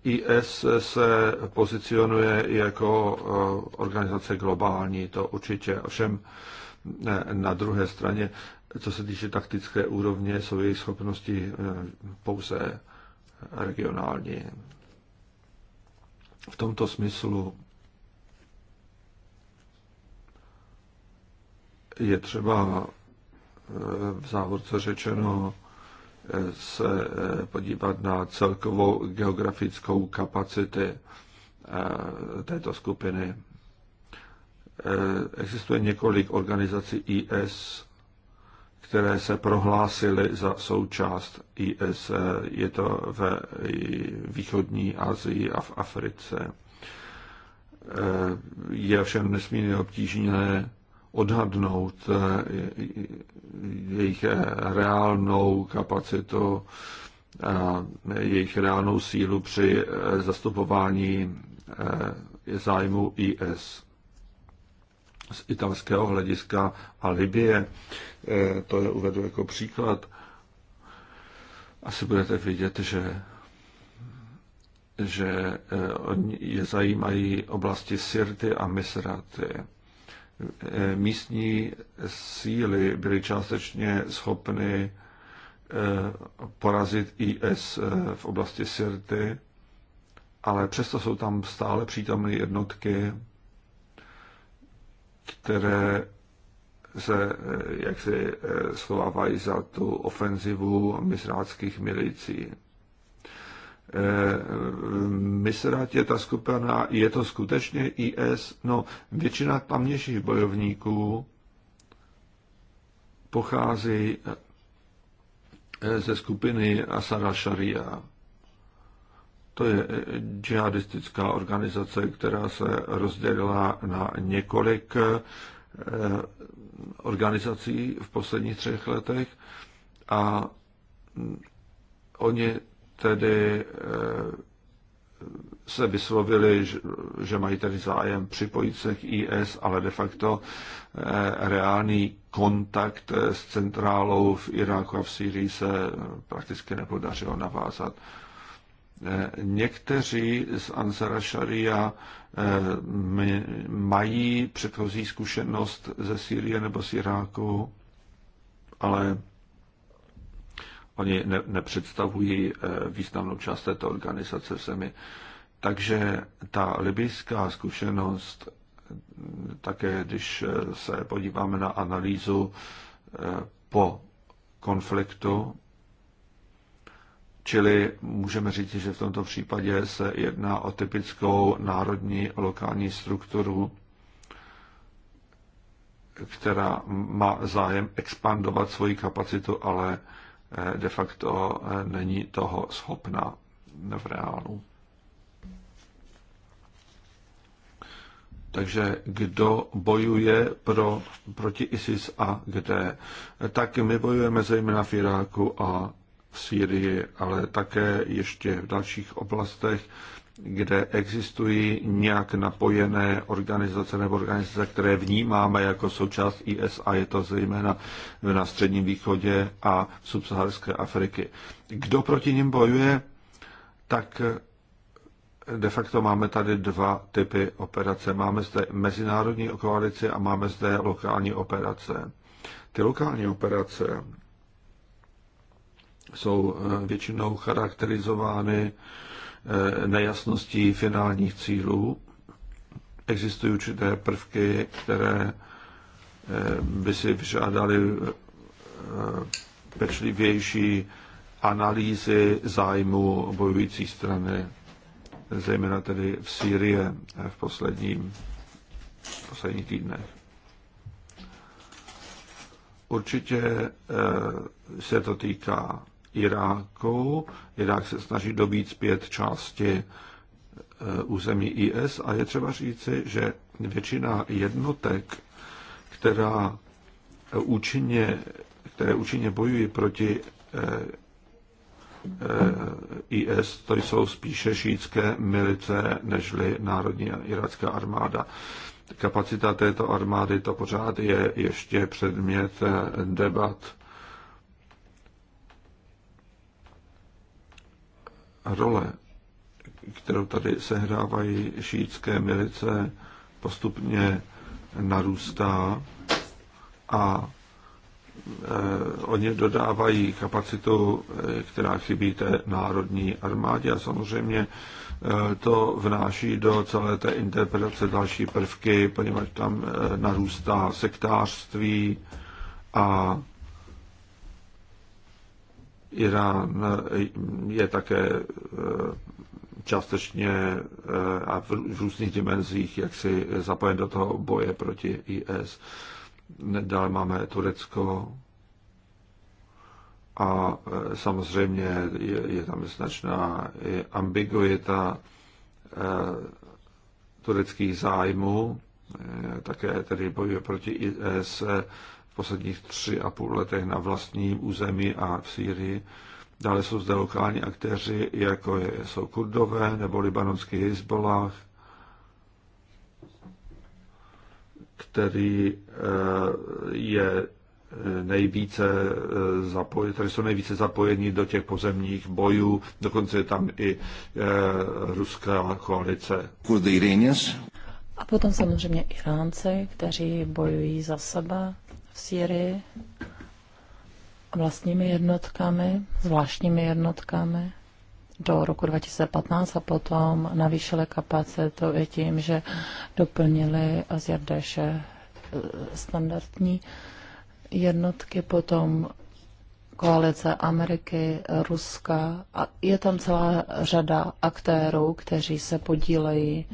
IS se pozicionuje jako organizace globální, to určitě. Ovšem na druhé straně co se týče taktické úrovně, jsou jejich schopnosti eh, pouze regionální. V tomto smyslu je třeba eh, v závodce řečeno eh, se podívat na celkovou geografickou kapacity této skupiny. Existuje několik organizací IS, které se prohlásily za součást IS. E. Je to ve východní Asii a v Africe. Eh, je všem nesmírně obtížné odhadnout eh, jejich reálnou kapacitu, a jejich reálnou sílu při eh, zastupování zájmu IS z italského hlediska a Libie. E, to je uvedu jako příklad. Asi budete vidět, že že e, je zajímají oblasti Sirty a Misraty. E, místní síly byly částečně schopny porazit IS v oblasti Sirty, ale přesto jsou tam stále přítomné jednotky které se eh, jak si eh, schovávají za tu ofenzivu misráckých milicí. Eh, misrát je ta skupina, je to skutečně IS? No, většina tamnějších bojovníků pochází ze skupiny Asara Sharia. To je eh, džihadistická organizace, která se rozdělila na několik eh, organizací v posledních třech letech a hm, oni tedy eh, se vyslovili, že mají tedy zájem připojit se k IS, ale de facto reálný kontakt s centrálou v Iráku a v Sýrii se prakticky nepodařilo navázat. Někteří z Ansara Sharia eh, mají předchozí zkušenost ze Sýrie nebo z Iráku, ale oni nepředstavují eh, významnou část této organizace v zemi. Takže ta libyská zkušenost, také když eh, se podíváme na analýzu po konfliktu, Čili můžeme říct, že v tomto případě se jedná o typickou národní lokální strukturu, která má zájem expandovat svoji kapacitu, ale eh, de facto eh, není toho schopna v reálu. Takže kdo bojuje pro, proti ISIS a kde? Tak my bojujeme zejména v Iráku a v Sýrii, ale také ještě v dalších oblastech, kde existují nějak napojené organizace nebo organizace, které vnímáme jako součást IS a je to zejména na Středním východě a v subsaharské Afriky. Kdo proti nim bojuje, tak de facto máme tady dva typy operace. Máme zde mezinárodní koalici a máme zde lokální operace. Ty lokální operace jsou eh, většinou charakterizovány eh, nejasností finálních cílů. Existují určité prvky, které eh, by si vyžádaly pečlivější analýzy zájmu bojující strany, zejména tedy v Sýrii v posledním, v posledních týdnech. Určitě se to týká Iráku. Irák se snaží dobít zpět části e, území IS a je třeba říci, že většina jednotek, která účinně, které účinně bojují proti e, e, IS, to jsou spíše šítské milice nežli Národní irácká armáda. Kapacita této armády to pořád je ještě předmět debat. role, kterou tady sehrávají šítské milice, postupně narůstá a e, oni dodávají kapacitu, e, která chybí té národní armádě a samozřejmě e, to vnáší do celé té interpretace další prvky, poněvadž tam e, narůstá sektářství a Irán eh, je také eh, částečně eh, a v různých dimenzích jak si zapojen do toho boje proti IS. Dále máme Turecko a samozřejmě je, je tam značná ambiguita tureckých zájmů, také tedy bojuje proti IS posledních tři a půl letech na vlastním území a v Sýrii. Dále jsou zde lokální aktéři, jako je, jsou Kurdové nebo libanonský Hezbollah, který eh, je eh, eh, nejvíce zapojeni, tady jsou nejvíce zapojení do těch pozemních bojů, dokonce je tam i ruská koalice.
A potom samozřejmě Iránci, kteří bojují za sebe v Syrii vlastními jednotkami, zvláštními jednotkami do roku 2015 a potom navýšili kapacitu i tím, že doplnili z Jardéše eh, standardní jednotky, potom koalice Ameriky, Ruska a je tam celá řada aktérů, kteří se podílejí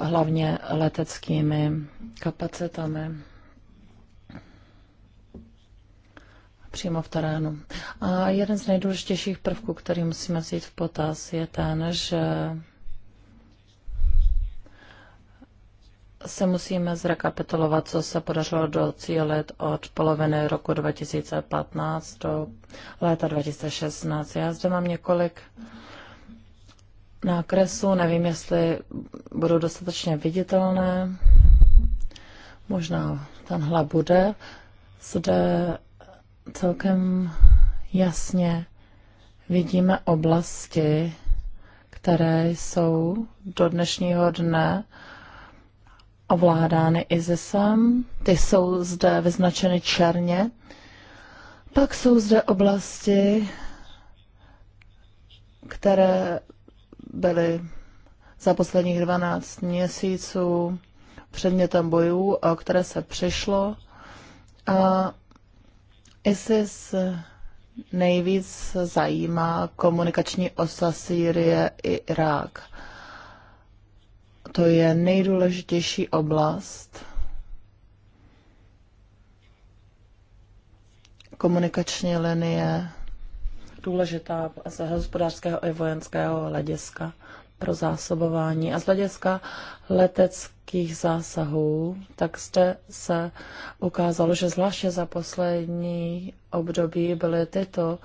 hlavně leteckými kapacitami přímo v terénu. A jeden z nejdůležitějších prvků, který musíme vzít v potaz, je ten, že se musíme zrekapitulovat, co se podařilo docílit od poloviny roku 2015 do léta 2016. Já zde mám několik nákresu. Nevím, jestli budou dostatečně viditelné. Možná tenhle bude. Zde celkem jasně vidíme oblasti, které jsou do dnešního dne ovládány ISISem. E Ty jsou zde vyznačeny černě. Pak jsou zde oblasti, které byly za posledních 12 měsíců předmětem bojů, o které se přišlo. A ISIS nejvíc zajímá komunikační osa Sýrie i Irák. To je nejdůležitější oblast komunikační linie důležitá z hospodářského i vojenského hlediska pro zásobování. A z hlediska leteckých zásahů, tak zde se ukázalo, že zvláště za poslední období byly tyto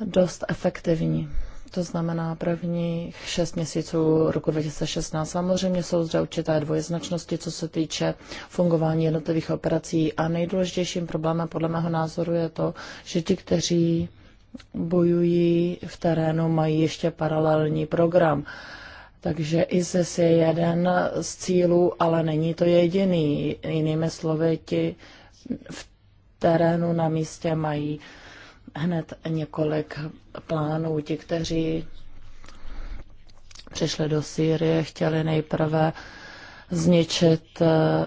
dost efektivní. To znamená prvních šest měsíců roku 2016. Samozřejmě jsou zde určité dvojeznačnosti, co se týče fungování jednotlivých operací. A nejdůležitějším problémem podle mého názoru je to, že ti, kteří bojují v terénu, mají ještě paralelní program. Takže ISIS je jeden z cílů, ale není to jediný. Jinými slovy, ti v terénu na místě mají hned několik plánů. Ti, kteří přišli do Sýrie, chtěli nejprve zničit eh,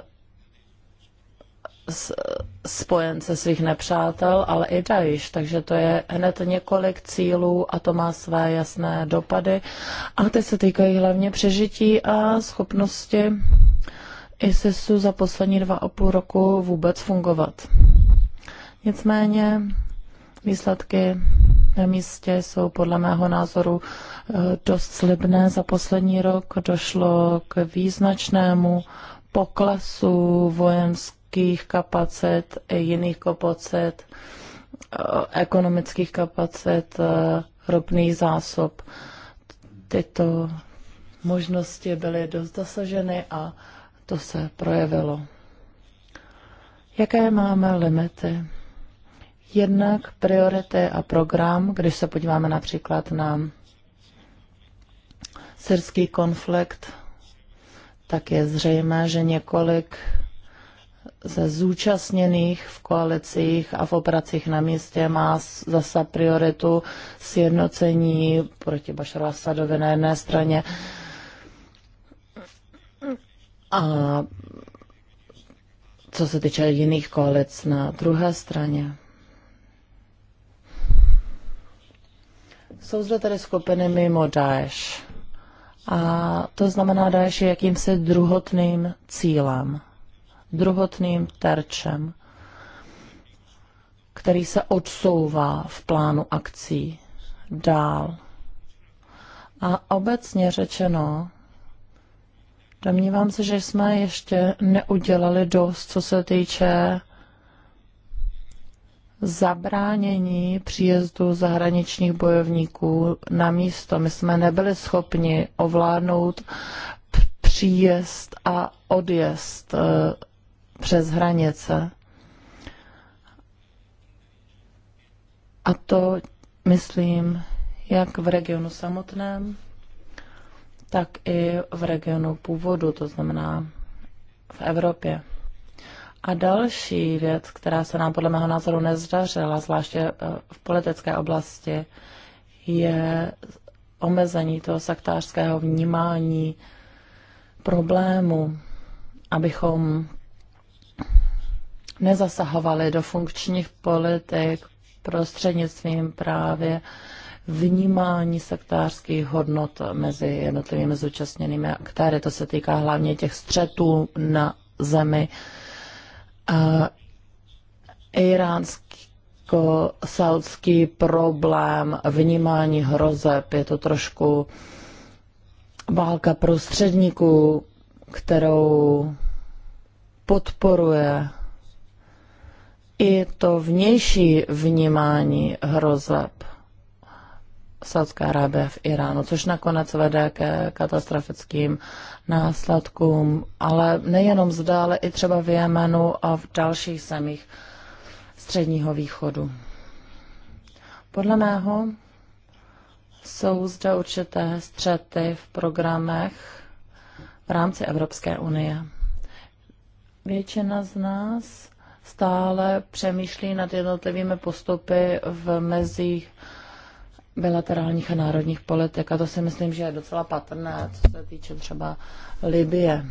spojence svých nepřátel, ale i Daesh. Takže to je hned několik cílů a to má své jasné dopady. A ty se týkají hlavně přežití a schopnosti ISISu za poslední dva a půl roku vůbec fungovat. Nicméně výsledky na místě jsou podle mého názoru eh, dost slibné. Za poslední rok došlo k význačnému poklesu vojenské lidských kapacit, jiných kapacit, eh, ekonomických kapacit, eh, ropných zásob. Tyto možnosti byly dost dosaženy a to se projevilo. Jaké máme limity? Jednak priority a program, když se podíváme například na syrský konflikt, tak je zřejmé, že několik ze zúčastněných v koalicích a v operacích na místě má zase prioritu sjednocení proti Bašaru Asadovi na jedné straně a co se týče jiných koalic na druhé straně. Jsou zde tedy skupiny mimo Daesh. A to znamená, Daesh je jakýmsi druhotným cílem druhotným terčem, který se odsouvá v plánu akcí dál. A obecně řečeno, domnívám se, že jsme ještě neudělali dost, co se týče zabránění příjezdu zahraničních bojovníků na místo. My jsme nebyli schopni ovládnout příjezd a odjezd eh, přes hranice. A to myslím jak v regionu samotném, tak i v regionu původu, to znamená v Evropě. A další věc, která se nám podle mého názoru nezdařila, zvláště eh, v politické oblasti, je omezení toho sektářského vnímání problému, abychom nezasahovali do funkčních politik prostřednictvím právě vnímání sektářských hodnot mezi jednotlivými zúčastněnými aktéry. To se týká hlavně těch střetů na zemi. iránsko-saudský problém vnímání hrozeb je to trošku válka prostředníků, kterou podporuje i to vnější vnímání hrozeb Saudská Arábie v Iránu, což nakonec vede ke katastrofickým následkům, ale nejenom zde, ale i třeba v Jemenu a v dalších zemích středního východu. Podle mého jsou zde určité střety v programech v rámci Evropské unie. Většina z nás stále přemýšlí nad jednotlivými postupy v mezích bilaterálních a národních politik. A to si myslím, že je docela patrné, co se týče třeba Libie,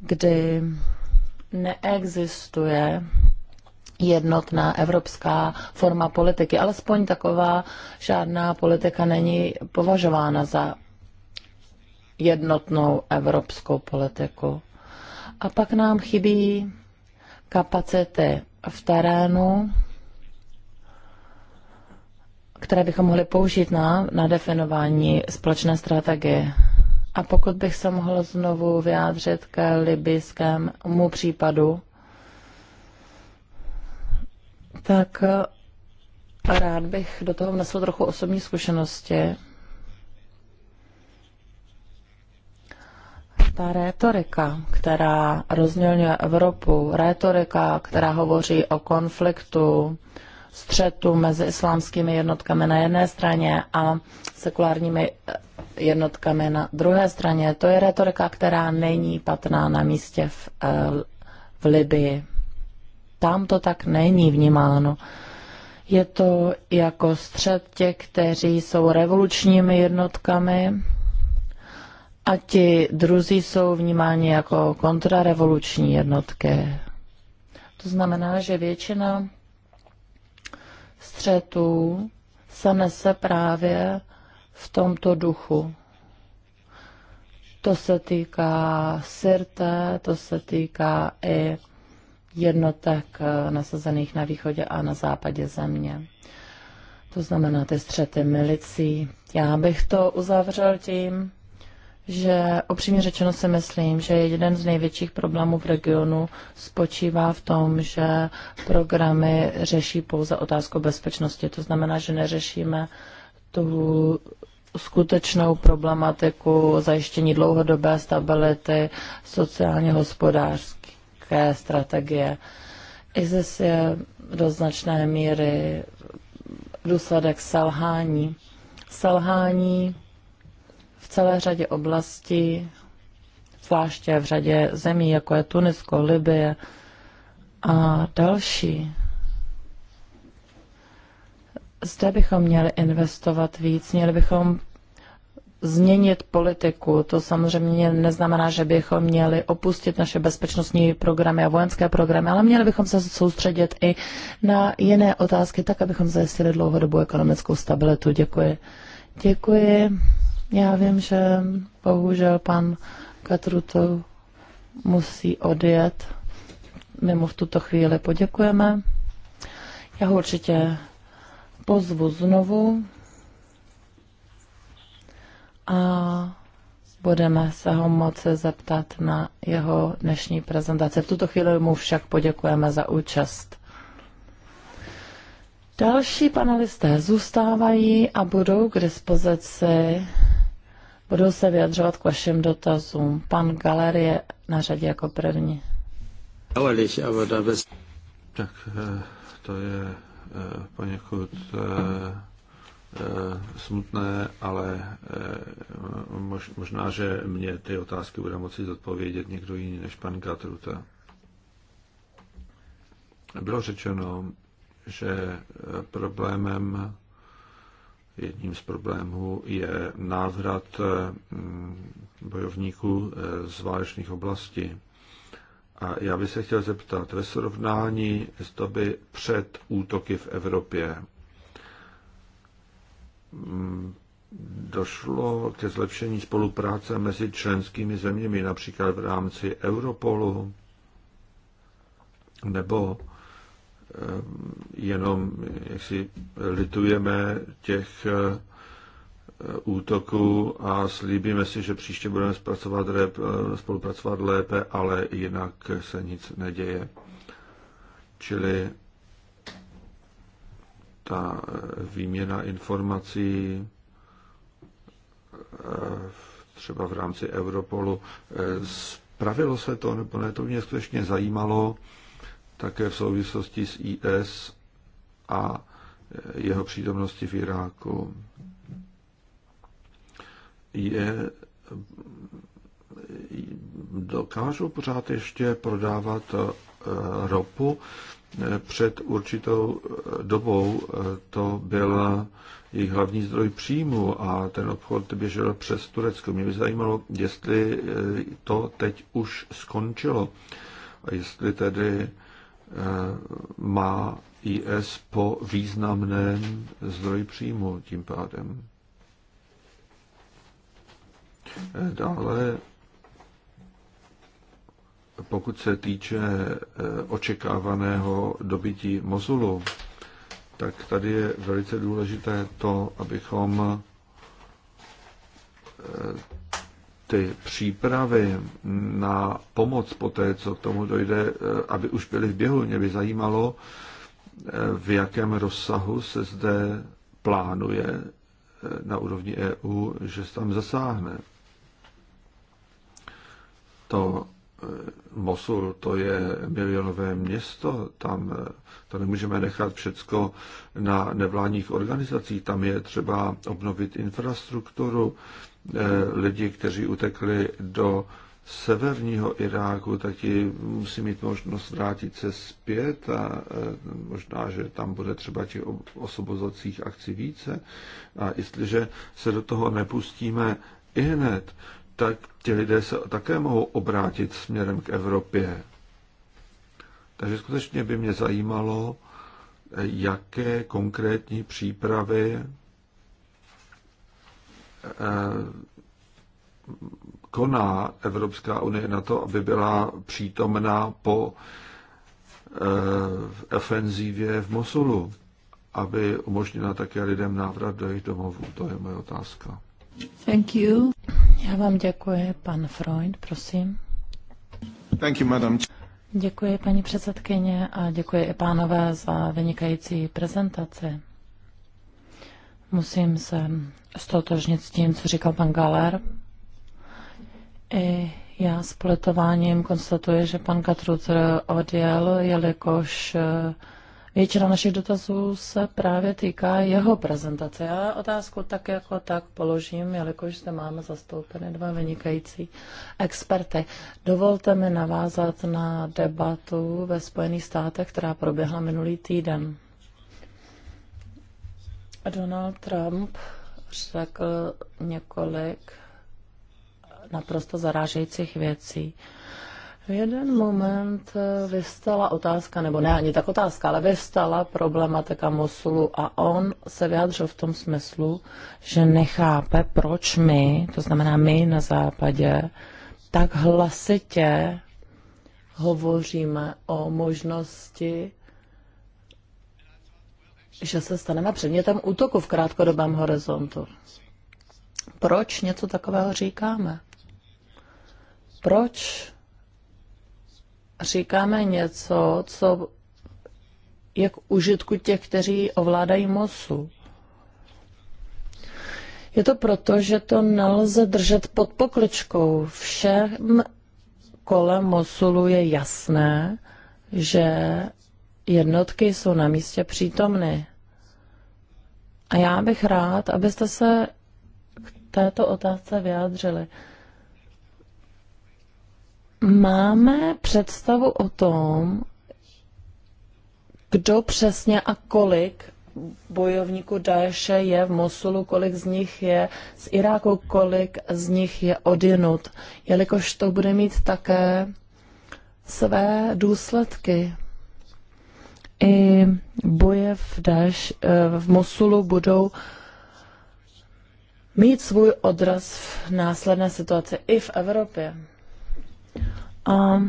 kdy neexistuje jednotná evropská forma politiky. Alespoň taková žádná politika není považována za jednotnou evropskou politiku. A pak nám chybí kapacity v terénu, které bychom mohli použít na, na definování společné strategie. A pokud bych se mohl znovu vyjádřit k libyskému případu, tak rád bych do toho vnesl trochu osobní zkušenosti. ta rétorika, která rozmělňuje Evropu, rétorika, která hovoří o konfliktu, střetu mezi islámskými jednotkami na jedné straně a sekulárními eh, jednotkami na druhé straně, to je retorika, která není patná na místě v, eh, v Libii. Tam to tak není vnímáno. Je to jako střed těch, kteří jsou revolučními jednotkami, a ti druzí jsou vnímáni jako kontrarevoluční jednotky. To znamená, že většina střetů se nese právě v tomto duchu. To se týká Sirte, to se týká i jednotek nasazených na východě a na západě země. To znamená ty střety milicí. Já bych to uzavřel tím, že upřímně řečeno si myslím, že jeden z největších problémů v regionu spočívá v tom, že programy řeší pouze otázku bezpečnosti. To znamená, že neřešíme tu skutečnou problematiku zajištění dlouhodobé stability sociálně hospodářské strategie. ISIS je do značné míry důsledek selhání. Selhání celé řadě oblastí, zvláště v řadě zemí, jako je Tunisko, Libie a další. Zde bychom měli investovat víc, měli bychom změnit politiku. To samozřejmě neznamená, že bychom měli opustit naše bezpečnostní programy a vojenské programy, ale měli bychom se soustředit i na jiné otázky, tak abychom zajistili dlouhodobou ekonomickou stabilitu. Děkuji. Děkuji. Já vím, že bohužel pan Katruto musí odjet. My mu v tuto chvíli poděkujeme. Já ho určitě pozvu znovu a budeme se ho moci zeptat na jeho dnešní prezentaci. V tuto chvíli mu však poděkujeme za účast. Další panelisté zůstávají a budou k dispozici Budu se vyjadřovat k vašim dotazům. Pan galerie, na řadě jako první.
Tak eh, to je eh, poněkud eh, smutné, ale možná, že mě ty otázky bude moci zodpovědět někdo jiný než pan Gatruta. Bylo řečeno, že problémem Jedním z problémů je návrat mm, bojovníků eh, z válečných oblastí. A já bych se chtěl zeptat, ve srovnání s doby před útoky v Evropě, mm, došlo ke zlepšení spolupráce mezi členskými zeměmi, například v rámci Europolu, nebo Eh, jenom jak si litujeme těch eh, útoků a slíbíme si, že příště budeme zpracovat, eh, spolupracovat lépe, ale jinak se nic neděje. Čili ta výměna informací třeba v rámci Europolu, spravilo se to, nebo ne, to mě skutečně zajímalo, také v souvislosti s IS a e, jeho přítomnosti v Iráku. Je, e, dokážou pořád ještě prodávat e, ropu před určitou dobou. To byl jejich hlavní zdroj příjmu a ten obchod běžel přes Turecko. Mě by zajímalo, jestli to teď už skončilo a jestli tedy má IS po významném zdroji příjmu tím pádem. Dále, pokud se týče eh, očekávaného dobytí Mosulu, tak tady je velice důležité to, abychom eh, ty přípravy na pomoc po té, co k tomu dojde, eh, aby už byly v běhu. Mě by zajímalo, eh, v jakém rozsahu se zde plánuje eh, na úrovni EU, že se tam zasáhne. To Mosul, to je milionové město, tam to nemůžeme nechat všecko na nevládních organizacích, tam je třeba obnovit infrastrukturu, Eh, lidi, kteří utekli do severního Iráku, tak ti musí mít možnost vrátit se zpět a eh, možná, že tam bude třeba těch osobozacích akcí více. A jestliže se do toho nepustíme i hned, tak ti lidé se také mohou obrátit směrem k Evropě. Takže skutečně by mě zajímalo, eh, jaké konkrétní přípravy Eh, koná Evropská unie na to, aby byla přítomná po eh, v ofenzívě v Mosulu, aby umožnila také lidem návrat do jejich domovů. To je moje otázka.
Thank you. Já vám děkuji. Pan Freund, prosím. Thank you, madam. Děkuji, paní předsedkyně, a děkuji i pánové za vynikající prezentaci. Musím se stotožnit s tím, co říkal pan Galer. I já s politováním konstatuji, že pan Katrutr odjel, jelikož eh, většina našich dotazů se právě týká jeho prezentace. Já otázku tak jako tak položím, jelikož zde máme zastoupeny dva vynikající experty. Dovolte mi navázat na debatu ve Spojených státech, která proběhla minulý týden. Donald Trump řekl několik naprosto zarážejících věcí. V jeden moment vystala otázka, nebo ne ani tak otázka, ale vystala problematika Mosulu a on se vyjádřil v tom smyslu, že nechápe, proč my, to znamená my na západě, tak hlasitě hovoříme o možnosti že se staneme předmětem útoku v krátkodobém horizontu. Proč něco takového říkáme? Proč říkáme něco, co je k užitku těch, kteří ovládají mosu? Je to proto, že to nelze držet pod pokličkou. Všem kolem Mosulu je jasné, že jednotky jsou na místě přítomny. A já bych rád, abyste se k této otázce vyjádřili. Máme představu o tom, kdo přesně a kolik bojovníků Daeše je v Mosulu, kolik z nich je z Iráku, kolik z nich je odinut, jelikož to bude mít také své důsledky i boje v, Daš, eh, v Mosulu budou mít svůj odraz v následné situaci i v Evropě. A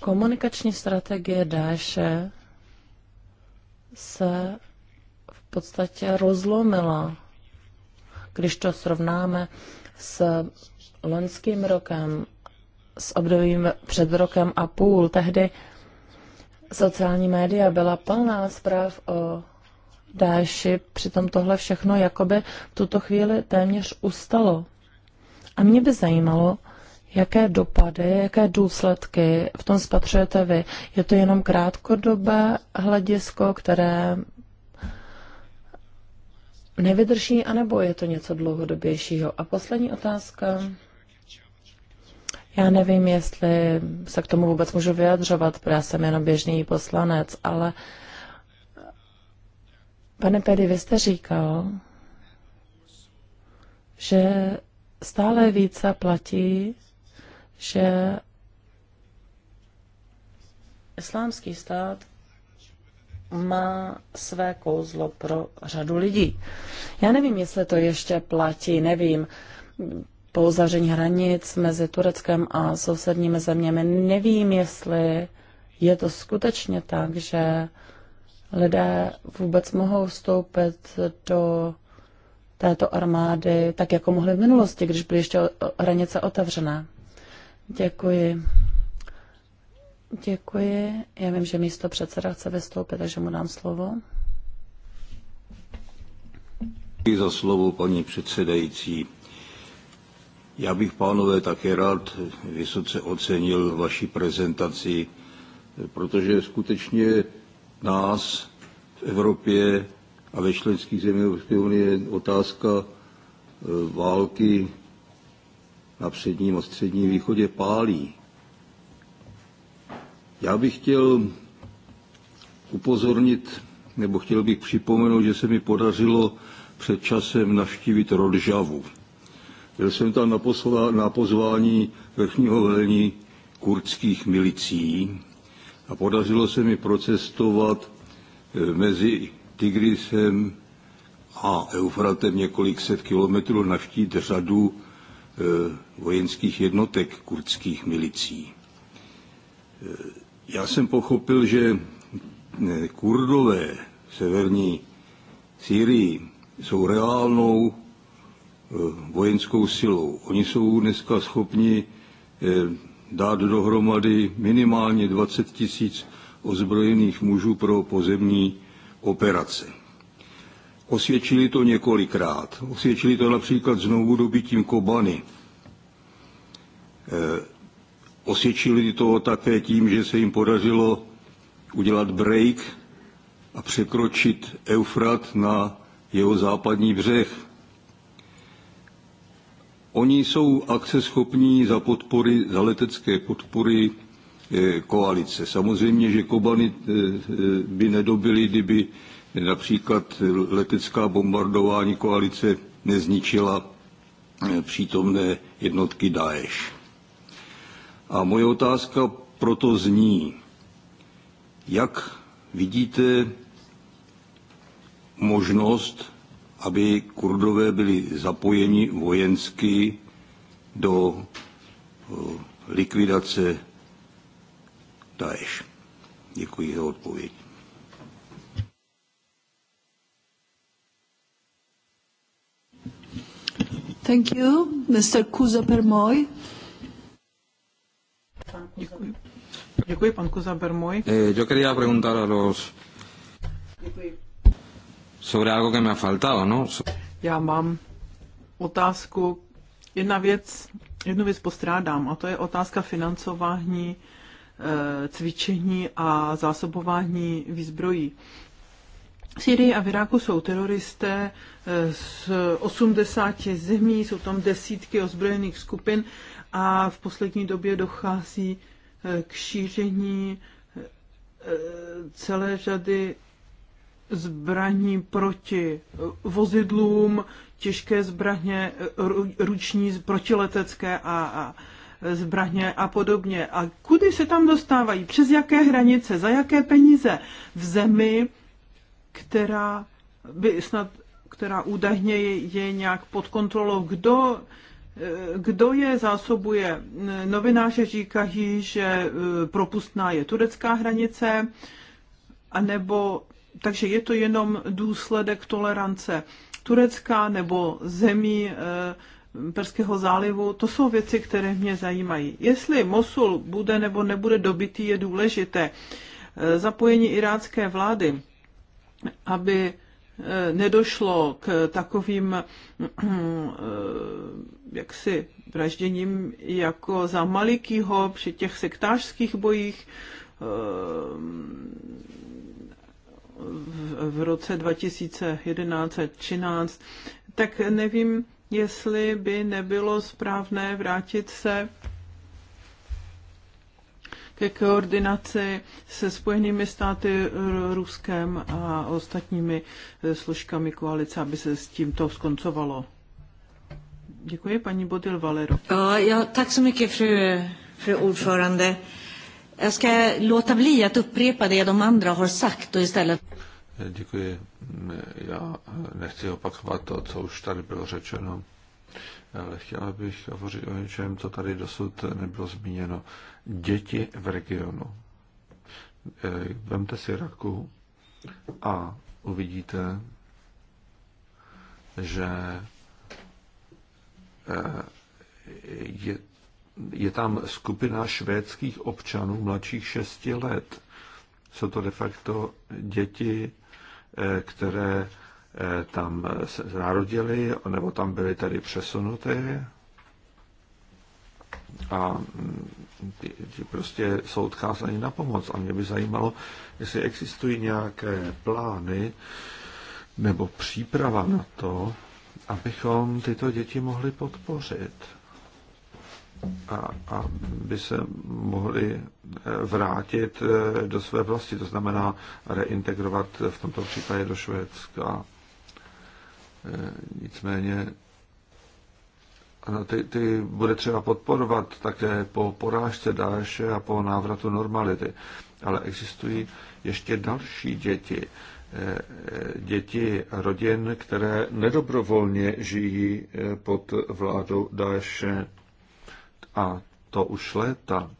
komunikační strategie Dáše se v podstatě rozlomila, když to srovnáme s loňským rokem s obdobím před rokem a půl. Tehdy sociální média byla plná zpráv o Dáši, přitom tohle všechno jakoby v tuto chvíli téměř ustalo. A mě by zajímalo, jaké dopady, jaké důsledky v tom spatřujete vy. Je to jenom krátkodobé hledisko, které nevydrží, anebo je to něco dlouhodobějšího? A poslední otázka já nevím, jestli se k tomu vůbec můžu vyjadřovat, protože já jsem jenom běžný poslanec, ale pane Pedy, vy jste říkal, že stále více platí, že islámský stát má své kouzlo pro řadu lidí. Já nevím, jestli to ještě platí, nevím po uzavření hranic mezi Tureckem a sousedními zeměmi. Nevím, jestli je to skutečně tak, že lidé vůbec mohou vstoupit do této armády, tak jako mohli v minulosti, když byly ještě hranice otevřené. Děkuji. Děkuji. Já vím, že místo předseda chce vystoupit, takže mu dám slovo.
Děkuji za slovo, paní předsedající. Já bych, pánové, také rád vysoce ocenil vaši prezentaci, protože skutečně nás v Evropě a ve členských zemích Evropské unie otázka e, války na předním a středním východě pálí. Já bych chtěl upozornit, nebo chtěl bych připomenout, že se mi podařilo před časem navštívit Rodžavu. Byl jsem tam na, posla, na pozvání vrchního velení kurdských milicí a podařilo se mi procestovat eh, mezi Tigrisem a Eufratem několik set kilometrů navštít řadu eh, vojenských jednotek kurdských milicí. Eh, já jsem pochopil, že kurdové v severní Syrii jsou reálnou Eh, vojenskou silou. Oni jsou dneska schopni eh, dát dohromady minimálně 20 tisíc ozbrojených mužů pro pozemní operace. Osvědčili to několikrát. Osvědčili to například znovu dobytím Kobany. Eh, osvědčili to také tím, že se jim podařilo udělat break a překročit Eufrat na jeho západní břeh Oni jsou akceschopní za podpory, za letecké podpory eh, koalice. Samozřejmě, že Kobany eh, eh, by nedobily, kdyby například letecká bombardování koalice nezničila přítomné jednotky Daesh. A moje otázka proto zní, jak vidíte možnost aby kurdové byli zapojeni vojensky do eh, likvidace Daesh. Děkuji za odpověď.
Thank you. Mr. Kuza Permoj.
Děkuji. Děkuji, pan Kuza Permoj. Eh, yo quería
preguntar a los Děkuji sobre algo que me ha faltado, ¿no?
Já mám otázku. Jedna věc, jednu věc postrádám, a to je otázka financování eh, cvičení a zásobování výzbrojí. V Syrii a v Iráku jsou teroristé eh, z 80 zemí, jsou tam desítky ozbrojených skupin a v poslední době dochází eh, k šíření celé řady zbraní proti eh, vozidlům, těžké zbraně, eh, ruční protiletecké a, a eh, zbraně a podobně. A kudy se tam dostávají? Přes jaké hranice? Za jaké peníze? V zemi, která by snad, která údajně je, je nějak pod kontrolou. Kdo, kdo je zásobuje? Novináři říkají, že propustná je turecká hranice, anebo takže je to jenom důsledek tolerance Turecka nebo zemí eh, Perského zálivu, to jsou věci, které mě zajímají. Jestli Mosul bude nebo nebude dobitý, je důležité. Eh, zapojení irácké vlády, aby eh, nedošlo k takovým jaksi vražděním jako za Malikýho při těch sektářských bojích, v roce 2011-13, tak nevím, jestli by nebylo správné vrátit se ke koordinaci se Spojenými státy, Ruskem a ostatními eh, složkami koalice, aby se s tímto skoncovalo. Děkuji, paní Bodil Valero. Ja, tak se mi fru, fru ordförande. Jag ska låta bli att upprepa det de andra har sagt och istället...
Eh, děkuji. Mm, já eh, nechci opakovat to, co už tady bylo řečeno, ale chtěla bych hovořit o něčem, co tady dosud nebylo zmíněno. Děti v regionu. Eh, vemte si raku a uvidíte, že je je tam skupina švédských občanů mladších 6 let. Jsou to de facto děti, eh, které eh, tam se narodili, nebo tam byly tady přesunuty. A mm, ty, ty prostě jsou odkázaní na pomoc. A mě by zajímalo, jestli existují nějaké plány nebo příprava na to, abychom tyto děti mohli podpořit a aby se mohli eh, vrátit eh, do své vlasti, to znamená reintegrovat eh, v tomto případě do Švédska. Nicméně ano, ty, ty bude třeba podporovat také po porážce Dáše a po návratu normality. Ale existují ještě další děti. Děti rodin, které nedobrovolně žijí pod vládou Dáše a to už léta.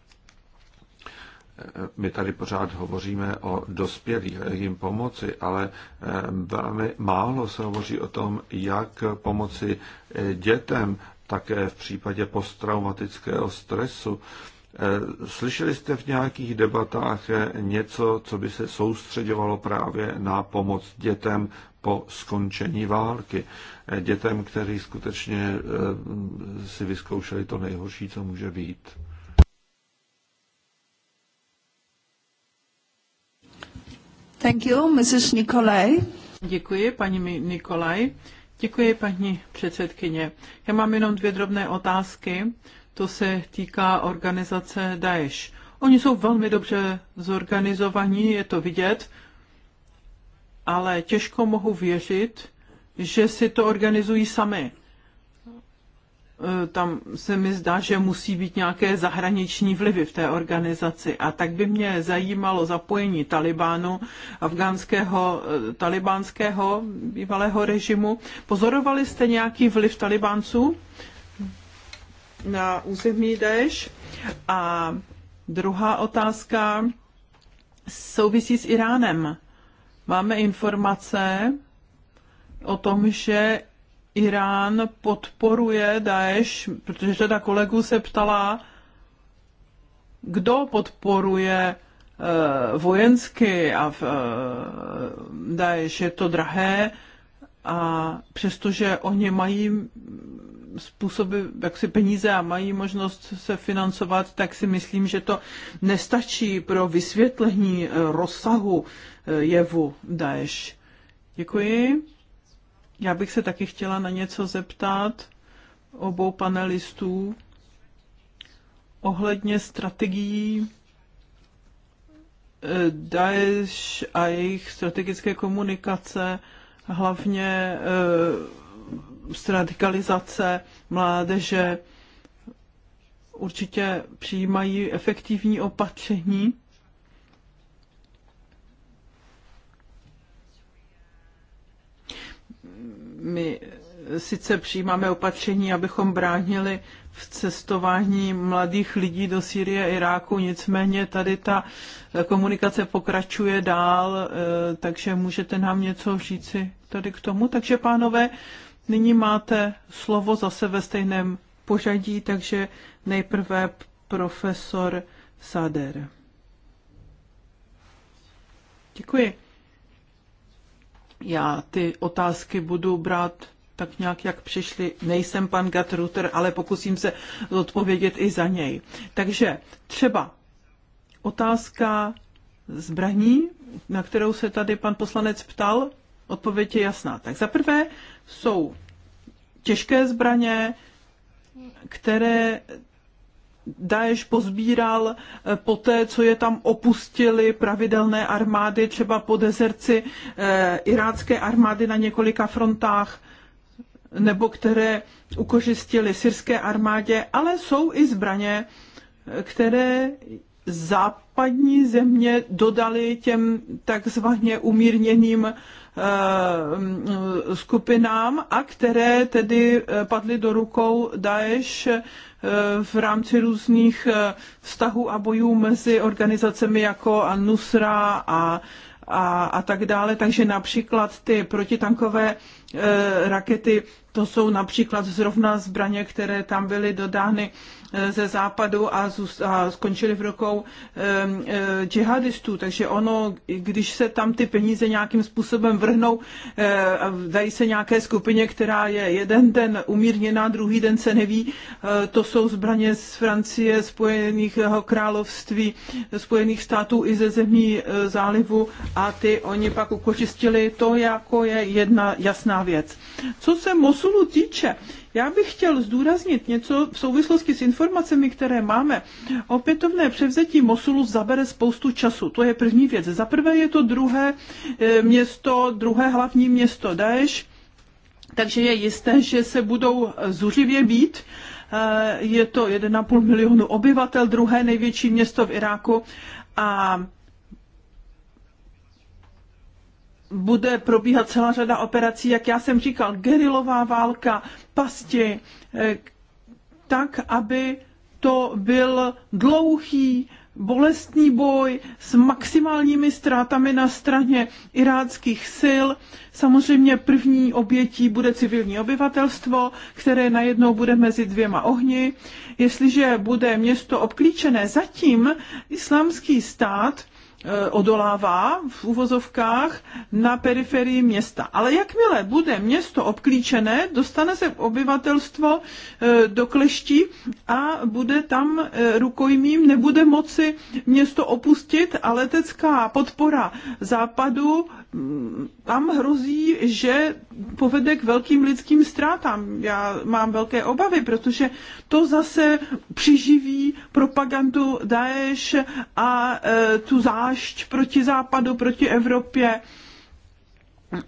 Eh, my tady pořád hovoříme o dospělých, jak jim pomoci, ale eh, velmi málo se hovoří o tom, jak pomoci eh, dětem, také v případě posttraumatického stresu. Slyšeli jste v nějakých debatách něco, co by se soustředovalo právě na pomoc dětem po skončení války? dětem, kteří skutečně eh, si vyzkoušeli to nejhorší, co může být.
Thank you, Mrs. Nikolaj. Děkuji, paní Nikolaj. Děkuji, paní předsedkyně. Já mám jenom dvě drobné otázky. To se týká organizace Daesh. Oni jsou velmi dobře zorganizovaní, je to vidět, ale těžko mohu věřit, že si to organizují sami. E, tam se mi zdá, že musí být nějaké zahraniční vlivy v té organizaci. A tak by mě zajímalo zapojení Talibánu, afgánského, e, talibánského bývalého režimu. Pozorovali jste nějaký vliv talibánců na území Deš? A druhá otázka souvisí s Iránem. Máme informace, o tom, že Irán podporuje Daesh, protože řada kolegů se ptala, kdo podporuje uh, vojensky a v, uh, Daesh je to drahé a přestože oni mají způsoby, jak si peníze a mají možnost se financovat, tak si myslím, že to nestačí pro vysvětlení eh, rozsahu jevu Daesh. Děkuji. Já bych se taky chtěla na něco zeptat obou panelistů ohledně strategií eh, Daesh a jejich strategické komunikace, hlavně eh, radikalizace mládeže, určitě přijímají efektivní opatření my sice přijímáme opatření, abychom bránili v cestování mladých lidí do Sýrie a Iráku, nicméně tady ta eh, komunikace pokračuje dál, eh, takže můžete nám něco říci tady k tomu. Takže pánové, nyní máte slovo zase ve stejném pořadí, takže nejprve profesor Sader. Děkuji. Já ty otázky budu brát tak nějak, jak přišli. Nejsem pan Gatruter, ale pokusím se odpovědět i za něj. Takže třeba otázka zbraní, na kterou se tady pan poslanec ptal, odpověď je jasná. Tak za prvé jsou těžké zbraně, které Daesh pozbíral eh, po té, co je tam opustili pravidelné armády, třeba po dezerci eh, irácké armády na několika frontách, nebo které ukořistili syrské armádě, ale jsou i zbraně, eh, které západní země dodaly těm takzvaně umírněným eh, skupinám a které tedy eh, padly do rukou Daesh eh, v rámci různých vztahů a bojů mezi organizacemi jako Nusra a, a, a tak dále. Takže například ty protitankové rakety, to jsou například zrovna zbraně, které tam byly dodány ze západu a, a skončili v rukou eh, džihadistů. Takže ono, když se tam ty peníze nějakým způsobem vrhnou, eh, dají se nějaké skupině, která je jeden den umírněná, druhý den se neví, eh, to jsou zbraně z Francie, Spojených království, Spojených států i ze zemí zálivu a ty oni pak ukočistili. To jako je jedna jasná věc. Co se Mosulu týče, já bych chtěl zdůraznit něco v souvislosti s informacemi, které máme. Opětovné převzetí Mosulu zabere spoustu času. To je první věc. Za prvé je to druhé eh, město, druhé hlavní město Daesh, takže je jisté, že se budou zuřivě být eh, je to 1,5 milionu obyvatel, druhé největší město v Iráku a bude probíhat celá řada operací, jak já jsem říkal, gerilová válka, pasti, eh, tak, aby to byl dlouhý, bolestný boj s maximálními ztrátami na straně iráckých sil. Samozřejmě první obětí bude civilní obyvatelstvo, které najednou bude mezi dvěma ohni. Jestliže bude město obklíčené, zatím islámský stát Eh, odolává v uvozovkách na periferii města. Ale jakmile bude město obklíčené, dostane se obyvatelstvo eh, do kleští a bude tam eh, rukojmím, nebude moci město opustit a letecká podpora západu mm, tam hrozí, že povede k velkým lidským ztrátám. Já mám velké obavy, protože to zase přiživí propagandu Daesh a e, tu zášť proti západu, proti Evropě.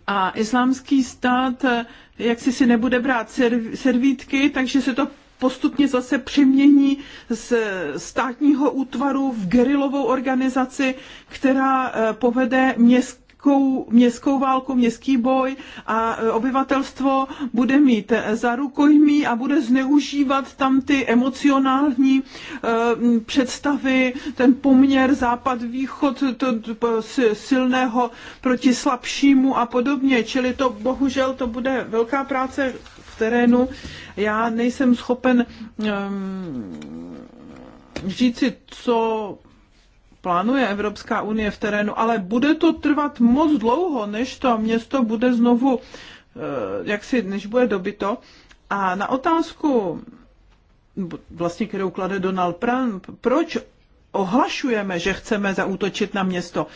A islámský stát e, jak si si nebude brát servítky, takže se to postupně zase přemění z státního útvaru v gerilovou organizaci, která e, povede měst městskou, městskou válku, městský boj a e, obyvatelstvo bude mít e, za rukojmí a bude zneužívat tam ty emocionální e, představy, ten poměr západ-východ to silného proti slabšímu a podobně. Čili to bohužel to bude velká práce v terénu. Já nejsem schopen um, říci, co plánuje Evropská unie v terénu, ale bude to trvat moc dlouho, než to město bude znovu, eh, jak si, než bude dobyto. A na otázku, vlastně, kterou klade Donald Trump, proč ohlašujeme, že chceme zaútočit na město.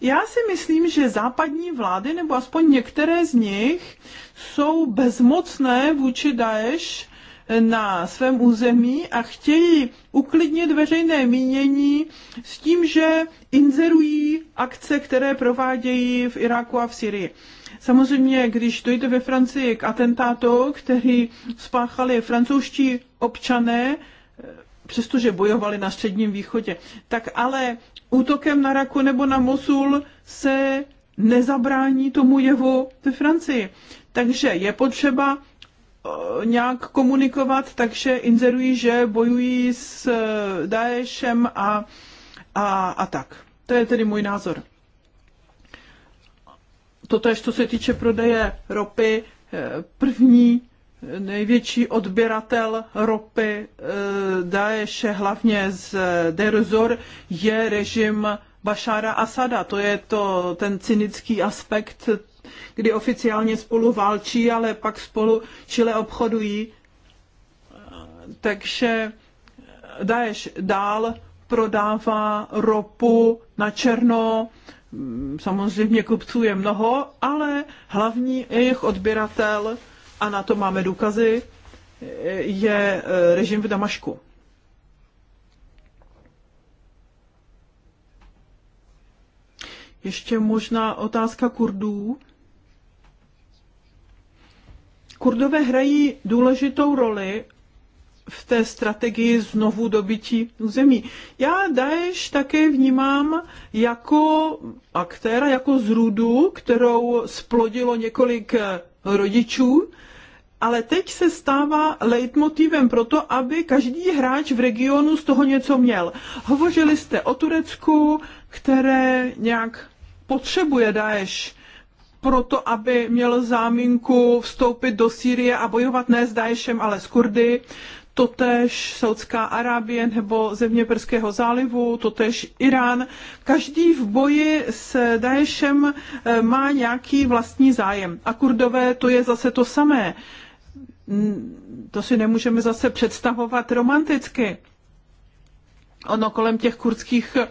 Já si myslím, že západní vlády, nebo aspoň některé z nich, jsou bezmocné vůči Daesh na svém území a chtějí uklidnit veřejné mínění s tím, že inzerují akce, které provádějí v Iráku a v Syrii. Samozřejmě, když dojde ve Francii k atentátu, který spáchali francouzští občané, přestože bojovali na Středním východě, tak ale útokem na Raku nebo na Mosul se nezabrání tomu jevu ve Francii. Takže je potřeba Eh, nějak komunikovat, takže inzerují, že bojují s eh, Daeshem a, a, a tak. To je tedy můj názor. je, co se týče prodeje ropy, eh, první největší odběratel ropy Daeshe, hlavně z Derzor, je režim Bašára Asada. To je to, ten cynický aspekt kdy oficiálně spolu válčí, ale pak spolu čile obchodují. Takže Daesh dál prodává ropu na černo, samozřejmě kupců je mnoho, ale hlavní jejich odběratel, a na to máme důkazy, je e, režim v Damašku. Ještě možná otázka Kurdů. Kurdové hrají důležitou roli v té strategii znovu dobytí území. Já Daesh také vnímám jako aktéra, jako zrůdu, kterou splodilo několik eh, rodičů, ale teď se stává leitmotivem pro to, aby každý hráč v regionu z toho něco měl. Hovořili jste o Turecku, které nějak potřebuje Daesh proto, aby měl záminku vstoupit do Sýrie a bojovat ne s Daešem, ale s Kurdy. Totež Saudská Arábie nebo země Perského zálivu, totež Irán. Každý v boji s Daešem eh, má nějaký vlastní zájem. A kurdové to je zase to samé. To si nemůžeme zase představovat romanticky ono kolem těch kurdských eh,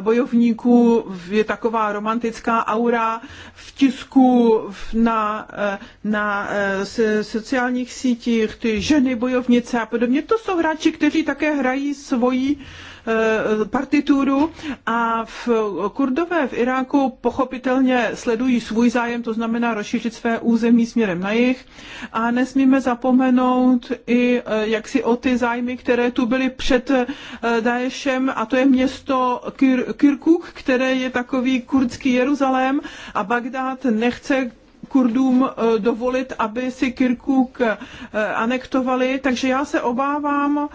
bojovníků je taková romantická aura v tisku, na, eh, na eh, sociálních sítích, ty ženy bojovnice a podobně. To jsou hráči, kteří také hrají svoji Eh, partituru a v kurdové v Iráku pochopitelně sledují svůj zájem, to znamená rozšířit své území směrem na jih a nesmíme zapomenout i eh, jaksi o ty zájmy, které tu byly před eh, Daešem a to je město Kir- Kirkuk, které je takový kurdský Jeruzalém a Bagdád nechce Kurdům dovolit, aby si Kirkuk anektovali. Takže já se obávám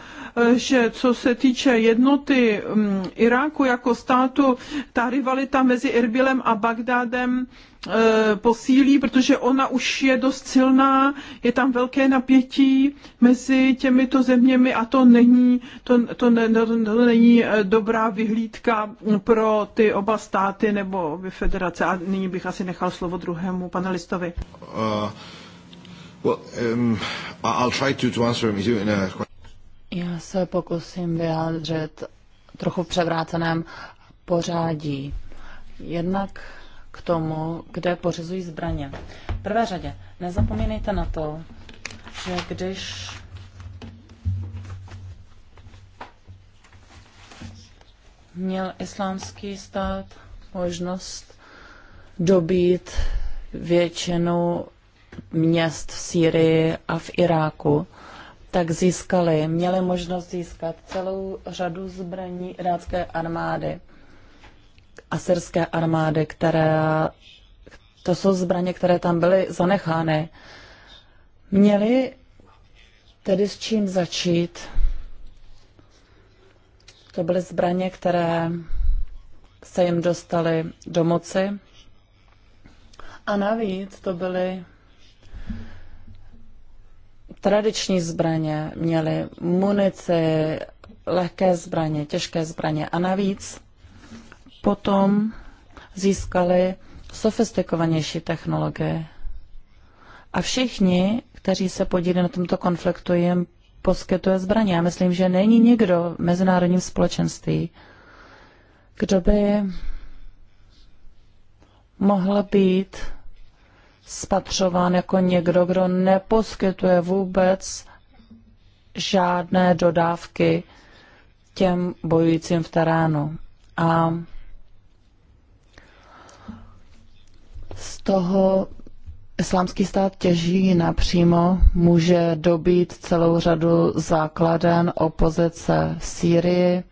že co se týče jednoty mm, Iráku jako státu, ta rivalita mezi Erbilem a Bagdádem e, posílí, protože ona už je dost silná, je tam velké napětí mezi těmito zeměmi a to není, to, to, ne, to, není e, dobrá vyhlídka pro ty oba státy nebo obě federace. A nyní bych asi nechal slovo druhému panelistovi.
Uh, well, um, I'll try to, to answer you in a...
Já se pokusím vyjádřit trochu v převráceném pořádí. Jednak k tomu, kde pořizují zbraně. V prvé řadě, nezapomínejte na to, že když měl islámský stát možnost dobít většinu měst v Sýrii a v Iráku, tak získali, měli možnost získat celou řadu zbraní irácké armády, asyrské armády, které, to jsou zbraně, které tam byly zanechány. Měli tedy s čím začít. To byly zbraně, které se jim dostaly do moci. A navíc to byly tradiční zbraně, měli munici, lehké zbraně, těžké zbraně a navíc potom získali sofistikovanější technologie. A všichni, kteří se podílí na tomto konfliktu, jim poskytuje zbraně. Já myslím, že není nikdo v mezinárodním společenství, kdo by mohl být spatřován jako někdo, kdo neposkytuje vůbec žádné dodávky těm bojujícím v terénu. A z toho Islámský stát těží napřímo, může dobít celou řadu základen opozice v Sýrii,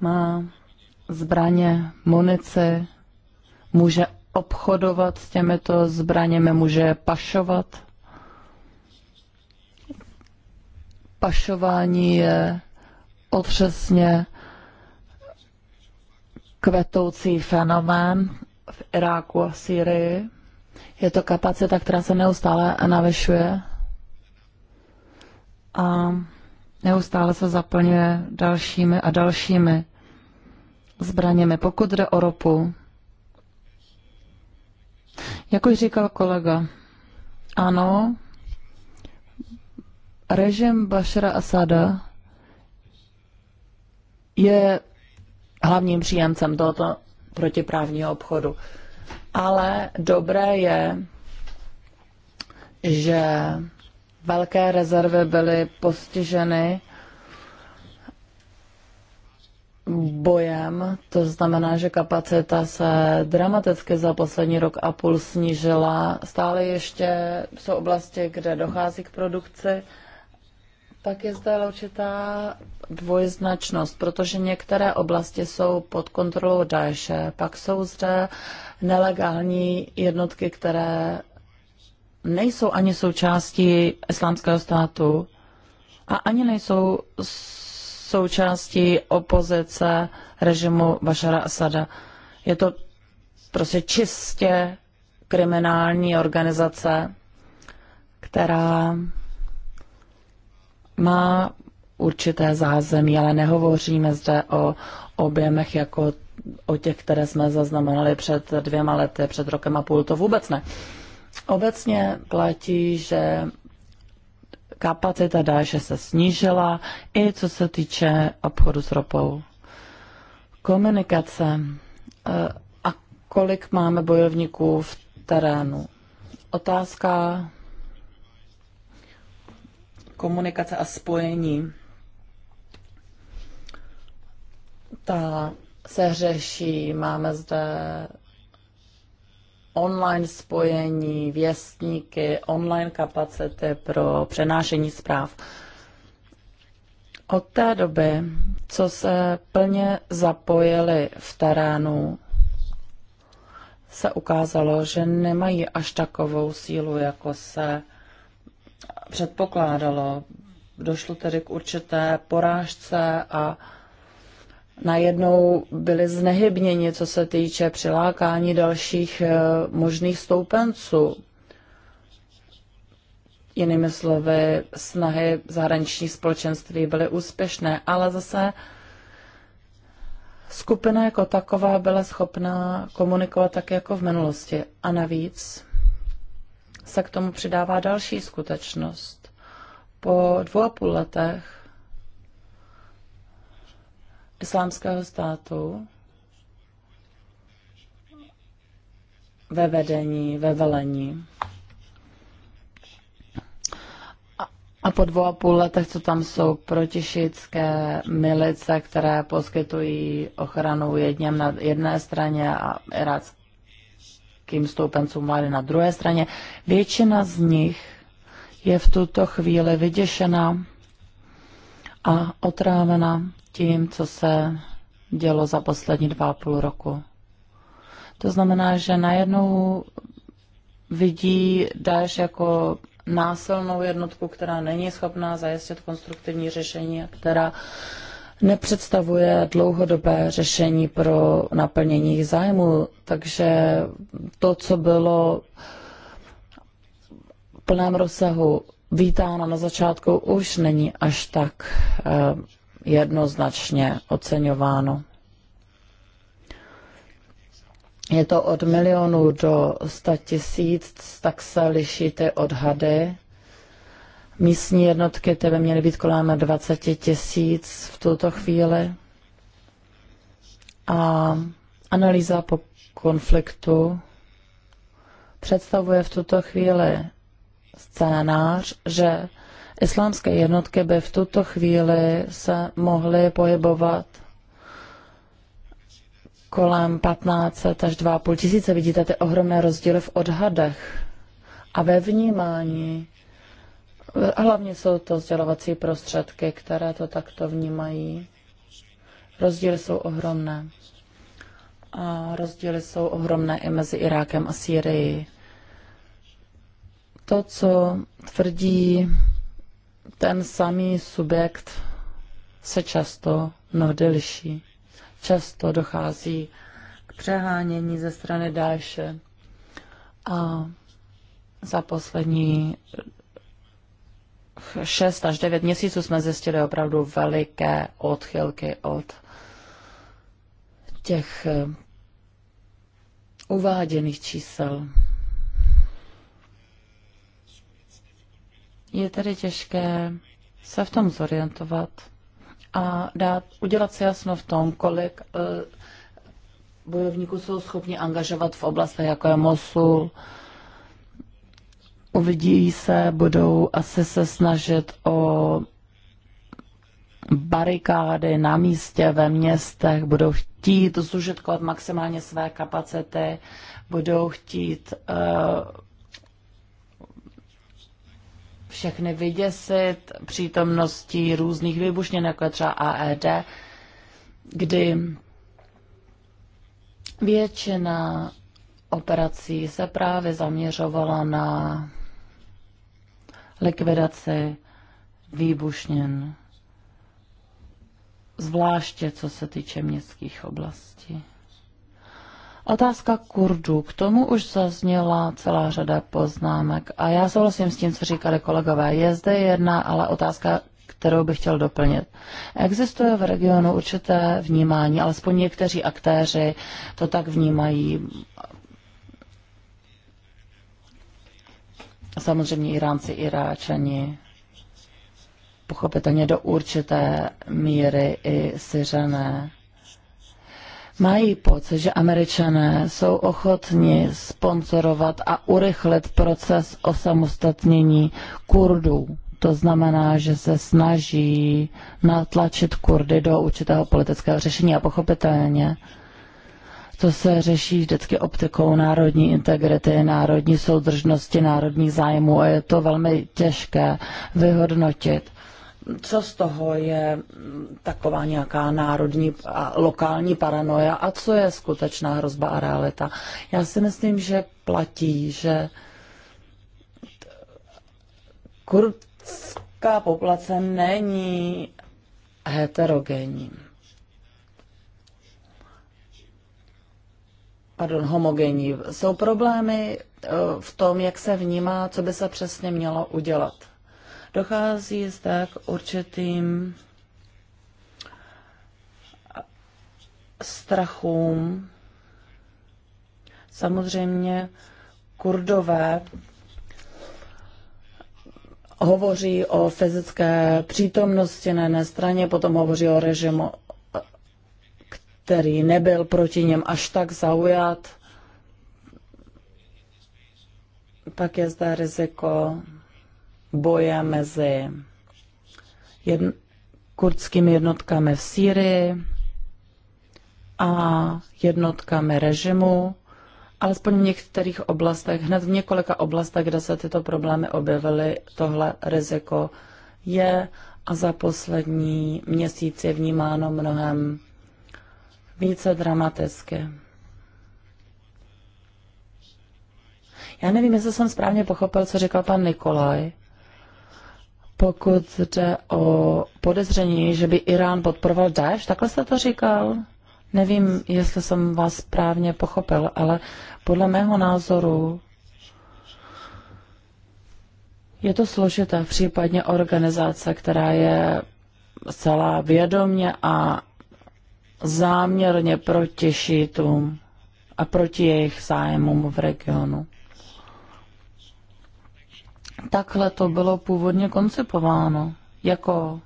má zbraně, munici, může obchodovat s těmito zbraněmi, může pašovat. Pašování je otřesně kvetoucí fenomén v Iráku a Syrii. Je to kapacita, která se neustále navyšuje a neustále se zaplňuje dalšími a dalšími zbraněmi. Pokud jde o ropu, jak už říkal kolega, ano, režim Bašara Asada je hlavním příjemcem tohoto protiprávního obchodu. Ale dobré je, že velké rezervy byly postiženy bojem. To znamená, že kapacita se dramaticky za poslední rok a půl snížila. Stále ještě jsou oblasti, kde dochází k produkci. Pak je zde určitá dvojznačnost, protože některé oblasti jsou pod kontrolou Daeše, pak jsou zde nelegální jednotky, které nejsou ani součástí islámského státu a ani nejsou s součástí opozice režimu Bašara Asada. Je to prostě čistě kriminální organizace, která má určité zázemí, ale nehovoříme zde o objemech jako o těch, které jsme zaznamenali před dvěma lety, před rokem a půl, to vůbec ne. Obecně platí, že kapacita Daeše se snížila, i co se týče obchodu s ropou. Komunikace eh, a kolik máme bojovníků v terénu? Otázka komunikace a spojení. Ta se řeší, máme zde online spojení, věstníky, online kapacity pro přenášení zpráv. Od té doby, co se plně zapojili v terénu, se ukázalo, že nemají až takovou sílu, jako se předpokládalo. Došlo tedy k určité porážce a najednou byli znehybněni, co se týče přilákání dalších eh, možných stoupenců. Jinými slovy, snahy zahraniční společenství byly úspěšné, ale zase skupina jako taková byla schopná komunikovat tak jako v minulosti. A navíc se k tomu přidává další skutečnost. Po dvou a půl letech islámského státu ve vedení, ve velení. A po dvou a půl letech, co tam jsou protišické milice, které poskytují ochranu jedněm na jedné straně a iráckým stoupencům vlády na druhé straně, většina z nich je v tuto chvíli vyděšena a otrávena tím, co se dělo za poslední dva a půl roku. To znamená, že najednou vidí Daesh jako násilnou jednotku, která není schopná zajistit konstruktivní řešení a která nepředstavuje dlouhodobé řešení pro naplnění jejich zájmu. Takže to, co bylo v plném rozsahu vítáno na začátku, už není až tak eh, jednoznačně oceňováno. Je to od milionů do 100 tisíc, tak se liší ty odhady. Místní jednotky tebe měly být kolem 20 tisíc v tuto chvíli. A analýza po konfliktu představuje v tuto chvíli scénář, že Islámské jednotky by v tuto chvíli se mohly pohybovat kolem 15 až 2,5 tisíce. Vidíte ty ohromné rozdíly v odhadech a ve vnímání. Hlavně jsou to sdělovací prostředky, které to takto vnímají. Rozdíly jsou ohromné. A rozdíly jsou ohromné i mezi Irákem a Sýrií. To, co tvrdí ten samý subjekt se často mnohdy liší. Často dochází k přehánění ze strany Dáše a za poslední 6 až 9 měsíců jsme zjistili opravdu veliké odchylky od těch eh, uváděných čísel. Je tedy těžké se v tom zorientovat a dát, udělat si jasno v tom, kolik eh, bojovníků jsou schopni angažovat v oblastech, jako je Mosul. Uvidí se, budou asi se snažit o barikády na místě, ve městech, budou chtít zužitkovat maximálně své kapacity, budou chtít uh, všechny vyděsit přítomností různých výbušnin, jako je třeba AED, kdy většina operací se právě zaměřovala na likvidaci výbušnin, zvláště co se týče městských oblastí. Otázka Kurdů. K tomu už zazněla celá řada poznámek a já souhlasím s tím, co říkali kolegové. Je zde jedna, ale otázka, kterou bych chtěl doplnit. Existuje v regionu určité vnímání, alespoň někteří aktéři to tak vnímají. Samozřejmě Iránci, Iráčani, pochopitelně do určité míry i Syřané mají pocit, že američané jsou ochotni sponsorovat a urychlit proces osamostatnění Kurdů. To znamená, že se snaží natlačit Kurdy do určitého politického řešení a pochopitelně to se řeší vždycky optikou národní integrity, národní soudržnosti, národních zájmů a je to velmi těžké vyhodnotit co z toho je taková nějaká národní a lokální paranoja a co je skutečná hrozba a realita. Já si myslím, že platí, že kurdská populace není heterogenní. Pardon, homogenní. Jsou problémy eh, v tom, jak se vnímá, co by se přesně mělo udělat. Dochází zde k určitým strachům. Samozřejmě kurdové hovoří o fyzické přítomnosti na jedné straně, potom hovoří o režimu, který nebyl proti něm až tak zaujat. Pak je zde riziko boje mezi jedn- kurdskými jednotkami v Sýrii a jednotkami režimu, alespoň v některých oblastech, hned v několika oblastech, kde se tyto problémy objevily, tohle riziko je a za poslední měsíc je vnímáno mnohem více dramaticky. Já nevím, jestli jsem správně pochopil, co říkal pan Nikolaj, pokud jde o podezření, že by Irán podporoval Daesh, takhle jste to říkal? Nevím, jestli jsem vás správně pochopil, ale podle mého názoru je to složité v případně organizace, která je celá vědomě a záměrně proti šítům a proti jejich zájmům v regionu. Takhle to bylo původně koncipováno jako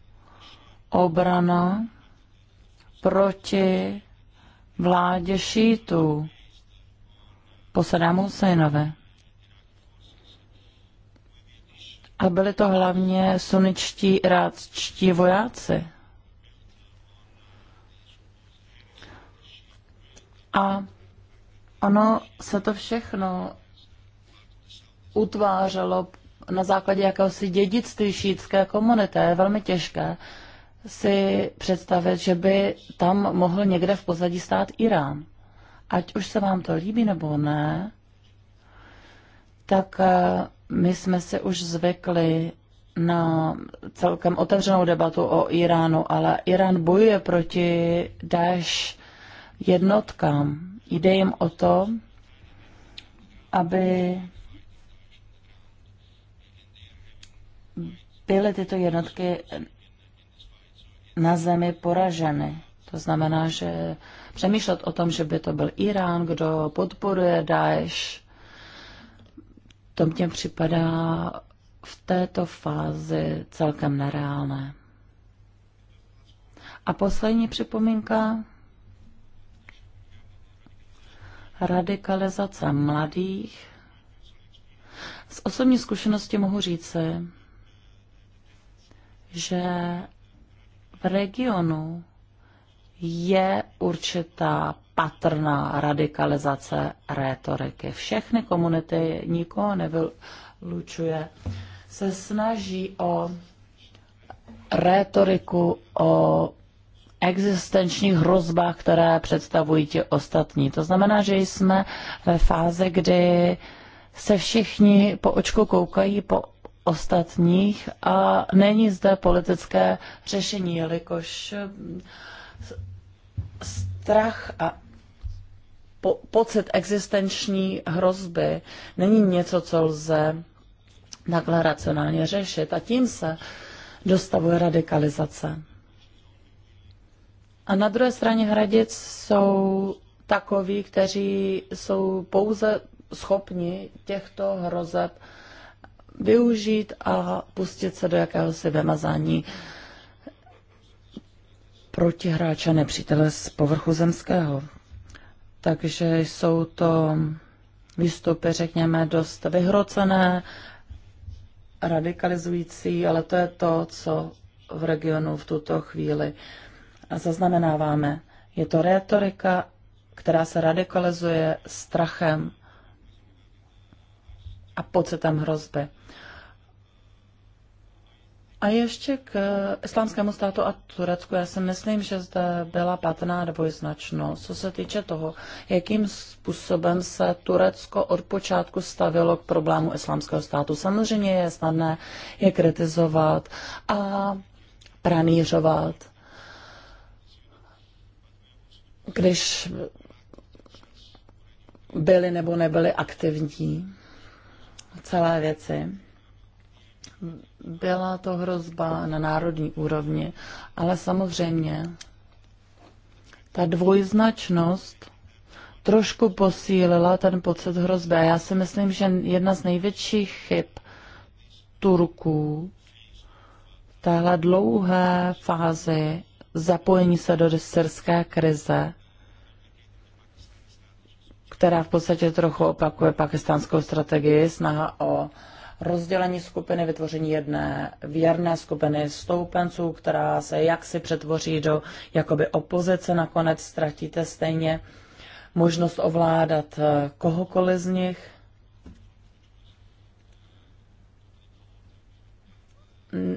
obrana proti vládě šítů po Sadámu Husajnovi. A byli to hlavně suničtí iráčtí vojáci. A ono se to všechno utvářelo na základě jakéhosi dědictví šítské komunity. Je velmi těžké si představit, že by tam mohl někde v pozadí stát Irán. Ať už se vám to líbí nebo ne, tak eh, my jsme si už zvykli na celkem otevřenou debatu o Iránu, ale Irán bojuje proti Daesh jednotkám. Jde jim o to, aby byly tyto jednotky na zemi poraženy. To znamená, že přemýšlet o tom, že by to byl Irán, kdo podporuje Daesh, to mně připadá v této fázi celkem nereálné. A poslední připomínka. Radikalizace mladých. Z osobní zkušenosti mohu říct, že v regionu je určitá patrná radikalizace rétoriky. Všechny komunity, nikoho nevylučuje, se snaží o rétoriku, o existenčních hrozbách, které představují ti ostatní. To znamená, že jsme ve fázi, kdy se všichni po očku koukají po ostatních a není zde politické řešení, jelikož eh, strach a po, pocit existenční hrozby není něco, co lze takhle racionálně řešit. A tím se dostavuje radikalizace. A na druhé straně hradic jsou takoví, kteří jsou pouze schopni těchto hrozeb využít a pustit se do jakéhosi vymazání protihráče nepřítele z povrchu zemského. Takže jsou to výstupy, řekněme, dost vyhrocené, radikalizující, ale to je to, co v regionu v tuto chvíli zaznamenáváme. Je to retorika, která se radikalizuje strachem a pocitem hrozby. A ještě k islámskému státu a Turecku. Já si myslím, že zde byla patrná dvojznačnost. Co se týče toho, jakým způsobem se Turecko od počátku stavilo k problému islámského státu. Samozřejmě je snadné je kritizovat a pranířovat. Když byli nebo nebyli aktivní celé věci byla to hrozba na národní úrovni, ale samozřejmě ta dvojznačnost trošku posílila ten pocit hrozby. A já si myslím, že jedna z největších chyb Turků v téhle dlouhé fázi zapojení se do syrské krize, která v podstatě trochu opakuje pakistánskou strategii, snaha o rozdělení skupiny, vytvoření jedné věrné skupiny stoupenců, která se jaksi přetvoří do jakoby opozice, nakonec ztratíte stejně možnost ovládat eh, kohokoliv z nich.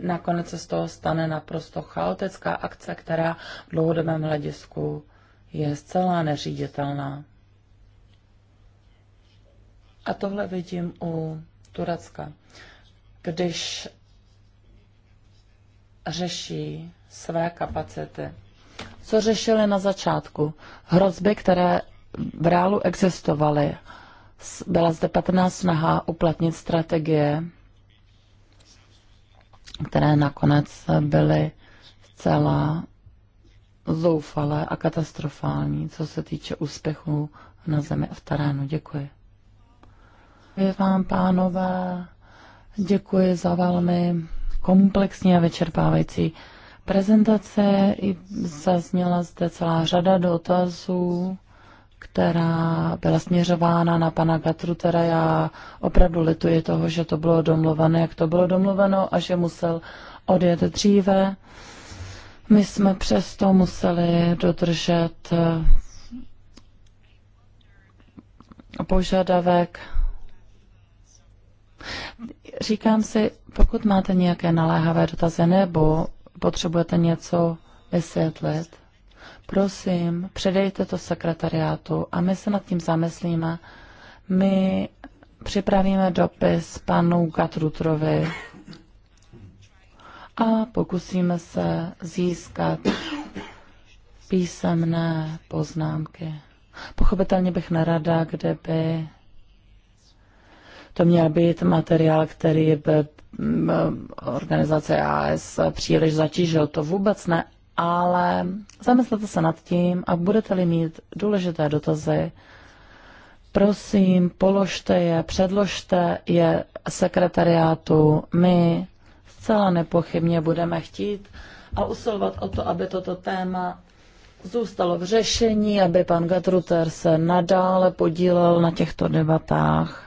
Nakonec se z toho stane naprosto chaotická akce, která v dlouhodobém hledisku je zcela neříditelná. A tohle vidím u Turecka, když řeší své kapacity. Co řešili na začátku? Hrozby, které v reálu existovaly. Byla zde patrná snaha uplatnit strategie, které nakonec byly zcela zoufalé a katastrofální, co se týče úspěchu na zemi a v terénu. Děkuji. Děkuji vám, pánové. Děkuji za velmi komplexní a vyčerpávající prezentace. Zazněla zde celá řada dotazů, která byla směřována na pana Gatrutera. Já opravdu lituji toho, že to bylo domluveno, jak to bylo domluveno a že musel odjet dříve. My jsme přesto museli dodržet požadavek Říkám si, pokud máte nějaké naléhavé dotazy nebo potřebujete něco vysvětlit, prosím, předejte to sekretariátu a my se nad tím zamyslíme. My připravíme dopis panu Gatrutrovi a pokusíme se získat písemné poznámky. Pochopitelně bych nerada, kdyby to měl být materiál, který by mm, organizace AS příliš zatížil. To vůbec ne, ale zamyslete se nad tím a budete-li mít důležité dotazy, prosím, položte je, předložte je sekretariátu. My zcela nepochybně budeme chtít a usilovat o to, aby toto téma zůstalo v řešení, aby pan Gatruter se nadále podílel na těchto debatách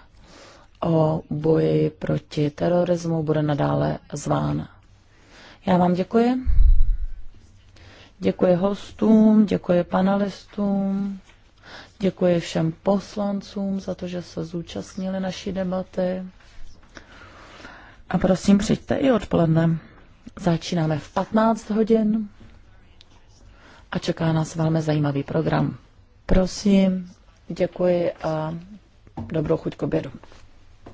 o boji proti terorismu bude nadále zván. Já vám děkuji. Děkuji hostům, děkuji panelistům, děkuji všem poslancům za to, že se zúčastnili naší debaty. A prosím, přijďte i odpoledne. Začínáme v 15 hodin a čeká nás velmi zajímavý program. Prosím, děkuji a dobrou chuť k obědu.